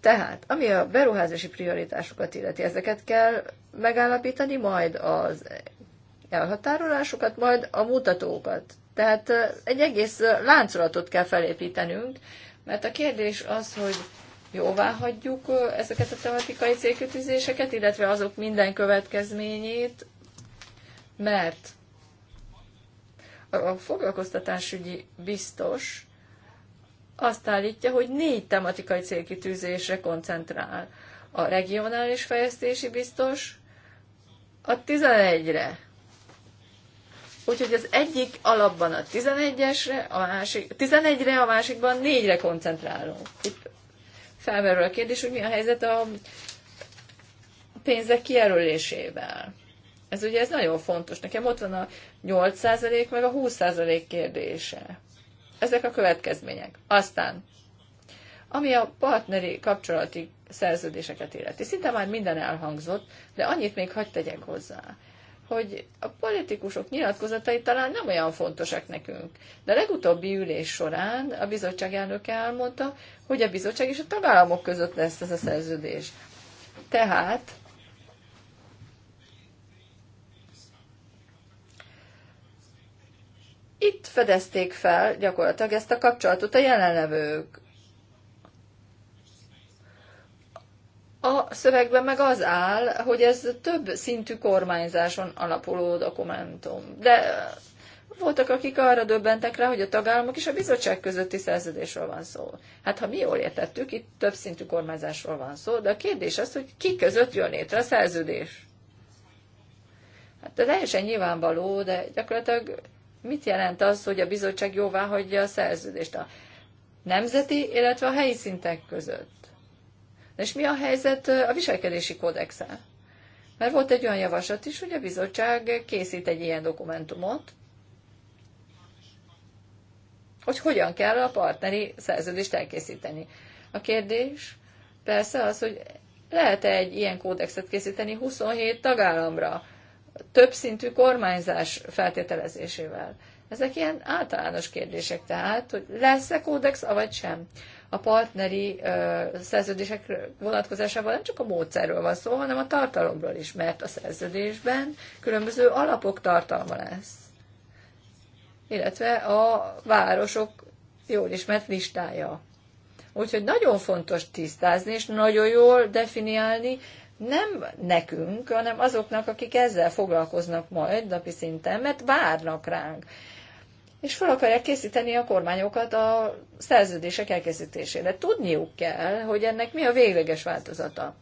Tehát, ami a beruházási prioritásokat illeti, ezeket kell megállapítani, majd az elhatárolásokat, majd a mutatókat. Tehát egy egész láncolatot kell felépítenünk, mert a kérdés az, hogy jóvá hagyjuk ezeket a tematikai célkötőzéseket, illetve azok minden következményét, mert a foglalkoztatásügyi biztos azt állítja, hogy négy tematikai célkitűzésre koncentrál. A regionális fejlesztési biztos a 11-re. Úgyhogy az egyik alapban a 11-esre, a másik, 11-re, a másikban 4-re koncentrálunk. Itt felmerül a kérdés, hogy mi a helyzet a pénzek kijelölésével. Ez ugye ez nagyon fontos. Nekem ott van a 8% meg a 20% kérdése ezek a következmények. Aztán, ami a partneri kapcsolati szerződéseket illeti. Szinte már minden elhangzott, de annyit még hagyd tegyek hozzá, hogy a politikusok nyilatkozatai talán nem olyan fontosak nekünk. De a legutóbbi ülés során a bizottság elnöke elmondta, hogy a bizottság és a tagállamok között lesz ez a szerződés. Tehát Itt fedezték fel gyakorlatilag ezt a kapcsolatot a jelenlevők. A szövegben meg az áll, hogy ez több szintű kormányzáson alapuló dokumentum. De voltak, akik arra döbbentek rá, hogy a tagállamok és a bizottság közötti szerződésről van szó. Hát ha mi jól értettük, itt több szintű kormányzásról van szó, de a kérdés az, hogy ki között jön létre a szerződés. Hát de teljesen nyilvánvaló, de gyakorlatilag mit jelent az, hogy a bizottság jóvá hagyja a szerződést a nemzeti, illetve a helyi szintek között? És mi a helyzet a viselkedési kódexel? Mert volt egy olyan javaslat is, hogy a bizottság készít egy ilyen dokumentumot, hogy hogyan kell a partneri szerződést elkészíteni. A kérdés persze az, hogy lehet-e egy ilyen kódexet készíteni 27 tagállamra, többszintű kormányzás feltételezésével. Ezek ilyen általános kérdések tehát, hogy lesz-e kódex, avagy sem. A partneri ö, szerződések vonatkozásával nem csak a módszerről van szó, hanem a tartalomról is, mert a szerződésben különböző alapok tartalma lesz. Illetve a városok jól ismert listája. Úgyhogy nagyon fontos tisztázni és nagyon jól definiálni, nem nekünk, hanem azoknak, akik ezzel foglalkoznak majd napi szinten, mert várnak ránk. És fel akarják készíteni a kormányokat a szerződések elkészítésére. Tudniuk kell, hogy ennek mi a végleges változata.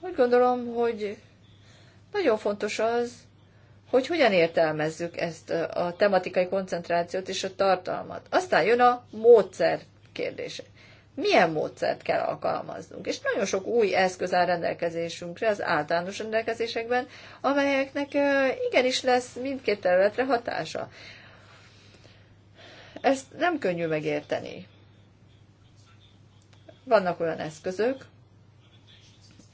Úgy gondolom, hogy nagyon fontos az, hogy hogyan értelmezzük ezt a tematikai koncentrációt és a tartalmat. Aztán jön a módszer kérdése milyen módszert kell alkalmaznunk. És nagyon sok új eszköz áll rendelkezésünkre az általános rendelkezésekben, amelyeknek igenis lesz mindkét területre hatása. Ezt nem könnyű megérteni. Vannak olyan eszközök,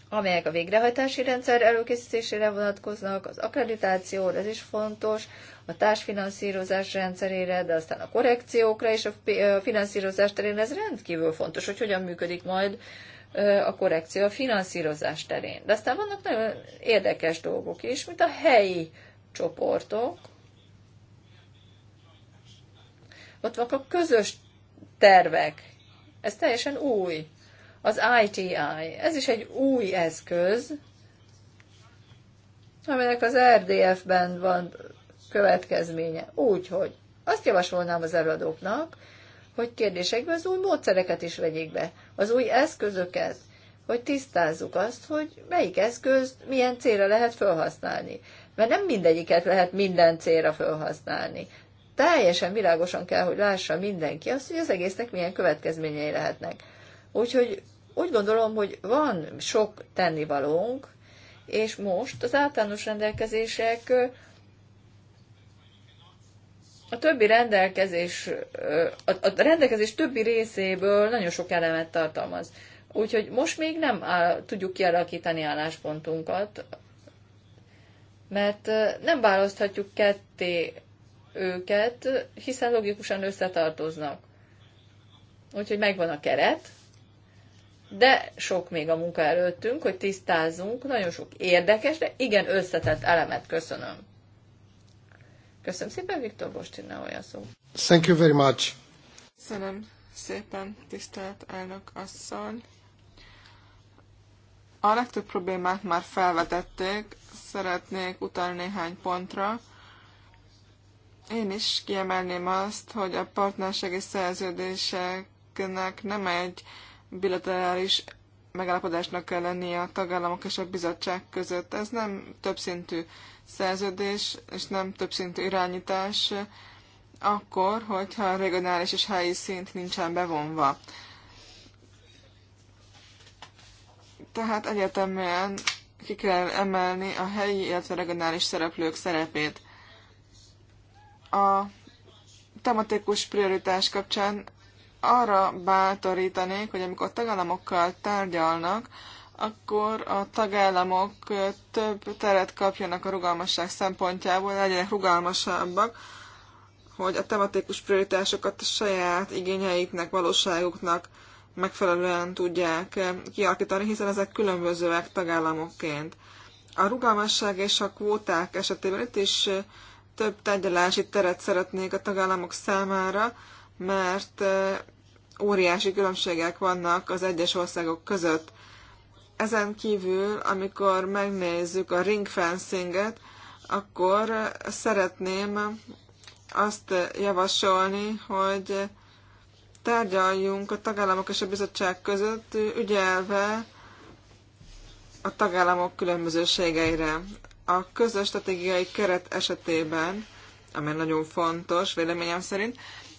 amelyek a végrehajtási rendszer előkészítésére vonatkoznak, az akkreditáció, ez is fontos, a társfinanszírozás rendszerére, de aztán a korrekciókra és a finanszírozás terén ez rendkívül fontos, hogy hogyan működik majd a korrekció a finanszírozás terén. De aztán vannak nagyon érdekes dolgok is, mint a helyi csoportok. Ott vannak a közös tervek. Ez teljesen új az ITI. Ez is egy új eszköz, aminek az RDF-ben van következménye. Úgyhogy azt javasolnám az előadóknak, hogy kérdésekbe az új módszereket is vegyék be, az új eszközöket, hogy tisztázzuk azt, hogy melyik eszközt milyen célra lehet felhasználni. Mert nem mindegyiket lehet minden célra felhasználni. Teljesen világosan kell, hogy lássa mindenki azt, hogy az egésznek milyen következményei lehetnek. Úgyhogy úgy gondolom, hogy van sok tennivalónk, és most az általános rendelkezések a többi rendelkezés, a rendelkezés többi részéből nagyon sok elemet tartalmaz. Úgyhogy most még nem áll, tudjuk kialakítani álláspontunkat, mert nem választhatjuk ketté őket, hiszen logikusan összetartoznak. Úgyhogy megvan a keret, de sok még a munka előttünk, hogy tisztázzunk, nagyon sok érdekes, de igen összetett elemet. Köszönöm. Köszönöm szépen, Viktor Bostina, olyan szó. Thank you very much. Köszönöm szépen, tisztelt elnök asszony. A legtöbb problémát már felvetették, szeretnék utalni néhány pontra. Én is kiemelném azt, hogy a partnerségi szerződéseknek nem egy uh, bilaterális megállapodásnak kell lennie a tagállamok és a bizottság között. Ez nem többszintű szerződés, és nem többszintű irányítás akkor, hogyha a regionális és helyi szint nincsen bevonva. Tehát egyetemben ki kell emelni a helyi, illetve regionális szereplők szerepét. A tematikus prioritás kapcsán arra bátorítanék, hogy amikor tagállamokkal tárgyalnak, akkor a tagállamok több teret kapjanak a rugalmasság szempontjából, legyenek rugalmasabbak, hogy a tematikus prioritásokat a saját igényeiknek, valóságuknak megfelelően tudják kialakítani, hiszen ezek különbözőek tagállamokként. A rugalmasság és a kvóták esetében itt is több tárgyalási teret szeretnék a tagállamok számára, mert óriási különbségek vannak az egyes országok között. Ezen kívül, amikor megnézzük a ring fencinget, akkor szeretném azt javasolni, hogy tárgyaljunk a tagállamok és a bizottság között, ügyelve a tagállamok különbözőségeire. A közös stratégiai keret esetében, amely nagyon fontos véleményem szerint,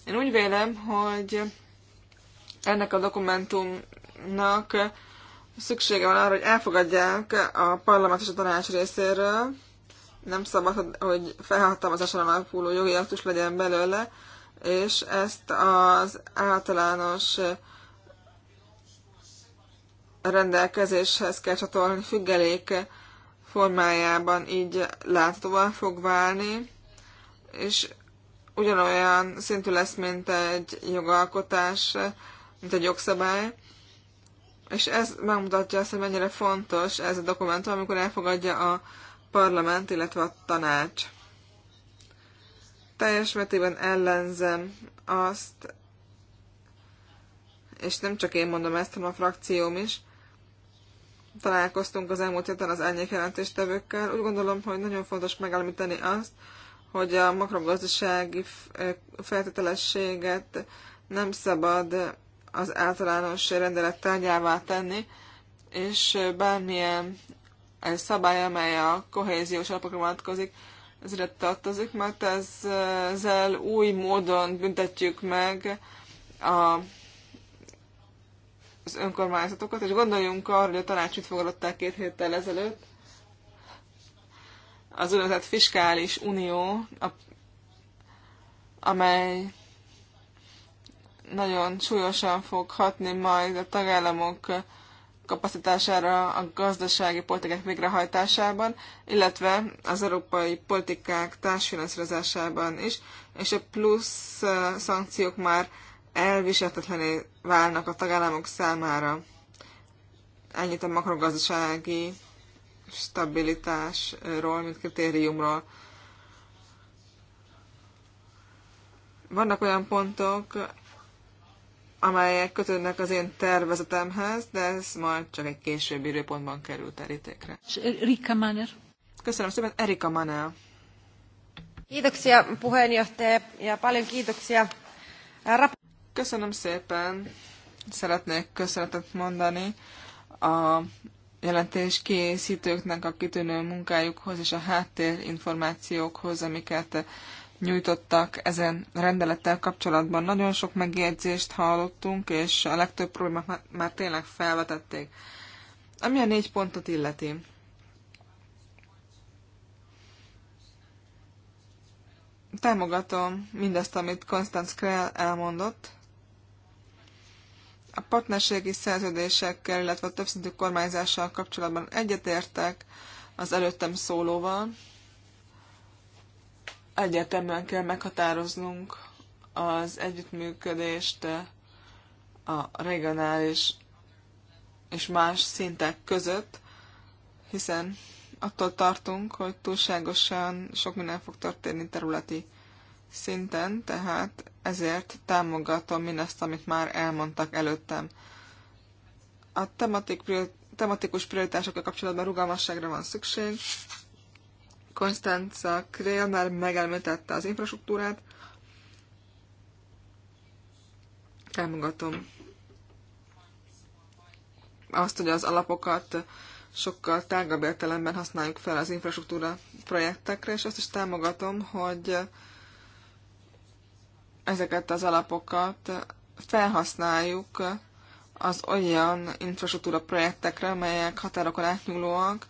én úgy vélem, hogy ennek a dokumentumnak szüksége van arra, hogy elfogadják a parlament és a tanács részéről. Nem szabad, hogy felhatalmazáson alapuló jogi aktus legyen belőle, és ezt az általános rendelkezéshez kell csatolni függelék formájában így láthatóan fog válni, és ugyanolyan szintű lesz, mint egy jogalkotás, mint egy jogszabály, és ez megmutatja azt, hogy mennyire fontos ez a dokumentum, amikor elfogadja a parlament, illetve a tanács. Teljes mértékben ellenzem azt, és nem csak én mondom ezt, hanem a frakcióm is, találkoztunk az elmúlt héten az elnyék jelentéstevőkkel. Úgy gondolom, hogy nagyon fontos megállapítani azt, hogy a makrogazdasági feltételességet nem szabad az általános rendelet tárgyává tenni, és bármilyen szabály, amely a kohéziós alapokra vonatkozik, ez ide tartozik, mert ezzel új módon büntetjük meg a, az önkormányzatokat, és gondoljunk arra, hogy a tanács itt fogadott két héttel ezelőtt, az úgynevezett fiskális unió, a, amely nagyon súlyosan fog hatni majd a tagállamok kapacitására a gazdasági politikák végrehajtásában, illetve az európai politikák társfinanszírozásában is, és a plusz szankciók már elviselhetetlené válnak a tagállamok számára. Ennyit a makrogazdasági stabilitásról, mint kritériumról. Vannak olyan pontok, amelyek kötődnek az én tervezetemhez, de ez majd csak egy későbbi időpontban kerül terítékre. Erika Manner. Köszönöm szépen, Erika Manner. Kiitoksia puheenjohtaja ja paljon kiitoksia. Köszönöm szépen. Szeretnék köszönetet mondani a jelentés készítőknek a kitűnő munkájukhoz és a háttérinformációkhoz, amiket nyújtottak ezen rendelettel kapcsolatban. Nagyon sok megjegyzést hallottunk, és a legtöbb problémát már tényleg felvetették. Ami a négy pontot illeti. Támogatom mindazt, amit Konstanz Krell elmondott, a partnerségi szerződésekkel, illetve a többszintű kormányzással kapcsolatban egyetértek az előttem szólóval. Egyértelműen kell meghatároznunk az együttműködést a regionális és más szintek között, hiszen attól tartunk, hogy túlságosan sok minden fog történni területi szinten, tehát ezért támogatom mindezt, amit már elmondtak előttem. A tematik, tematikus prioritásokkal kapcsolatban rugalmasságra van szükség. Konstanza Krél már megelmítette az infrastruktúrát. Támogatom azt, hogy az alapokat sokkal tágabb értelemben használjuk fel az infrastruktúra projektekre, és azt is támogatom, hogy ezeket az alapokat felhasználjuk az olyan infrastruktúra projektekre, amelyek határokon átnyúlóak,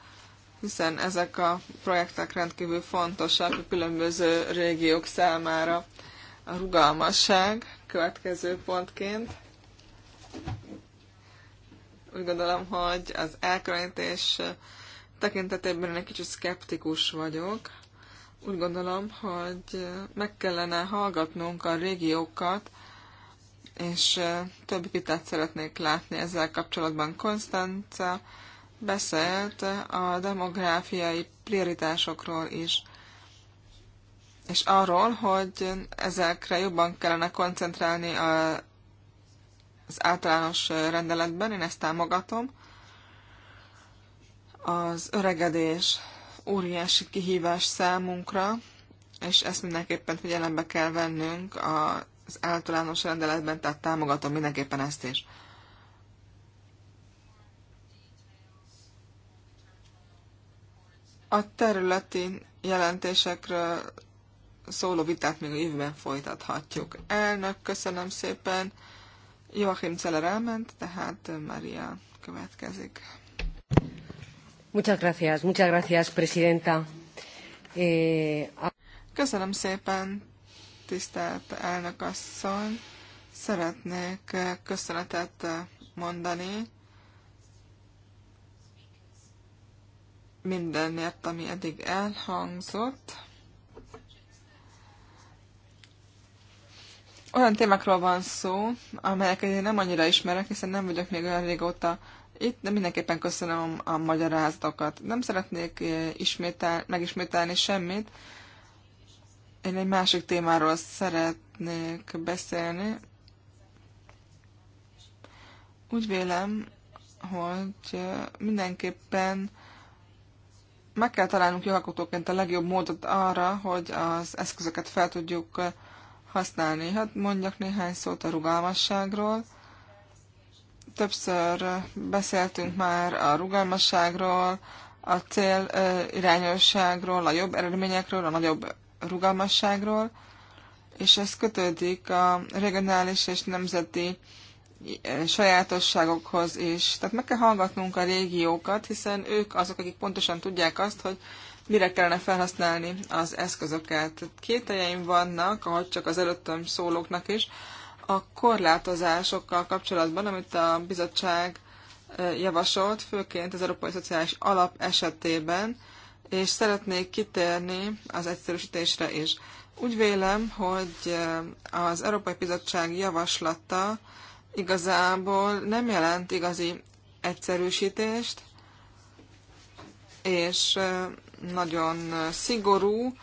hiszen ezek a projektek rendkívül fontosak a különböző régiók számára. A rugalmasság következő pontként. Úgy gondolom, hogy az elkülönítés tekintetében egy kicsit szkeptikus vagyok. Úgy gondolom, hogy meg kellene hallgatnunk a régiókat, és több vitát szeretnék látni ezzel kapcsolatban. Konstanca beszélt a demográfiai prioritásokról is, és arról, hogy ezekre jobban kellene koncentrálni a, az általános rendeletben, én ezt támogatom. Az öregedés óriási kihívás számunkra, és ezt mindenképpen figyelembe kell vennünk az általános rendeletben, tehát támogatom mindenképpen ezt is. A területi jelentésekről szóló vitát még a jövőben folytathatjuk. Elnök, köszönöm szépen. Joachim Celer elment, tehát Maria következik. Muchas gracias, muchas gracias, presidenta. Eh, a... Köszönöm szépen, tisztelt elnök asszony. Szeretnék eh, köszönetet eh, mondani mindenért, ami eddig elhangzott. Olyan témákról van szó, amelyeket én nem annyira ismerek, hiszen nem vagyok még olyan régóta itt mindenképpen köszönöm a magyarázatokat. Nem szeretnék eh, ismétel, megismételni semmit. Én egy másik témáról szeretnék beszélni. Úgy vélem, hogy eh, mindenképpen meg kell találnunk jogalkotóként a legjobb módot arra, hogy az eszközöket fel tudjuk eh, használni. Hát mondjak néhány szót a rugalmasságról. Többször beszéltünk már a rugalmasságról, a cél irányosságról, a jobb eredményekről, a nagyobb rugalmasságról, és ez kötődik a regionális és nemzeti sajátosságokhoz is. Tehát meg kell hallgatnunk a régiókat, hiszen ők azok, akik pontosan tudják azt, hogy mire kellene felhasználni az eszközöket. Két helyeim vannak, ahogy csak az előttem szólóknak is, a korlátozásokkal kapcsolatban, amit a bizottság javasolt, főként az Európai Szociális Alap esetében, és szeretnék kitérni az egyszerűsítésre is. Úgy vélem, hogy az Európai Bizottság javaslata igazából nem jelent igazi egyszerűsítést, és nagyon szigorú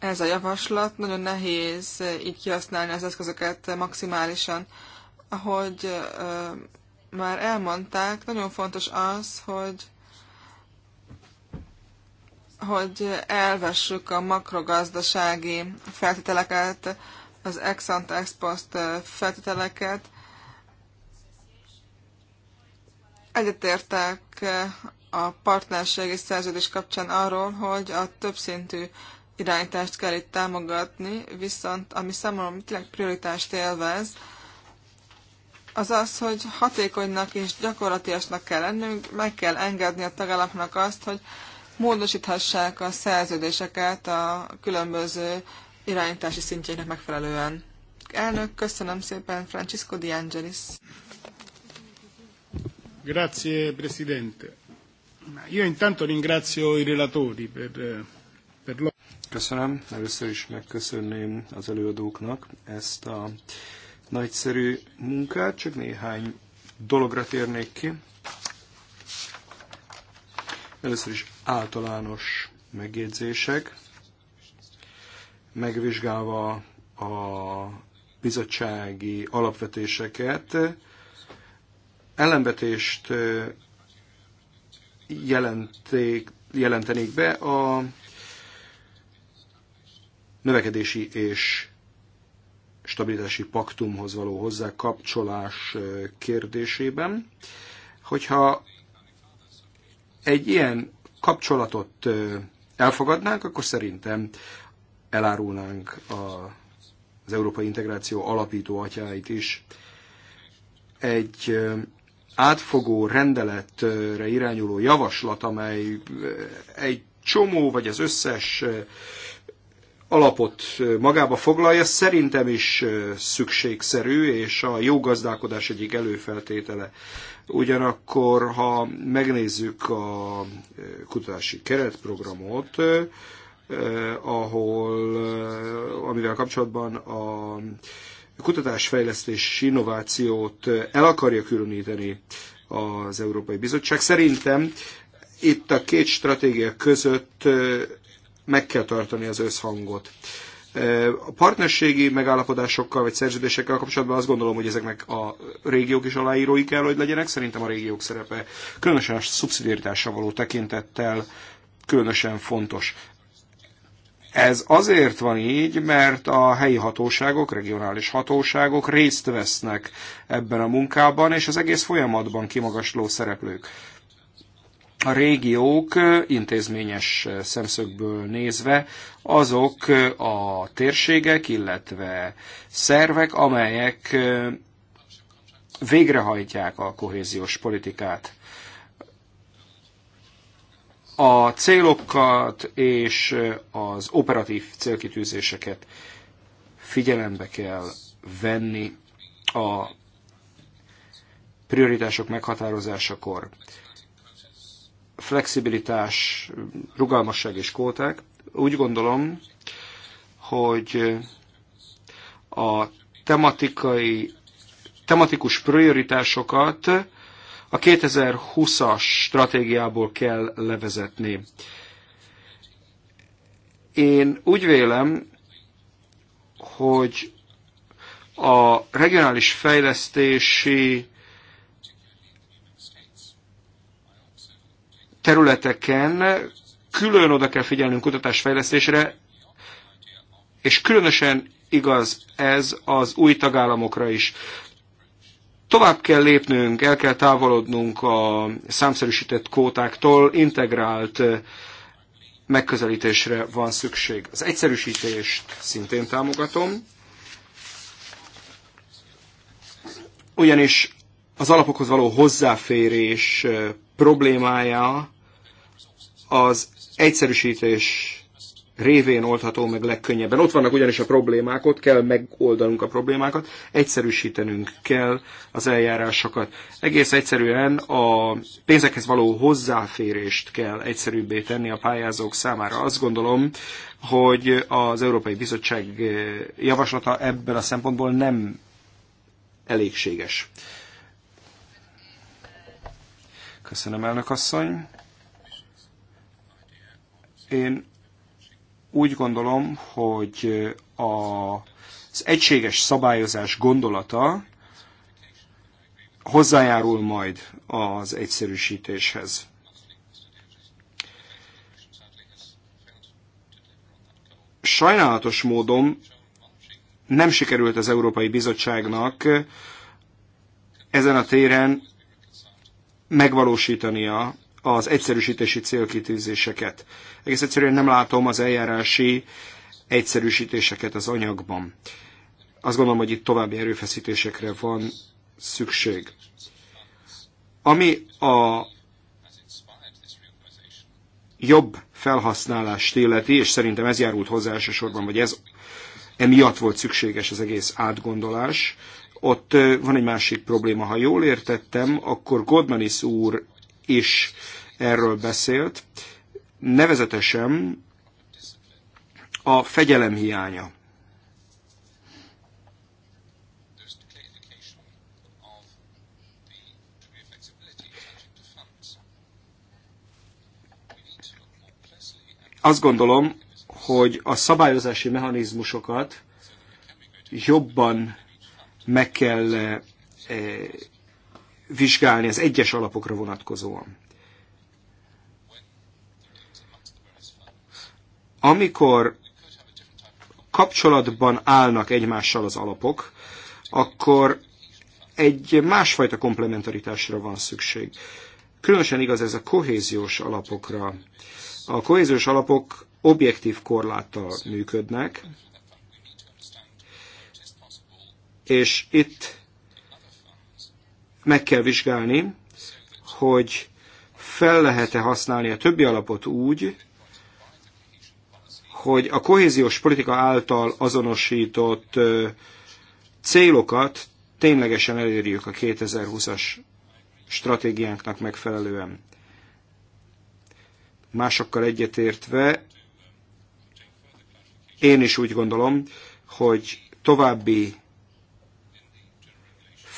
ez a javaslat. Nagyon nehéz így kihasználni az eszközöket maximálisan. Ahogy már elmondták, nagyon fontos az, hogy hogy elvessük a makrogazdasági feltételeket, az ex ante ex post feltételeket. Egyetértek a partnerségi szerződés kapcsán arról, hogy a többszintű irányítást kell itt támogatni, viszont ami számomra tényleg prioritást élvez, az az, hogy hatékonynak és gyakorlatilasnak kell lennünk, meg kell engedni a tagállamnak azt, hogy módosíthassák a szerződéseket a különböző irányítási szintjének megfelelően. Elnök, köszönöm szépen, Francisco Di Angelis. Grazie, Presidente. Io intanto ringrazio i relatori per eh, Köszönöm. Először is megköszönném az előadóknak ezt a nagyszerű munkát. Csak néhány dologra térnék ki. Először is általános megjegyzések, megvizsgálva a bizottsági alapvetéseket, ellenvetést eh, jelenték, jelentenék be a növekedési és stabilitási paktumhoz való hozzákapcsolás kérdésében, hogyha egy ilyen kapcsolatot elfogadnánk, akkor szerintem elárulnánk a, az európai integráció alapító atyáit is. Egy átfogó rendeletre irányuló javaslat, amely egy csomó, vagy az összes alapot magába foglalja, szerintem is szükségszerű, és a jó gazdálkodás egyik előfeltétele. Ugyanakkor, ha megnézzük a kutatási keretprogramot, ahol, amivel kapcsolatban a kutatásfejlesztés innovációt el akarja különíteni az Európai Bizottság. Szerintem itt a két stratégia között meg kell tartani az összhangot. A partnerségi megállapodásokkal vagy szerződésekkel kapcsolatban azt gondolom, hogy ezeknek a régiók is aláírói kell, hogy legyenek. Szerintem a régiók szerepe, különösen a szubszidiaritásra való tekintettel különösen fontos. Ez azért van így, mert a helyi hatóságok, regionális hatóságok részt vesznek ebben a munkában, és az egész folyamatban kimagasló szereplők a régiók intézményes szemszögből nézve azok a térségek, illetve szervek, amelyek végrehajtják a kohéziós politikát. A célokat és az operatív célkitűzéseket figyelembe kell venni a prioritások meghatározásakor flexibilitás, rugalmasság és kóták. Úgy gondolom, hogy a tematikai, tematikus prioritásokat a 2020-as stratégiából kell levezetni. Én úgy vélem, hogy a regionális fejlesztési területeken külön oda kell figyelnünk kutatásfejlesztésre, és különösen igaz ez az új tagállamokra is. Tovább kell lépnünk, el kell távolodnunk a számszerűsített kvótáktól, integrált eh, megközelítésre van szükség. Az egyszerűsítést szintén támogatom, ugyanis az alapokhoz való hozzáférés eh, problémája az egyszerűsítés révén oldható meg legkönnyebben. Ott vannak ugyanis a problémák, ott kell megoldanunk a problémákat, egyszerűsítenünk kell az eljárásokat. Egész egyszerűen a pénzekhez való hozzáférést kell egyszerűbbé tenni a pályázók számára. Azt gondolom, hogy az Európai Bizottság javaslata ebből a szempontból nem elégséges. Köszönöm, elnök asszony. Én úgy gondolom, hogy a, az egységes szabályozás gondolata hozzájárul majd az egyszerűsítéshez. Sajnálatos módon nem sikerült az Európai Bizottságnak ezen a téren megvalósítania az egyszerűsítési célkitűzéseket. Egész egyszerűen nem látom az eljárási egyszerűsítéseket az anyagban. Azt gondolom, hogy itt további erőfeszítésekre van szükség. Ami a jobb felhasználást illeti, és szerintem ez járult hozzá elsősorban, vagy ez emiatt volt szükséges az egész átgondolás, ott van egy másik probléma. Ha jól értettem, akkor Godmanis úr is erről beszélt, nevezetesen a fegyelem hiánya. Azt gondolom, hogy a szabályozási mechanizmusokat jobban meg kell eh, vizsgálni az egyes alapokra vonatkozóan. Amikor kapcsolatban állnak egymással az alapok, akkor egy másfajta komplementaritásra van szükség. Különösen igaz ez a kohéziós alapokra. A kohéziós alapok objektív korláttal működnek, és itt meg kell vizsgálni, hogy fel lehet-e használni a többi alapot úgy, hogy a kohéziós politika által azonosított célokat ténylegesen elérjük a 2020-as stratégiánknak megfelelően. Másokkal egyetértve én is úgy gondolom, hogy további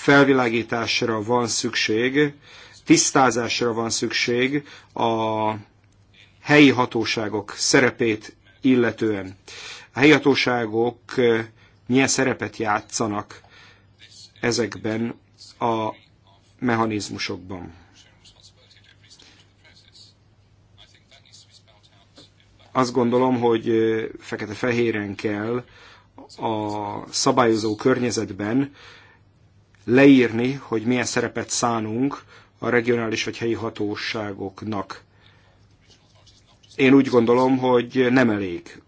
felvilágításra van szükség, tisztázásra van szükség a helyi hatóságok szerepét illetően. A helyi hatóságok eh, milyen szerepet játszanak ezekben a mechanizmusokban. Azt gondolom, hogy eh, fekete-fehéren kell a szabályozó környezetben leírni, hogy milyen szerepet szánunk a regionális vagy helyi hatóságoknak. Én úgy gondolom, hogy nem elég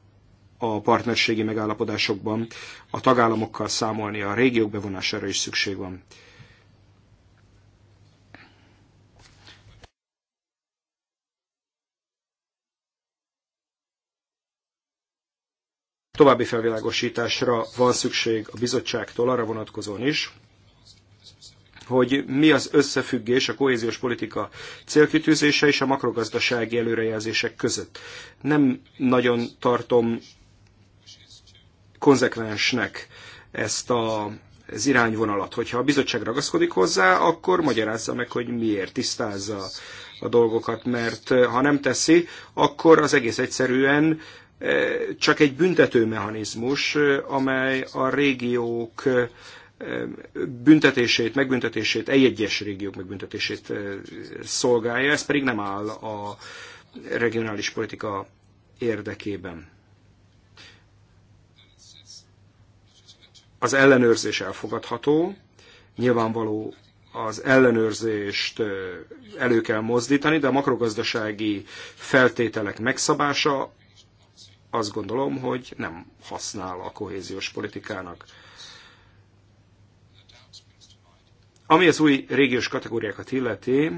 a partnerségi megállapodásokban a tagállamokkal számolni, a régiók bevonására is szükség van. További felvilágosításra van szükség a bizottságtól arra vonatkozóan is, hogy mi az összefüggés a kohéziós politika célkitűzése és a makrogazdasági előrejelzések között. Nem nagyon tartom konzekvensnek ezt a, az irányvonalat. Hogyha a bizottság ragaszkodik hozzá, akkor magyarázza meg, hogy miért, tisztázza a dolgokat, mert eh, ha nem teszi, akkor az egész egyszerűen eh, csak egy büntető mechanizmus, eh, amely a régiók büntetését, megbüntetését, egyes régiók megbüntetését szolgálja, ez pedig nem áll a regionális politika érdekében. Az ellenőrzés elfogadható, nyilvánvaló az ellenőrzést elő kell mozdítani, de a makrogazdasági feltételek megszabása azt gondolom, hogy nem használ a kohéziós politikának. Ami az új régiós kategóriákat illeti,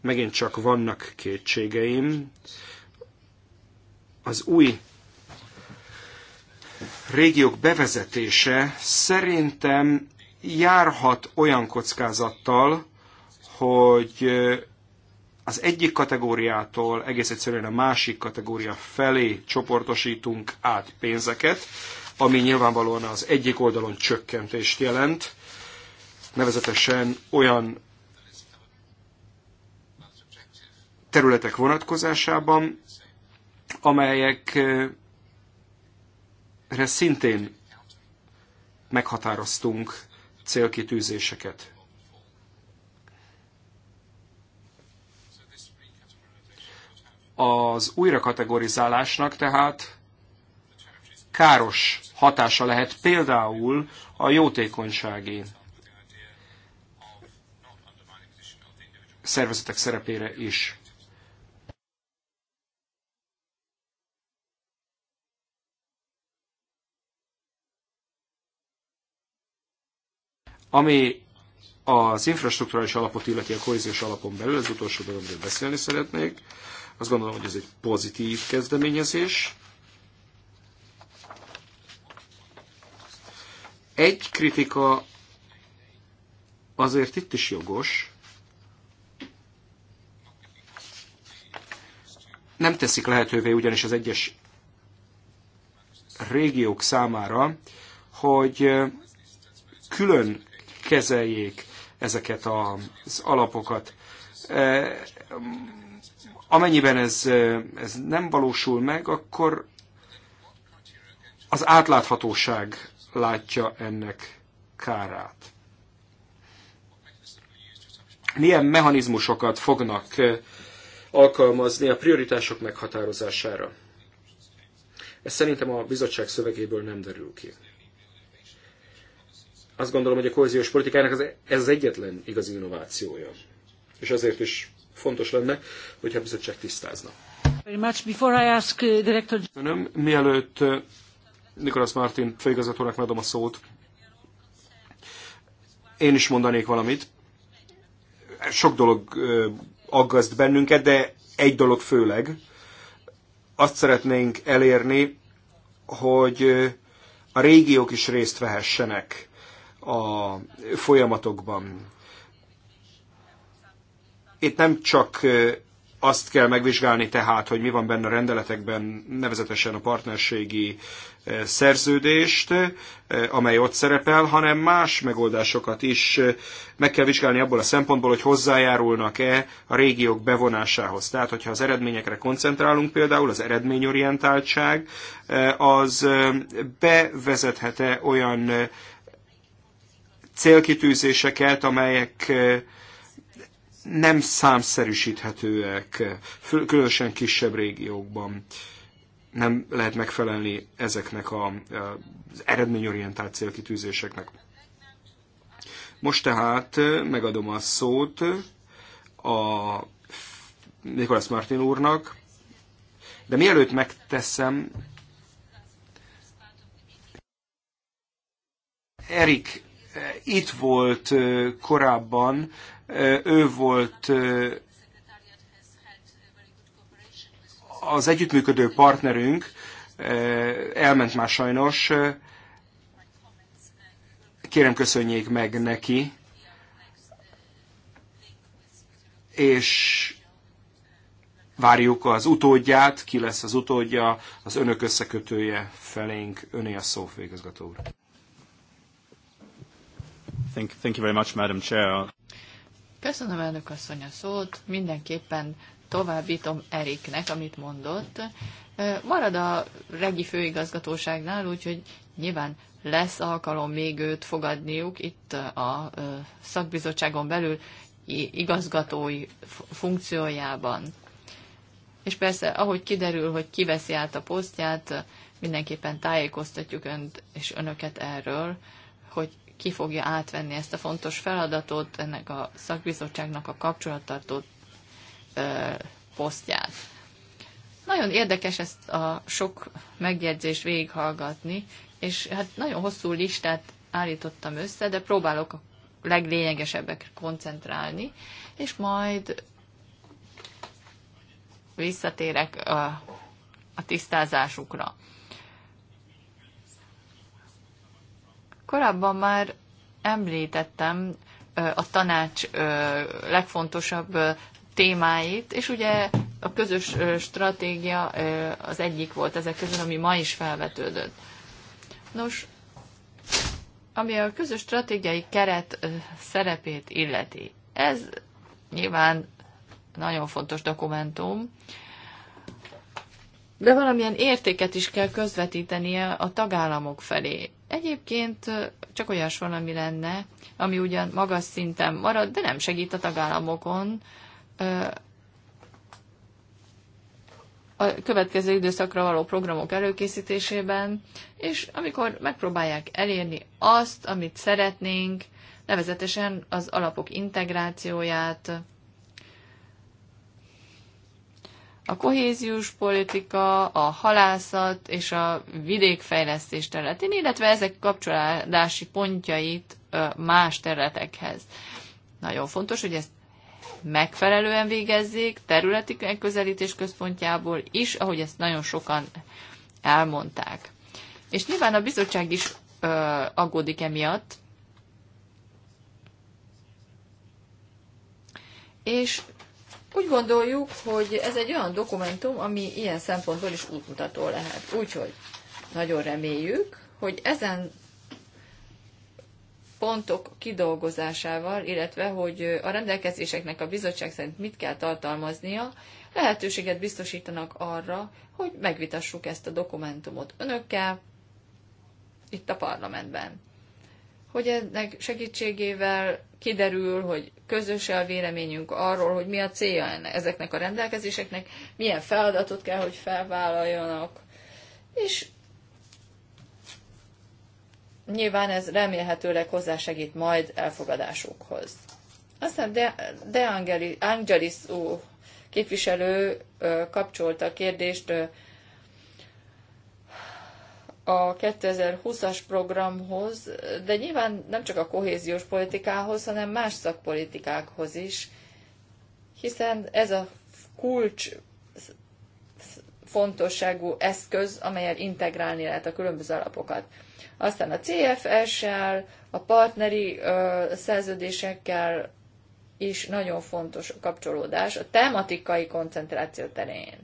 megint csak vannak kétségeim. Az új régiók bevezetése szerintem járhat olyan kockázattal, hogy az egyik kategóriától egész egyszerűen a másik kategória felé csoportosítunk át pénzeket, ami nyilvánvalóan az egyik oldalon csökkentést jelent, nevezetesen olyan területek vonatkozásában, amelyekre szintén meghatároztunk célkitűzéseket. Az újrakategorizálásnak tehát káros hatása lehet például a jótékonysági szervezetek szerepére is. Ami az infrastruktúrális alapot illeti a kohéziós alapon belül, az utolsó dolog, amiről beszélni szeretnék, azt gondolom, hogy ez egy pozitív kezdeményezés. Egy kritika azért itt is jogos, nem teszik lehetővé ugyanis az egyes régiók számára, hogy külön kezeljék ezeket az alapokat. Amennyiben ez, ez nem valósul meg, akkor az átláthatóság látja ennek kárát. Milyen mechanizmusokat fognak alkalmazni a prioritások meghatározására. Ez szerintem a bizottság szövegéből nem derül ki. Azt gondolom, hogy a kohéziós politikának ez, az egyetlen igazi innovációja. És ezért is fontos lenne, hogyha a bizottság tisztázna. Uh, Köszönöm. Mielőtt uh, Nikolas Martin főigazgatónak megadom a szót, én is mondanék valamit. Sok dolog uh, aggaszt bennünket, de egy dolog főleg. Azt szeretnénk elérni, hogy a régiók is részt vehessenek a folyamatokban. Itt nem csak azt kell megvizsgálni tehát, hogy mi van benne a rendeletekben, nevezetesen a partnerségi szerződést, eh, amely ott szerepel, hanem más megoldásokat is meg kell vizsgálni abból a szempontból, hogy hozzájárulnak-e a régiók bevonásához. Tehát, hogyha az eredményekre koncentrálunk például, az eredményorientáltság, eh, az eh, bevezethet-e olyan célkitűzéseket, amelyek nem számszerűsíthetőek, különösen kisebb régiókban nem lehet megfelelni ezeknek a, az eredményorientált célkitűzéseknek. Most tehát megadom a szót a Nikolas Martin úrnak, de mielőtt megteszem, Erik itt volt korábban, ő volt az együttműködő partnerünk eh, elment már sajnos, kérem köszönjék meg neki, és várjuk az utódját, ki lesz az utódja, az önök összekötője felénk, öné a szó, főigazgató úr. Thank, thank you very much, Madam Chair. Köszönöm elnök asszony a szót, mindenképpen továbbítom Eriknek, amit mondott. Marad a regi főigazgatóságnál, úgyhogy nyilván lesz alkalom még őt fogadniuk itt a szakbizottságon belül igazgatói funkciójában. És persze, ahogy kiderül, hogy kiveszi át a posztját, mindenképpen tájékoztatjuk önt és önöket erről, hogy ki fogja átvenni ezt a fontos feladatot ennek a szakbizottságnak a kapcsolattartó posztját. Nagyon érdekes ezt a sok megjegyzést végighallgatni, és hát nagyon hosszú listát állítottam össze, de próbálok a leglényegesebbekre koncentrálni, és majd visszatérek a, a tisztázásukra. Korábban már említettem a tanács legfontosabb témáit, és ugye a közös stratégia az egyik volt ezek közül, ami ma is felvetődött. Nos, ami a közös stratégiai keret szerepét illeti, ez nyilván nagyon fontos dokumentum, de valamilyen értéket is kell közvetítenie a tagállamok felé. Egyébként csak olyas valami lenne, ami ugyan magas szinten marad, de nem segít a tagállamokon, a következő időszakra való programok előkészítésében, és amikor megpróbálják elérni azt, amit szeretnénk, nevezetesen az alapok integrációját, a kohéziós politika, a halászat és a vidékfejlesztés területén, illetve ezek kapcsolódási pontjait más területekhez. Nagyon fontos, hogy ezt megfelelően végezzék, területi megközelítés központjából is, ahogy ezt nagyon sokan elmondták. És nyilván a bizottság is ö, aggódik emiatt, és úgy gondoljuk, hogy ez egy olyan dokumentum, ami ilyen szempontból is útmutató lehet. Úgyhogy nagyon reméljük, hogy ezen pontok kidolgozásával, illetve hogy a rendelkezéseknek a bizottság szerint mit kell tartalmaznia, lehetőséget biztosítanak arra, hogy megvitassuk ezt a dokumentumot önökkel, itt a parlamentben. Hogy ennek segítségével kiderül, hogy közös a véleményünk arról, hogy mi a célja ennek, ezeknek a rendelkezéseknek, milyen feladatot kell, hogy felvállaljanak, és nyilván ez remélhetőleg hozzásegít majd elfogadásukhoz. Aztán De, De Angelis, Angelis ó, képviselő kapcsolta a kérdést a 2020-as programhoz, de nyilván nem csak a kohéziós politikához, hanem más szakpolitikákhoz is, hiszen ez a kulcs fontosságú eszköz, amelyel integrálni lehet a különböző alapokat aztán a CFS-sel, a partneri szerződésekkel is nagyon fontos a kapcsolódás a tematikai koncentráció terén.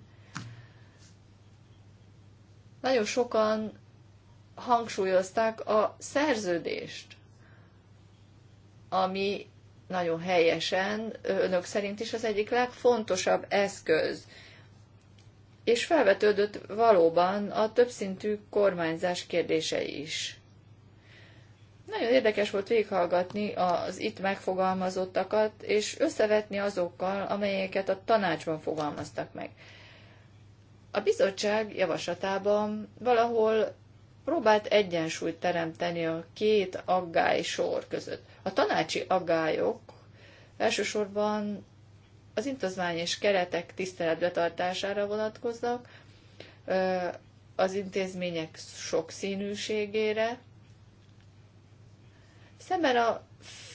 Nagyon sokan hangsúlyozták a szerződést, ami nagyon helyesen önök szerint is az egyik legfontosabb eszköz és felvetődött valóban a többszintű kormányzás kérdése is. Nagyon érdekes volt végighallgatni az itt megfogalmazottakat, és összevetni azokkal, amelyeket a tanácsban fogalmaztak meg. A bizottság javaslatában valahol próbált egyensúlyt teremteni a két aggály sor között. A tanácsi aggályok elsősorban az intézményes keretek tiszteletbe tartására vonatkoznak, az intézmények sokszínűségére, szemben a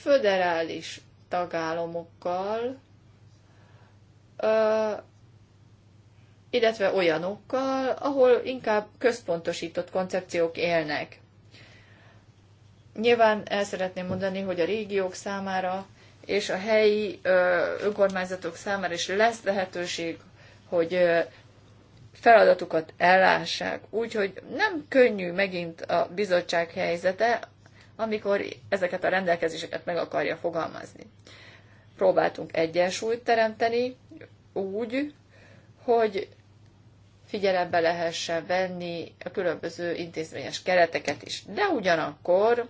föderális tagállamokkal, illetve olyanokkal, ahol inkább központosított koncepciók élnek. Nyilván el szeretném mondani, hogy a régiók számára és a helyi önkormányzatok számára is lesz lehetőség, hogy feladatukat ellássák. Úgyhogy nem könnyű megint a bizottság helyzete, amikor ezeket a rendelkezéseket meg akarja fogalmazni. Próbáltunk egyensúlyt teremteni úgy, hogy figyelembe lehessen venni a különböző intézményes kereteket is. De ugyanakkor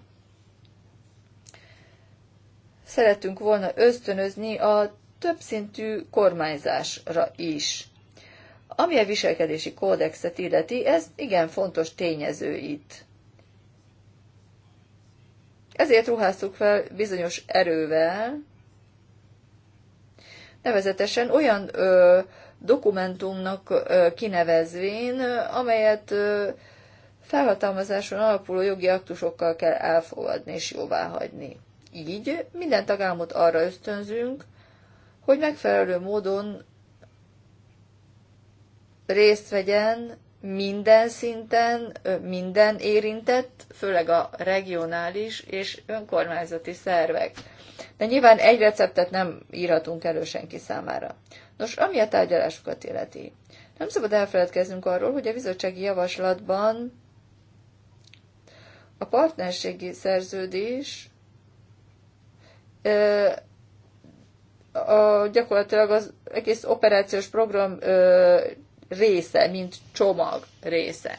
szeretünk volna ösztönözni a többszintű kormányzásra is. Ami a viselkedési kódexet illeti, ez igen fontos tényező itt. Ezért ruháztuk fel bizonyos erővel, nevezetesen olyan ö, dokumentumnak ö, kinevezvén, amelyet ö, felhatalmazáson alapuló jogi aktusokkal kell elfogadni és jóváhagyni. Így minden tagállamot arra ösztönzünk, hogy megfelelő módon részt vegyen minden szinten, minden érintett, főleg a regionális és önkormányzati szervek. De nyilván egy receptet nem írhatunk elő senki számára. Nos, ami a tárgyalásokat illeti. Nem szabad elfeledkeznünk arról, hogy a bizottsági javaslatban a partnerségi szerződés a, gyakorlatilag az egész operációs program ö, része, mint csomag része.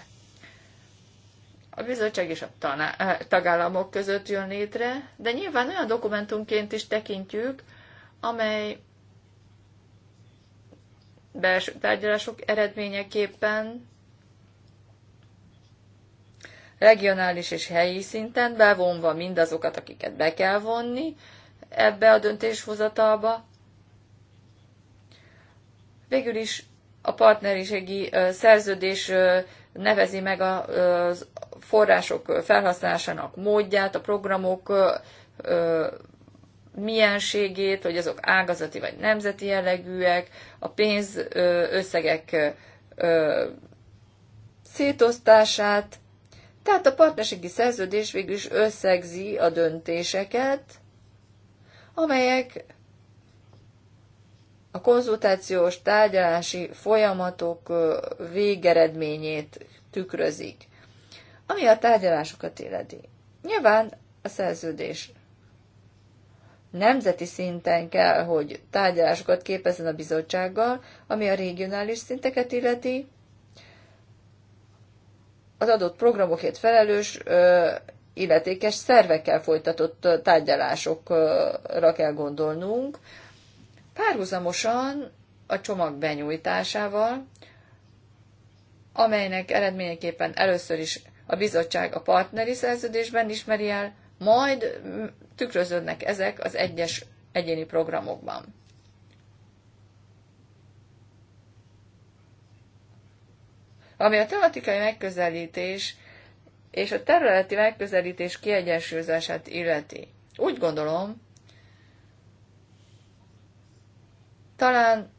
A bizottság és a taná- tagállamok között jön létre, de nyilván olyan dokumentumként is tekintjük, amely belső tárgyalások eredményeképpen regionális és helyi szinten bevonva mindazokat, akiket be kell vonni, ebbe a döntéshozatalba. Végül is a partneriségi szerződés nevezi meg a források felhasználásának módját, a programok mienségét, hogy azok ágazati vagy nemzeti jellegűek, a pénz összegek szétosztását. Tehát a partnerségi szerződés végül is összegzi a döntéseket, amelyek a konzultációs tárgyalási folyamatok végeredményét tükrözik, ami a tárgyalásokat illeti. Nyilván a szerződés nemzeti szinten kell, hogy tárgyalásokat képezzen a bizottsággal, ami a regionális szinteket illeti, az adott programokért felelős illetékes szervekkel folytatott tárgyalásokra kell gondolnunk. Párhuzamosan a csomag benyújtásával, amelynek eredményeképpen először is a bizottság a partneri szerződésben ismeri el, majd tükröződnek ezek az egyes egyéni programokban. Ami a tematikai megközelítés és a területi megközelítés kiegyensúlyozását illeti. Úgy gondolom, talán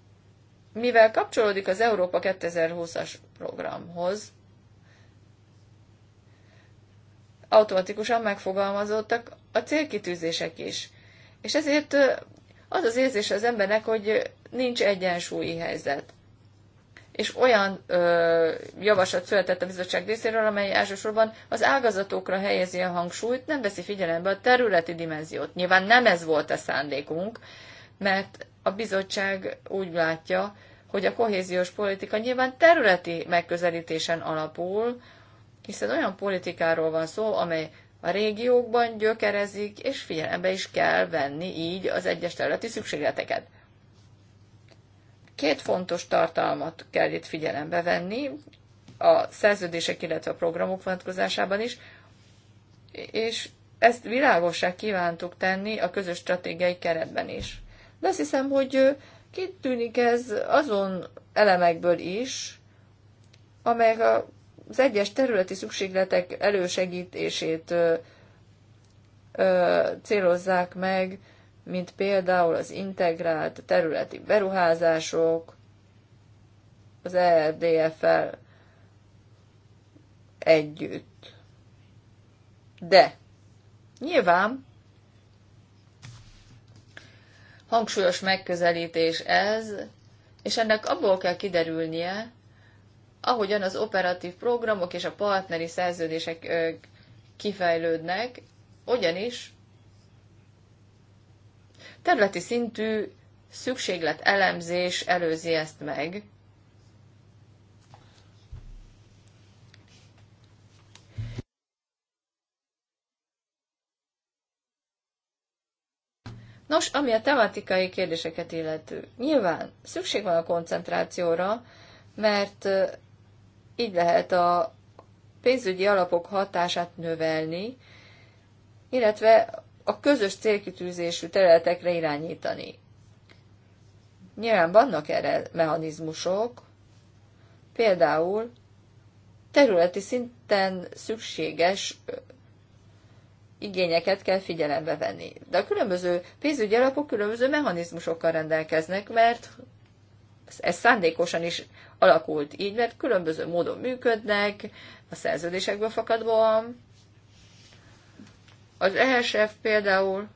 mivel kapcsolódik az Európa 2020-as programhoz, automatikusan megfogalmazódtak a célkitűzések is. És ezért az az érzés az embernek, hogy nincs egyensúlyi helyzet és olyan ö, javaslat született a bizottság részéről, amely elsősorban az ágazatokra helyezi a hangsúlyt, nem veszi figyelembe a területi dimenziót. Nyilván nem ez volt a szándékunk, mert a bizottság úgy látja, hogy a kohéziós politika nyilván területi megközelítésen alapul, hiszen olyan politikáról van szó, amely a régiókban gyökerezik, és figyelembe is kell venni így az egyes területi szükségleteket. Két fontos tartalmat kell itt figyelembe venni, a szerződések, illetve a programok vonatkozásában is, és ezt világosá kívántuk tenni a közös stratégiai keretben is. De azt hiszem, hogy kitűnik ez azon elemekből is, amelyek az egyes területi szükségletek elősegítését ö, célozzák meg, mint például az integrált területi beruházások, az ERDF-el együtt. De nyilván hangsúlyos megközelítés ez, és ennek abból kell kiderülnie, ahogyan az operatív programok és a partneri szerződések kifejlődnek, ugyanis Területi szintű szükséglet elemzés előzi ezt meg. Nos, ami a tematikai kérdéseket illető, nyilván szükség van a koncentrációra, mert így lehet a pénzügyi alapok hatását növelni, illetve a közös célkitűzésű területekre irányítani. Nyilván vannak erre mechanizmusok, például területi szinten szükséges igényeket kell figyelembe venni. De a különböző pénzügyi alapok különböző mechanizmusokkal rendelkeznek, mert ez szándékosan is alakult így, mert különböző módon működnek, a szerződésekből fakadva. Az ESF például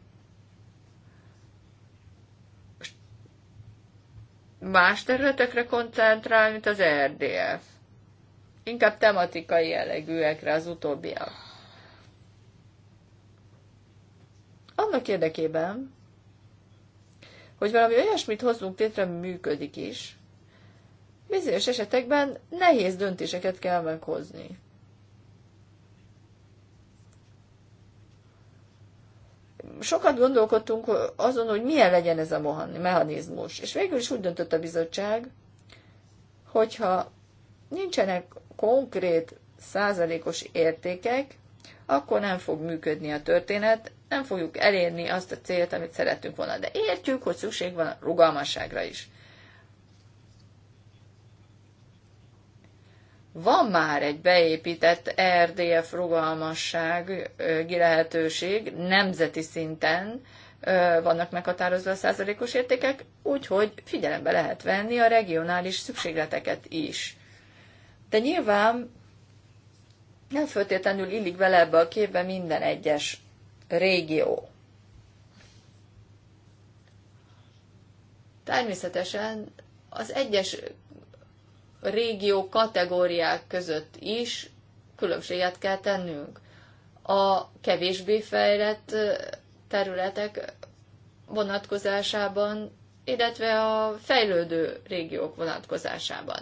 más területekre koncentrál, mint az RDF. Inkább tematikai jellegűekre az utóbbiak. Annak érdekében, hogy valami olyasmit hozzunk létre, működik is, bizonyos esetekben nehéz döntéseket kell meghozni. sokat gondolkodtunk azon, hogy milyen legyen ez a mechanizmus. És végül is úgy döntött a bizottság, hogyha nincsenek konkrét százalékos értékek, akkor nem fog működni a történet, nem fogjuk elérni azt a célt, amit szeretünk volna. De értjük, hogy szükség van rugalmasságra is. van már egy beépített RDF rugalmasság, lehetőség nemzeti szinten, vannak meghatározva a százalékos értékek, úgyhogy figyelembe lehet venni a regionális szükségleteket is. De nyilván nem föltétlenül illik vele ebbe a képbe minden egyes régió. Természetesen az egyes régió kategóriák között is különbséget kell tennünk. A kevésbé fejlett területek vonatkozásában, illetve a fejlődő régiók vonatkozásában.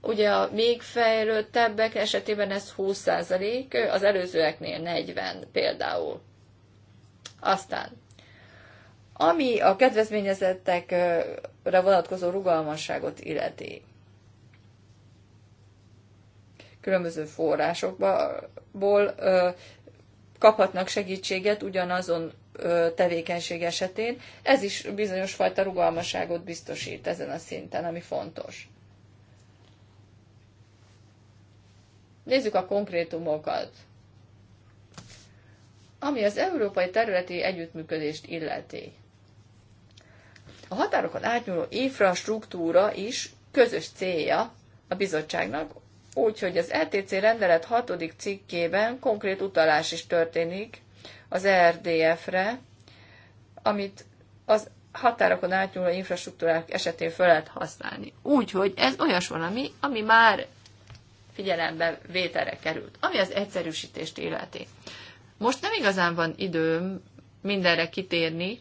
Ugye a még fejlődtebbek esetében ez 20%, az előzőeknél 40 például. Aztán, ami a kedvezményezettekre vonatkozó rugalmasságot illeti különböző forrásokból kaphatnak segítséget ugyanazon tevékenység esetén. Ez is bizonyos fajta rugalmasságot biztosít ezen a szinten, ami fontos. Nézzük a konkrétumokat. Ami az európai területi együttműködést illeti. A határokon átnyúló infrastruktúra is közös célja a bizottságnak, úgy, hogy az LTC e rendelet hatodik cikkében konkrét utalás is történik az ERDF-re, amit az határokon átnyúló infrastruktúrák esetén fel lehet használni. Úgyhogy ez olyas van, ami, ami már figyelembe vételre került, ami az egyszerűsítést illeti. Most nem igazán van időm mindenre kitérni,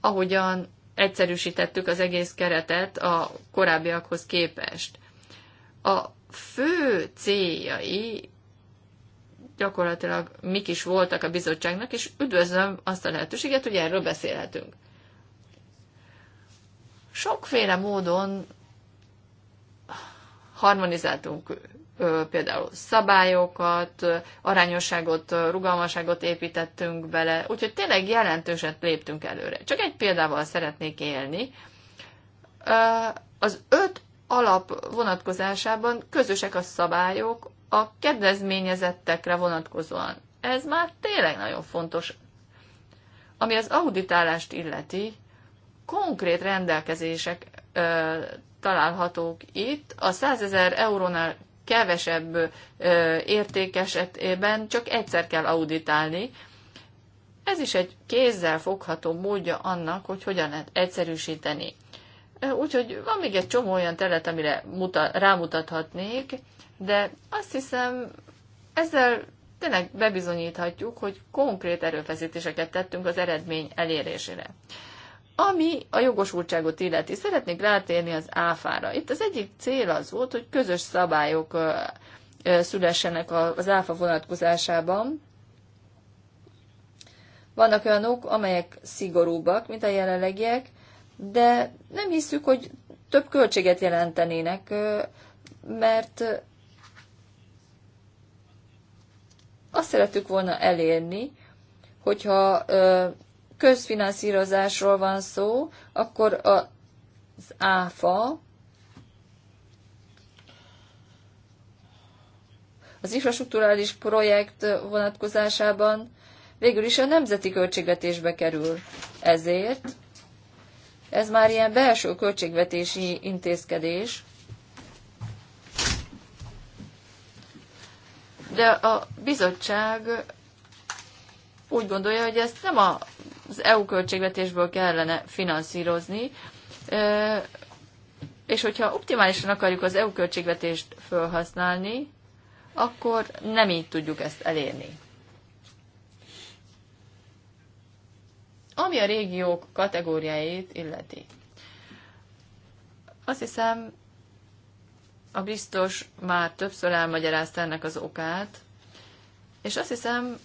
ahogyan egyszerűsítettük az egész keretet a korábbiakhoz képest a fő céljai gyakorlatilag mik is voltak a bizottságnak, és üdvözlöm azt a lehetőséget, hogy erről beszélhetünk. Sokféle módon harmonizáltunk például szabályokat, arányosságot, rugalmasságot építettünk bele, úgyhogy tényleg jelentősen léptünk előre. Csak egy példával szeretnék élni. Az öt alap vonatkozásában közösek a szabályok a kedvezményezettekre vonatkozóan. Ez már tényleg nagyon fontos. Ami az auditálást illeti, konkrét rendelkezések ö, találhatók itt. A 100 ezer eurónál kevesebb ö, érték esetében csak egyszer kell auditálni. Ez is egy kézzel fogható módja annak, hogy hogyan lehet egyszerűsíteni Úgyhogy van még egy csomó olyan terület, amire muta, rámutathatnék, de azt hiszem, ezzel tényleg bebizonyíthatjuk, hogy konkrét erőfeszítéseket tettünk az eredmény elérésére. Ami a jogosultságot illeti, szeretnék rátérni az áfára. Itt az egyik cél az volt, hogy közös szabályok szülessenek az áfa vonatkozásában. Vannak olyanok, amelyek szigorúbbak, mint a jelenlegiek, de nem hiszük, hogy több költséget jelentenének, mert azt szeretük volna elérni, hogyha közfinanszírozásról van szó, akkor az áfa, az infrastruktúrális projekt vonatkozásában végül is a nemzeti költségvetésbe kerül. Ezért ez már ilyen belső költségvetési intézkedés, de a bizottság úgy gondolja, hogy ezt nem az EU költségvetésből kellene finanszírozni, és hogyha optimálisan akarjuk az EU költségvetést felhasználni, akkor nem így tudjuk ezt elérni. Ami a régiók kategóriáit illeti. Azt hiszem, a biztos már többször elmagyarázta ennek az okát, és azt hiszem,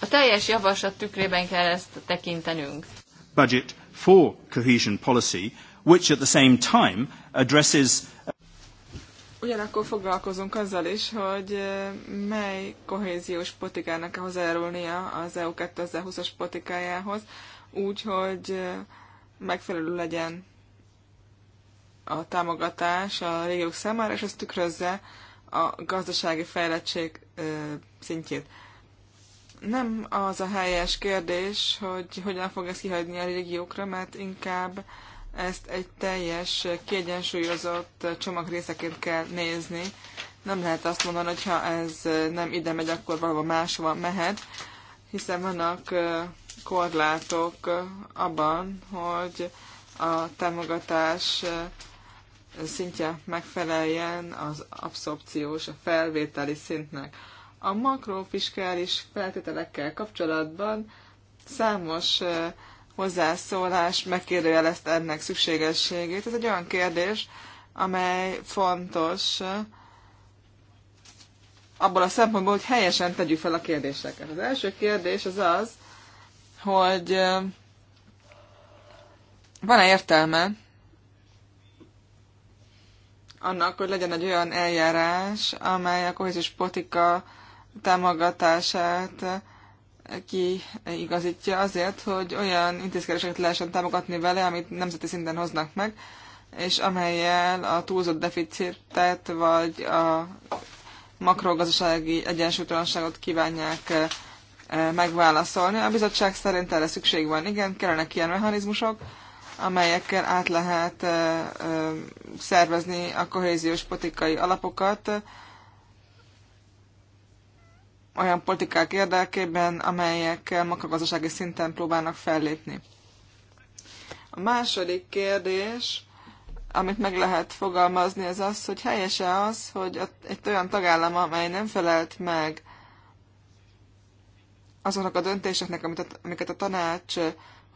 a teljes javaslat tükrében kell ezt tekintenünk. Budget for cohesion policy, which at the same time addresses Ugyanakkor foglalkozunk azzal is, hogy mely kohéziós politikának kell hozzájárulnia az EU 2020-as politikájához, úgy, hogy megfelelő legyen a támogatás a régiók számára, és ez tükrözze a gazdasági fejlettség szintjét. Nem az a helyes kérdés, hogy hogyan fog ez kihagyni a régiókra, mert inkább ezt egy teljes, kiegyensúlyozott csomag részeként kell nézni. Nem lehet azt mondani, hogy ha ez nem ide megy, akkor valahol máshova mehet, hiszen vannak korlátok abban, hogy a támogatás szintje megfeleljen az abszorpciós, a felvételi szintnek. A makrofiskális feltételekkel kapcsolatban számos hozzászólás megkérdőjelezte ennek szükségességét. Ez egy olyan kérdés, amely fontos eh, abból a szempontból, hogy helyesen tegyük fel a kérdéseket. Az első kérdés az az, hogy eh, van-e értelme annak, hogy legyen egy olyan eljárás, amely a kohézis politika támogatását kiigazítja azért, hogy olyan intézkedéseket lehessen támogatni vele, amit nemzeti szinten hoznak meg, és amelyel a túlzott deficitet vagy a makrogazdasági egyensúlytalanságot kívánják eh, eh, megválaszolni. A bizottság szerint erre szükség van. Igen, kellenek ilyen mechanizmusok, amelyekkel át lehet eh, szervezni a kohéziós politikai alapokat, olyan politikák érdekében, amelyek makrogazdasági szinten próbálnak fellépni. A második kérdés, amit meg lehet fogalmazni, az az, hogy helyese az, hogy egy olyan tagállam, amely nem felelt meg azoknak a döntéseknek, amit a, amiket a tanács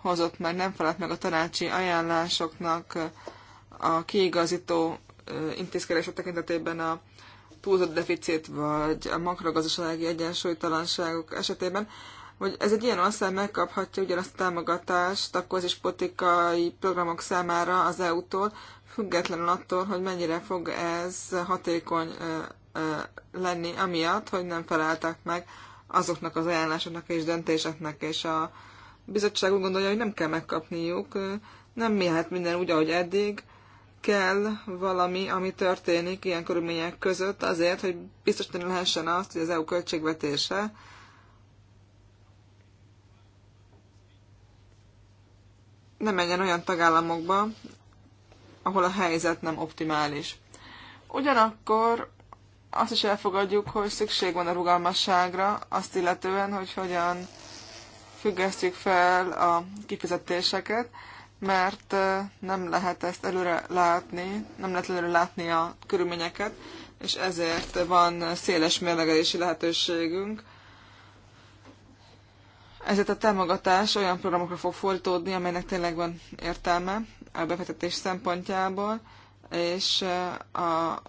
hozott meg, nem felelt meg a tanácsi ajánlásoknak a kiigazító intézkedések tekintetében a túlzott deficit, vagy a makrogazdasági egyensúlytalanságok esetében, hogy ez egy ilyen ország megkaphatja ugyanazt a támogatást a politikai programok számára az EU-tól, függetlenül attól, hogy mennyire fog ez hatékony lenni, amiatt, hogy nem feleltek meg azoknak az ajánlásoknak és döntéseknek, és a bizottság úgy gondolja, hogy nem kell megkapniuk, nem mihet minden úgy, ahogy eddig, kell valami, ami történik ilyen körülmények között azért, hogy biztosítani lehessen azt, hogy az EU költségvetése ne menjen olyan tagállamokba, ahol a helyzet nem optimális. Ugyanakkor azt is elfogadjuk, hogy szükség van a rugalmasságra, azt illetően, hogy hogyan függesztjük fel a kifizetéseket, mert nem lehet ezt előre látni, nem lehet előre látni a körülményeket, és ezért van széles mérlegelési lehetőségünk. Ezért a támogatás olyan programokra fog fordítódni, amelynek tényleg van értelme a befektetés szempontjából, és a,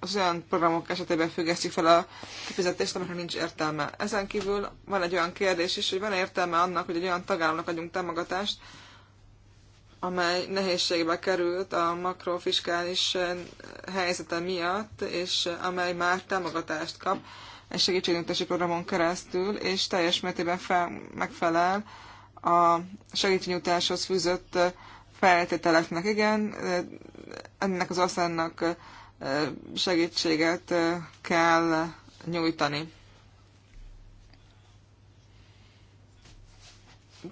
az olyan programok esetében függesztjük fel a kifizetést, amikor nincs értelme. Ezen kívül van egy olyan kérdés is, hogy van -e értelme annak, hogy egy olyan tagállamnak adjunk támogatást, amely nehézségbe került a makrofiskális eh, helyzete miatt, és eh, amely már támogatást kap egy segítségnyújtási programon keresztül, és teljes mértékben fel, megfelel a segítségnyújtáshoz fűzött eh, feltételeknek. Igen, ennek az országnak segítséget kell nyújtani.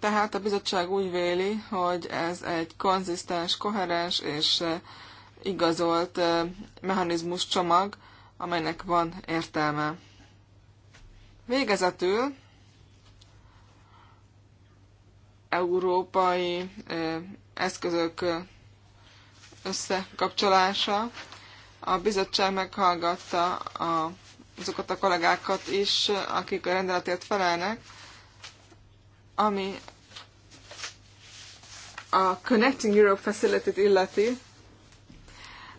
Tehát a bizottság úgy véli, hogy ez egy konzisztens, koherens és igazolt mechanizmus csomag, amelynek van értelme. Végezetül európai eszközök összekapcsolása. A bizottság meghallgatta a, azokat a kollégákat is, akik a rendeletért felelnek, ami a Connecting Europe Facility-t illeti,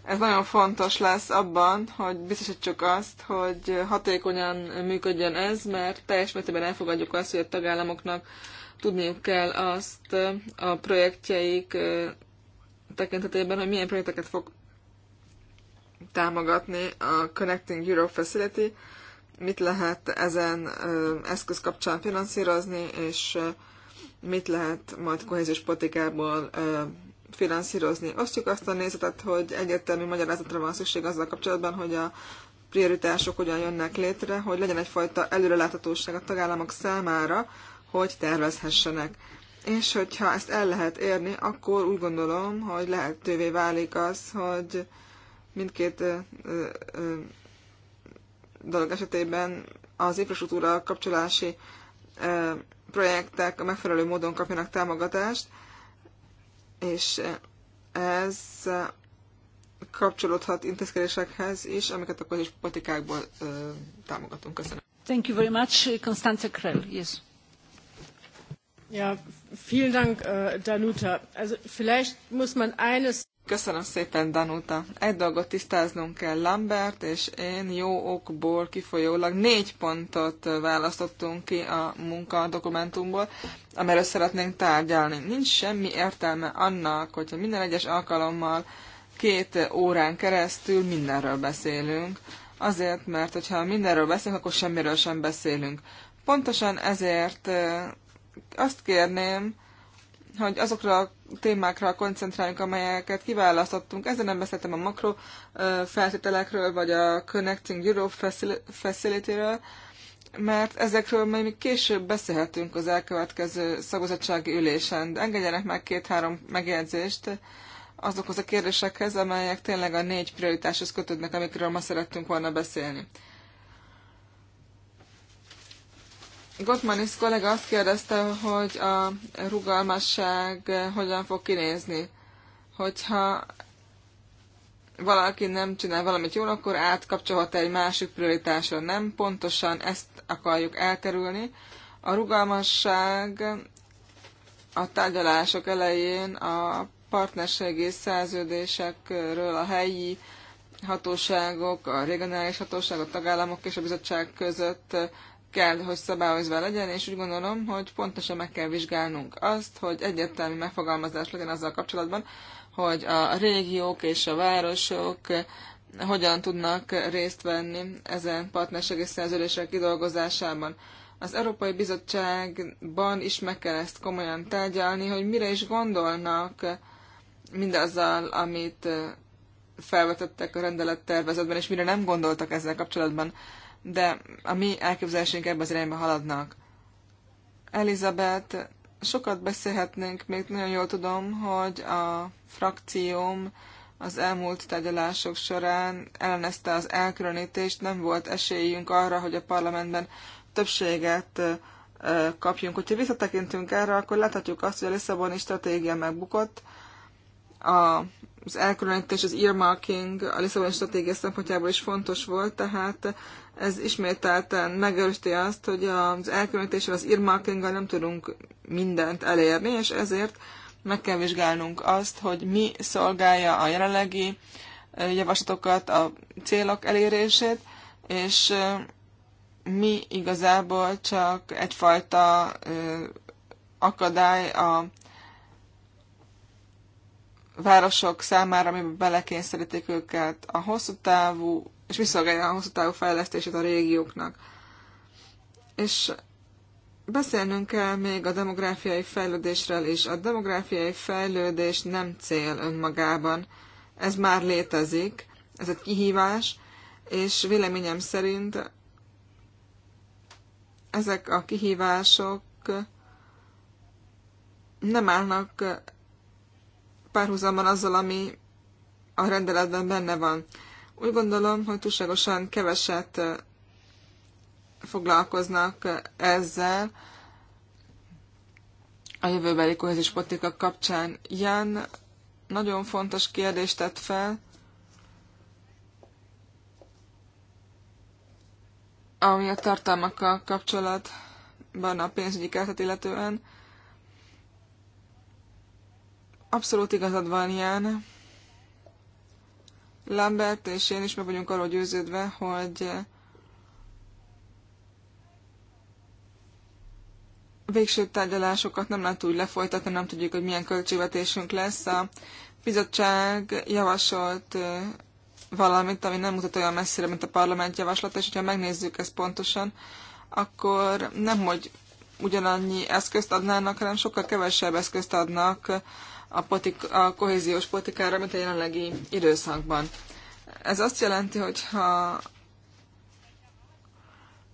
ez nagyon fontos lesz abban, hogy biztosítsuk azt, hogy hatékonyan működjön ez, mert teljes mértékben elfogadjuk azt, hogy a tagállamoknak tudniuk kell azt a projektjeik tekintetében, hogy milyen projekteket fog támogatni a Connecting Europe Facility, mit lehet ezen eszköz kapcsán finanszírozni, és mit lehet majd kohéziós politikából finanszírozni. Osztjuk azt a nézetet, hogy egyértelmű magyarázatra van szükség azzal kapcsolatban, hogy a prioritások hogyan jönnek létre, hogy legyen egyfajta előreláthatóság a tagállamok számára, hogy tervezhessenek. És hogyha ezt el lehet érni, akkor úgy gondolom, hogy lehetővé válik az, hogy mindkét dolog esetében az infrastruktúra kapcsolási projektek a megfelelő módon kapjanak támogatást, és ez kapcsolódhat intézkedésekhez is, amiket a közös politikákból támogatunk. Köszönöm. Thank you very much, Constanze Krell. Yes. Ja, vielen Dank, äh, Danuta. Also vielleicht muss man eines Köszönöm szépen, Danuta. Egy dolgot tisztáznunk kell, Lambert és én jó okból kifolyólag négy pontot választottunk ki a munka dokumentumból, amiről szeretnénk tárgyalni. Nincs semmi értelme annak, hogyha minden egyes alkalommal két órán keresztül mindenről beszélünk. Azért, mert hogyha mindenről beszélünk, akkor semmiről sem beszélünk. Pontosan ezért eh, azt kérném, hogy azokra a témákra koncentráljunk, amelyeket kiválasztottunk. Ezzel nem beszéltem a makro feltételekről, vagy a Connecting Europe facility mert ezekről majd még később beszélhetünk az elkövetkező szakbizottsági ülésen. De engedjenek meg két-három megjegyzést azokhoz a kérdésekhez, amelyek tényleg a négy prioritáshoz kötődnek, amikről ma szerettünk volna beszélni. Gottmanis kollega azt kérdezte, hogy a rugalmasság hogyan fog kinézni. Hogyha valaki nem csinál valamit jól, akkor átkapcsolhat egy másik prioritásra. Nem pontosan ezt akarjuk elkerülni. A rugalmasság a tárgyalások elején a partnerségi szerződésekről a helyi hatóságok, a regionális hatóságok, a tagállamok és a bizottság között kell, hogy szabályozva legyen, és úgy gondolom, hogy pontosan meg kell vizsgálnunk azt, hogy egyértelmű megfogalmazás legyen azzal kapcsolatban, hogy a régiók és a városok hogyan tudnak részt venni ezen partnerségi szerződések kidolgozásában. Az Európai Bizottságban is meg kell ezt komolyan tárgyalni, hogy mire is gondolnak mindazzal, amit felvetettek a rendelettervezetben, és mire nem gondoltak ezzel kapcsolatban de a mi elképzelésünk ebbe az irányba haladnak. Elizabeth, sokat beszélhetnénk, még nagyon jól tudom, hogy a frakcióm az elmúlt tárgyalások során ellenezte az elkülönítést, nem volt esélyünk arra, hogy a parlamentben többséget kapjunk. Hogyha visszatekintünk erre, akkor láthatjuk azt, hogy a Lisszaboni stratégia megbukott, a, az elkülönítés, az earmarking a Lisszaboni stratégia szempontjából is fontos volt, tehát ez ismételten megerősíti azt, hogy az elkülönítéssel, az earmarkinggal nem tudunk mindent elérni, és ezért meg kell vizsgálnunk azt, hogy mi szolgálja a jelenlegi javaslatokat, a célok elérését, és mi igazából csak egyfajta akadály a városok számára, amiben belekényszerítik őket. A hosszú távú és visszolgálja a hosszú távú fejlesztését a régióknak. És beszélnünk kell még a demográfiai fejlődésről is. A demográfiai fejlődés nem cél önmagában. Ez már létezik, ez egy kihívás, és véleményem szerint ezek a kihívások nem állnak párhuzamban azzal, ami a rendeletben benne van. Úgy gondolom, hogy túlságosan keveset foglalkoznak ezzel a jövőbeli kohezis politika kapcsán. Jan nagyon fontos kérdést tett fel, ami a tartalmakkal kapcsolatban a pénzügyi keretet illetően. Abszolút igazad van, Ján. Lambert és én is meg vagyunk arról győződve, hogy végső tárgyalásokat nem lehet úgy lefolytatni, nem tudjuk, hogy milyen költségvetésünk lesz. A bizottság javasolt valamit, ami nem mutat olyan messzire, mint a parlament javaslata, és hogyha megnézzük ezt pontosan, akkor nem, hogy ugyanannyi eszközt adnának, hanem sokkal kevesebb eszközt adnak a, politik, a kohéziós politikára, mint a jelenlegi időszakban. Ez azt jelenti, hogy ha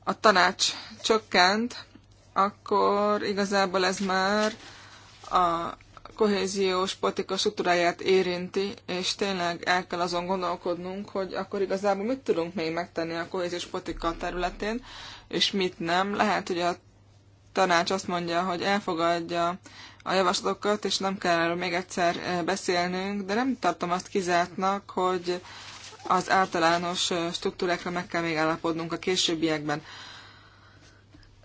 a tanács csökkent, akkor igazából ez már a kohéziós politika struktúráját érinti, és tényleg el kell azon gondolkodnunk, hogy akkor igazából mit tudunk még megtenni a kohéziós politika területén, és mit nem. Lehet, hogy a tanács azt mondja, hogy elfogadja a javaslatokat, és nem kell erről még egyszer eh, beszélnünk, de nem tartom azt kizártnak, hogy az általános eh, struktúrákra meg kell még állapodnunk a későbbiekben.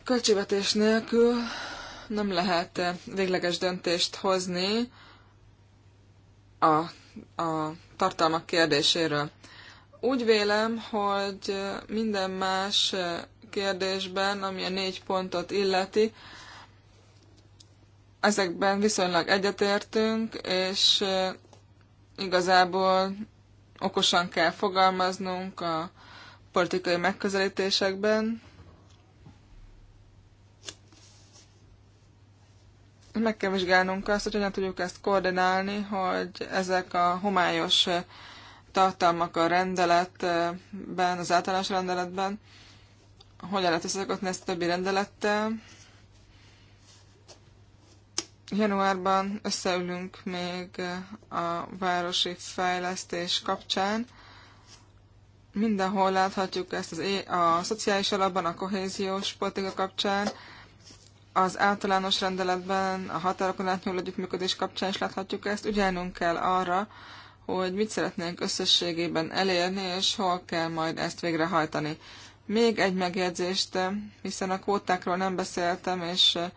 Költségvetés nélkül nem lehet eh, végleges döntést hozni a, a tartalmak kérdéséről. Úgy vélem, hogy minden más kérdésben, ami a négy pontot illeti, Ezekben viszonylag egyetértünk, és igazából okosan kell fogalmaznunk a politikai megközelítésekben. Meg kell vizsgálnunk azt, hogy hogyan tudjuk ezt koordinálni, hogy ezek a homályos tartalmak a rendeletben, az általános rendeletben, hogyan lehet összekötni ezt a többi rendelettel. Januárban összeülünk még eh, a városi fejlesztés kapcsán. Mindenhol láthatjuk ezt az é- a szociális alapban, a kohéziós politika kapcsán, az általános rendeletben, a határokon átnyúló együttműködés kapcsán is láthatjuk ezt. Ügyelnünk kell arra, hogy mit szeretnénk összességében elérni, és hol kell majd ezt végrehajtani. Még egy megjegyzést, hiszen a kvótákról nem beszéltem, és eh,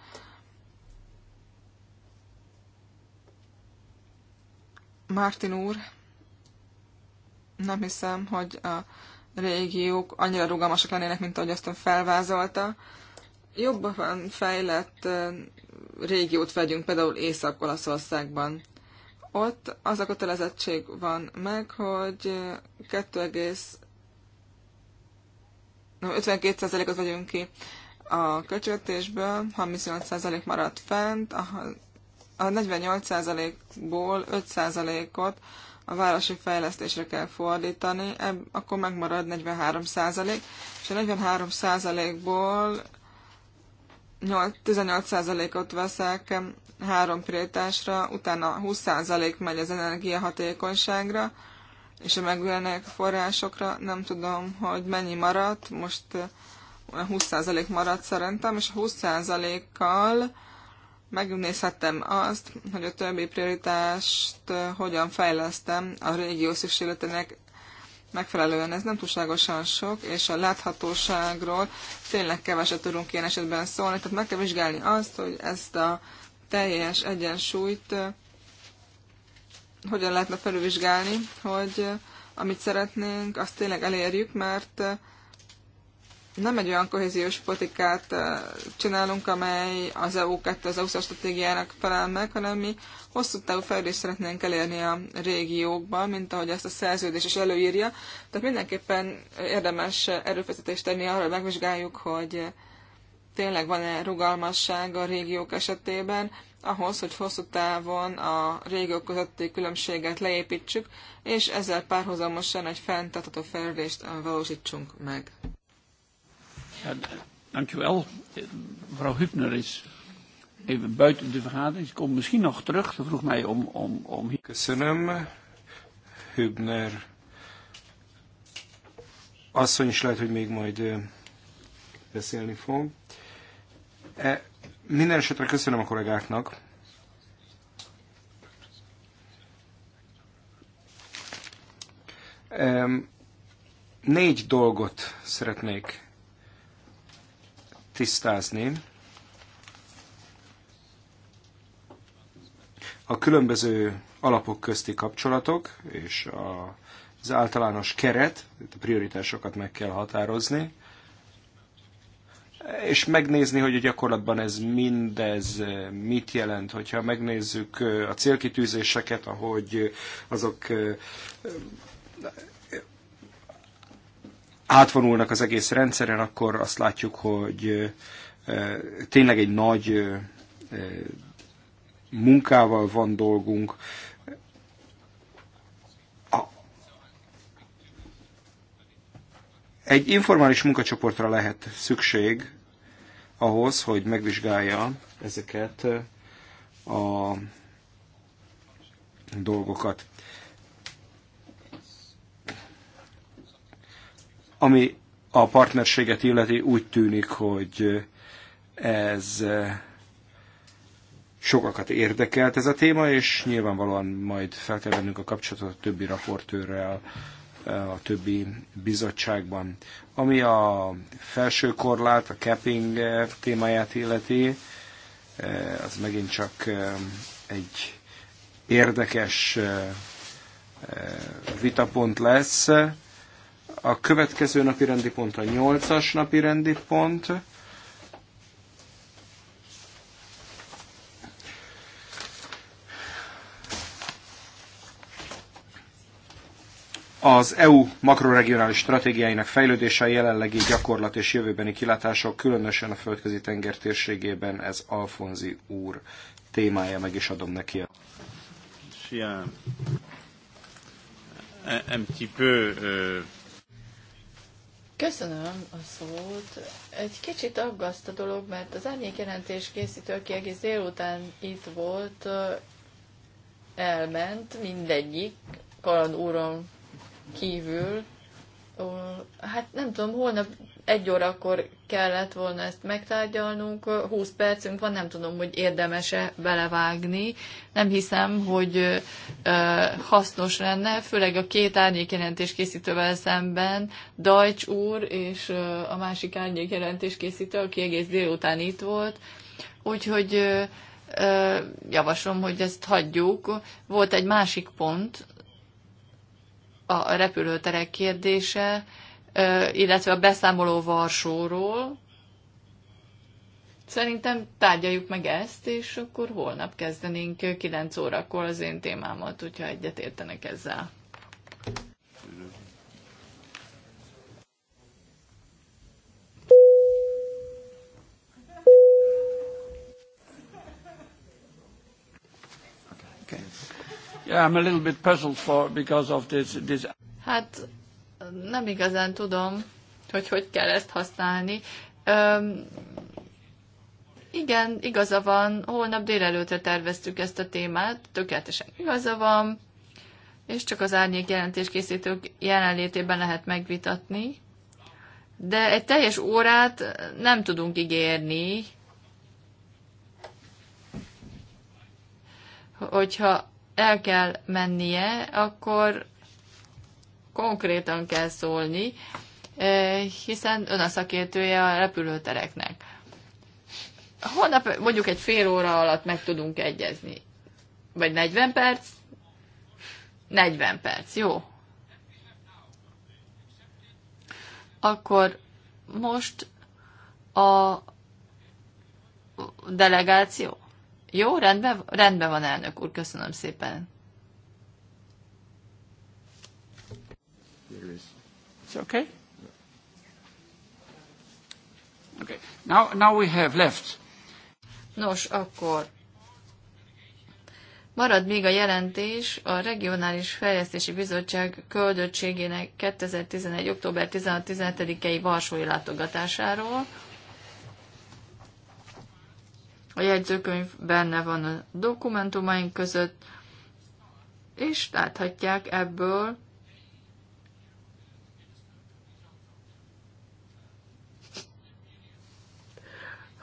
Martin úr, nem hiszem, hogy a régiók annyira rugalmasak lennének, mint ahogy azt ön felvázolta. Jobban fejlett régiót vegyünk, például Észak-Olaszországban. Ott az a kötelezettség van meg, hogy 252 ot vegyünk ki a költségvetésből, 38% maradt fent, a 48%-ból 5%-ot a városi fejlesztésre kell fordítani, ebb, akkor megmarad 43%, és a 43%-ból 18%-ot veszek három prétásra, utána 20% megy az energiahatékonyságra, és a megújulnak forrásokra, nem tudom, hogy mennyi maradt, most 20% maradt szerintem, és 20%-kal megnézhettem azt, hogy a többi prioritást eh, hogyan fejlesztem a régió szükségletének megfelelően. Ez nem túlságosan sok, és a láthatóságról tényleg keveset tudunk ilyen esetben szólni, tehát meg kell vizsgálni azt, hogy ezt a teljes egyensúlyt eh, hogyan lehetne felülvizsgálni, hogy eh, amit szeretnénk, azt tényleg elérjük, mert nem egy olyan kohéziós politikát csinálunk, amely az EU2, az EU stratégiának felel meg, hanem mi hosszú távú fejlődést szeretnénk elérni a régiókban, mint ahogy ezt a szerződés is előírja. Tehát mindenképpen érdemes erőfeszítést tenni arra, hogy megvizsgáljuk, hogy tényleg van-e rugalmasság a régiók esetében, ahhoz, hogy hosszú távon a régiók közötti különbséget leépítsük, és ezzel párhuzamosan egy fenntartható fejlődést valósítsunk meg. Ja, dank Mevrouw Hübner is even buiten de vergadering. Ze komt misschien nog terug. Ze vroeg mij om, om, om hier... Köszönöm. Hübner asszony is lehet, hogy még majd beszélni fog. E, minden esetre köszönöm a kollégáknak. négy dolgot szeretnék tisztázni. A különböző alapok közti kapcsolatok és az általános keret, a prioritásokat meg kell határozni, és megnézni, hogy a gyakorlatban ez mindez mit jelent, hogyha megnézzük a célkitűzéseket, ahogy azok átvonulnak az egész rendszeren, akkor azt látjuk, hogy tényleg egy nagy munkával van dolgunk. Egy informális munkacsoportra lehet szükség ahhoz, hogy megvizsgálja ezeket a dolgokat. Ami a partnerséget illeti, úgy tűnik, hogy ez eh, sokakat érdekelt ez a téma, és nyilvánvalóan majd fel kell vennünk a kapcsolatot a többi raportőrrel, eh, a többi bizottságban. Ami a felső korlát, a capping eh, témáját illeti, az megint csak egy érdekes vitapont lesz. A következő napi rendi pont a 8-as napi rendi pont. az EU makroregionális stratégiáinak fejlődése a jelenlegi gyakorlat és jövőbeni kilátások, különösen a földközi tenger térségében ez Alfonzi úr témája, meg is adom neki. Un petit peu euh, Köszönöm a szót. Egy kicsit aggaszt a dolog, mert az árnyék jelentés készítő, aki egész délután itt volt, elment mindegyik, kaland úron kívül. Hát nem tudom, holnap egy órakor kellett volna ezt megtárgyalnunk, 20 percünk van, nem tudom, hogy érdemese belevágni. Nem hiszem, hogy hasznos lenne, főleg a két árnyékjelentés készítővel szemben, Dajcs úr és a másik árnyékjelentés készítő, aki egész délután itt volt. Úgyhogy javaslom, hogy ezt hagyjuk. Volt egy másik pont, a repülőterek kérdése, illetve a beszámoló Varsóról. Szerintem tárgyaljuk meg ezt, és akkor holnap kezdenénk 9 órakor az én témámat, hogyha egyet értenek ezzel. Yeah, I'm a little bit puzzled for because of this this. Hát nem igazán tudom, hogy hogy kell ezt használni. Öm, igen, igaza van, holnap délelőtre terveztük ezt a témát, tökéletesen igaza van, és csak az árnyék jelentéskészítők jelenlétében lehet megvitatni. De egy teljes órát nem tudunk ígérni, hogyha el kell mennie, akkor konkrétan kell szólni, eh, hiszen ön a szakértője a repülőtereknek. Holnap mondjuk egy fél óra alatt meg tudunk egyezni. Vagy 40 perc? 40 perc, jó. Akkor most a delegáció. Jó, rendben, rendben van, elnök úr, köszönöm szépen. is. It's okay? Okay. Now, now we have left. Nos, akkor Marad még a jelentés a Regionális Fejlesztési Bizottság köldöttségének 2011. október 16-17-i Varsói látogatásáról. A jegyzőkönyv benne van a dokumentumaink között, és láthatják ebből,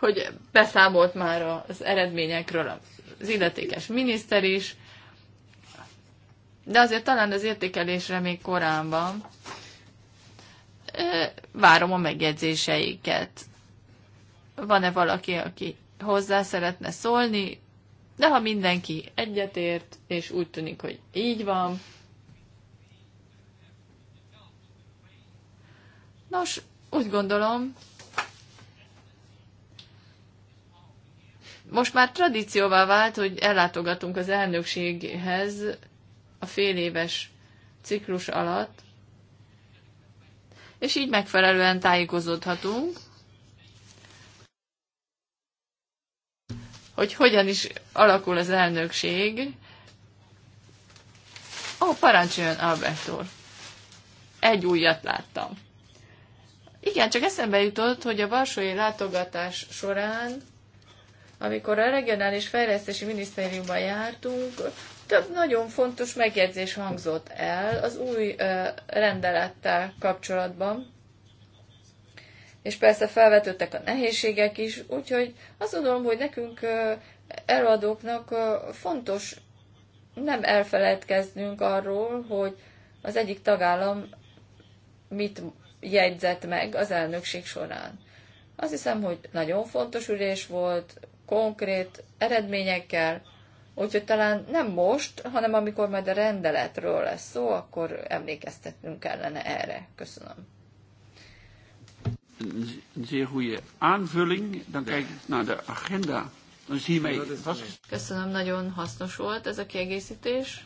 hogy beszámolt már az eredményekről az illetékes miniszter is, de azért talán az értékelésre még korábban Várom a megjegyzéseiket. Van-e valaki, aki hozzá szeretne szólni? De ha mindenki egyetért, és úgy tűnik, hogy így van, Nos, úgy gondolom, Most már tradícióvá vált, hogy ellátogatunk az elnökséghez a fél éves ciklus alatt, és így megfelelően tájékozódhatunk, hogy hogyan is alakul az elnökség. Ó, parancsoljon Albert úr. Egy újat láttam. Igen, csak eszembe jutott, hogy a varsói látogatás során amikor a regionális fejlesztési minisztériumban jártunk, több nagyon fontos megjegyzés hangzott el az új rendelettel kapcsolatban, és persze felvetődtek a nehézségek is, úgyhogy azt gondolom, hogy nekünk előadóknak fontos nem elfeledkeznünk arról, hogy az egyik tagállam mit jegyzett meg az elnökség során. Azt hiszem, hogy nagyon fontos ülés volt, konkrét eredményekkel, úgyhogy talán nem most, hanem amikor majd a rendeletről lesz szó, akkor emlékeztetnünk kellene erre. Köszönöm. Köszönöm, nagyon hasznos volt ez a kiegészítés.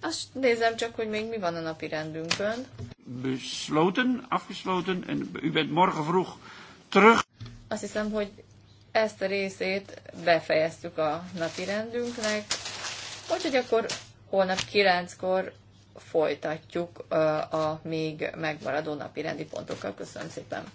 Azt nézem csak, hogy még mi van a napi rendünkön. Besloten, afgesloten, en u bent morgen vroeg terug. Azt hiszem, hogy ezt a részét befejeztük a napi rendünknek, úgyhogy akkor holnap kilenckor folytatjuk a még megmaradó napi rendi pontokkal. Köszönöm szépen!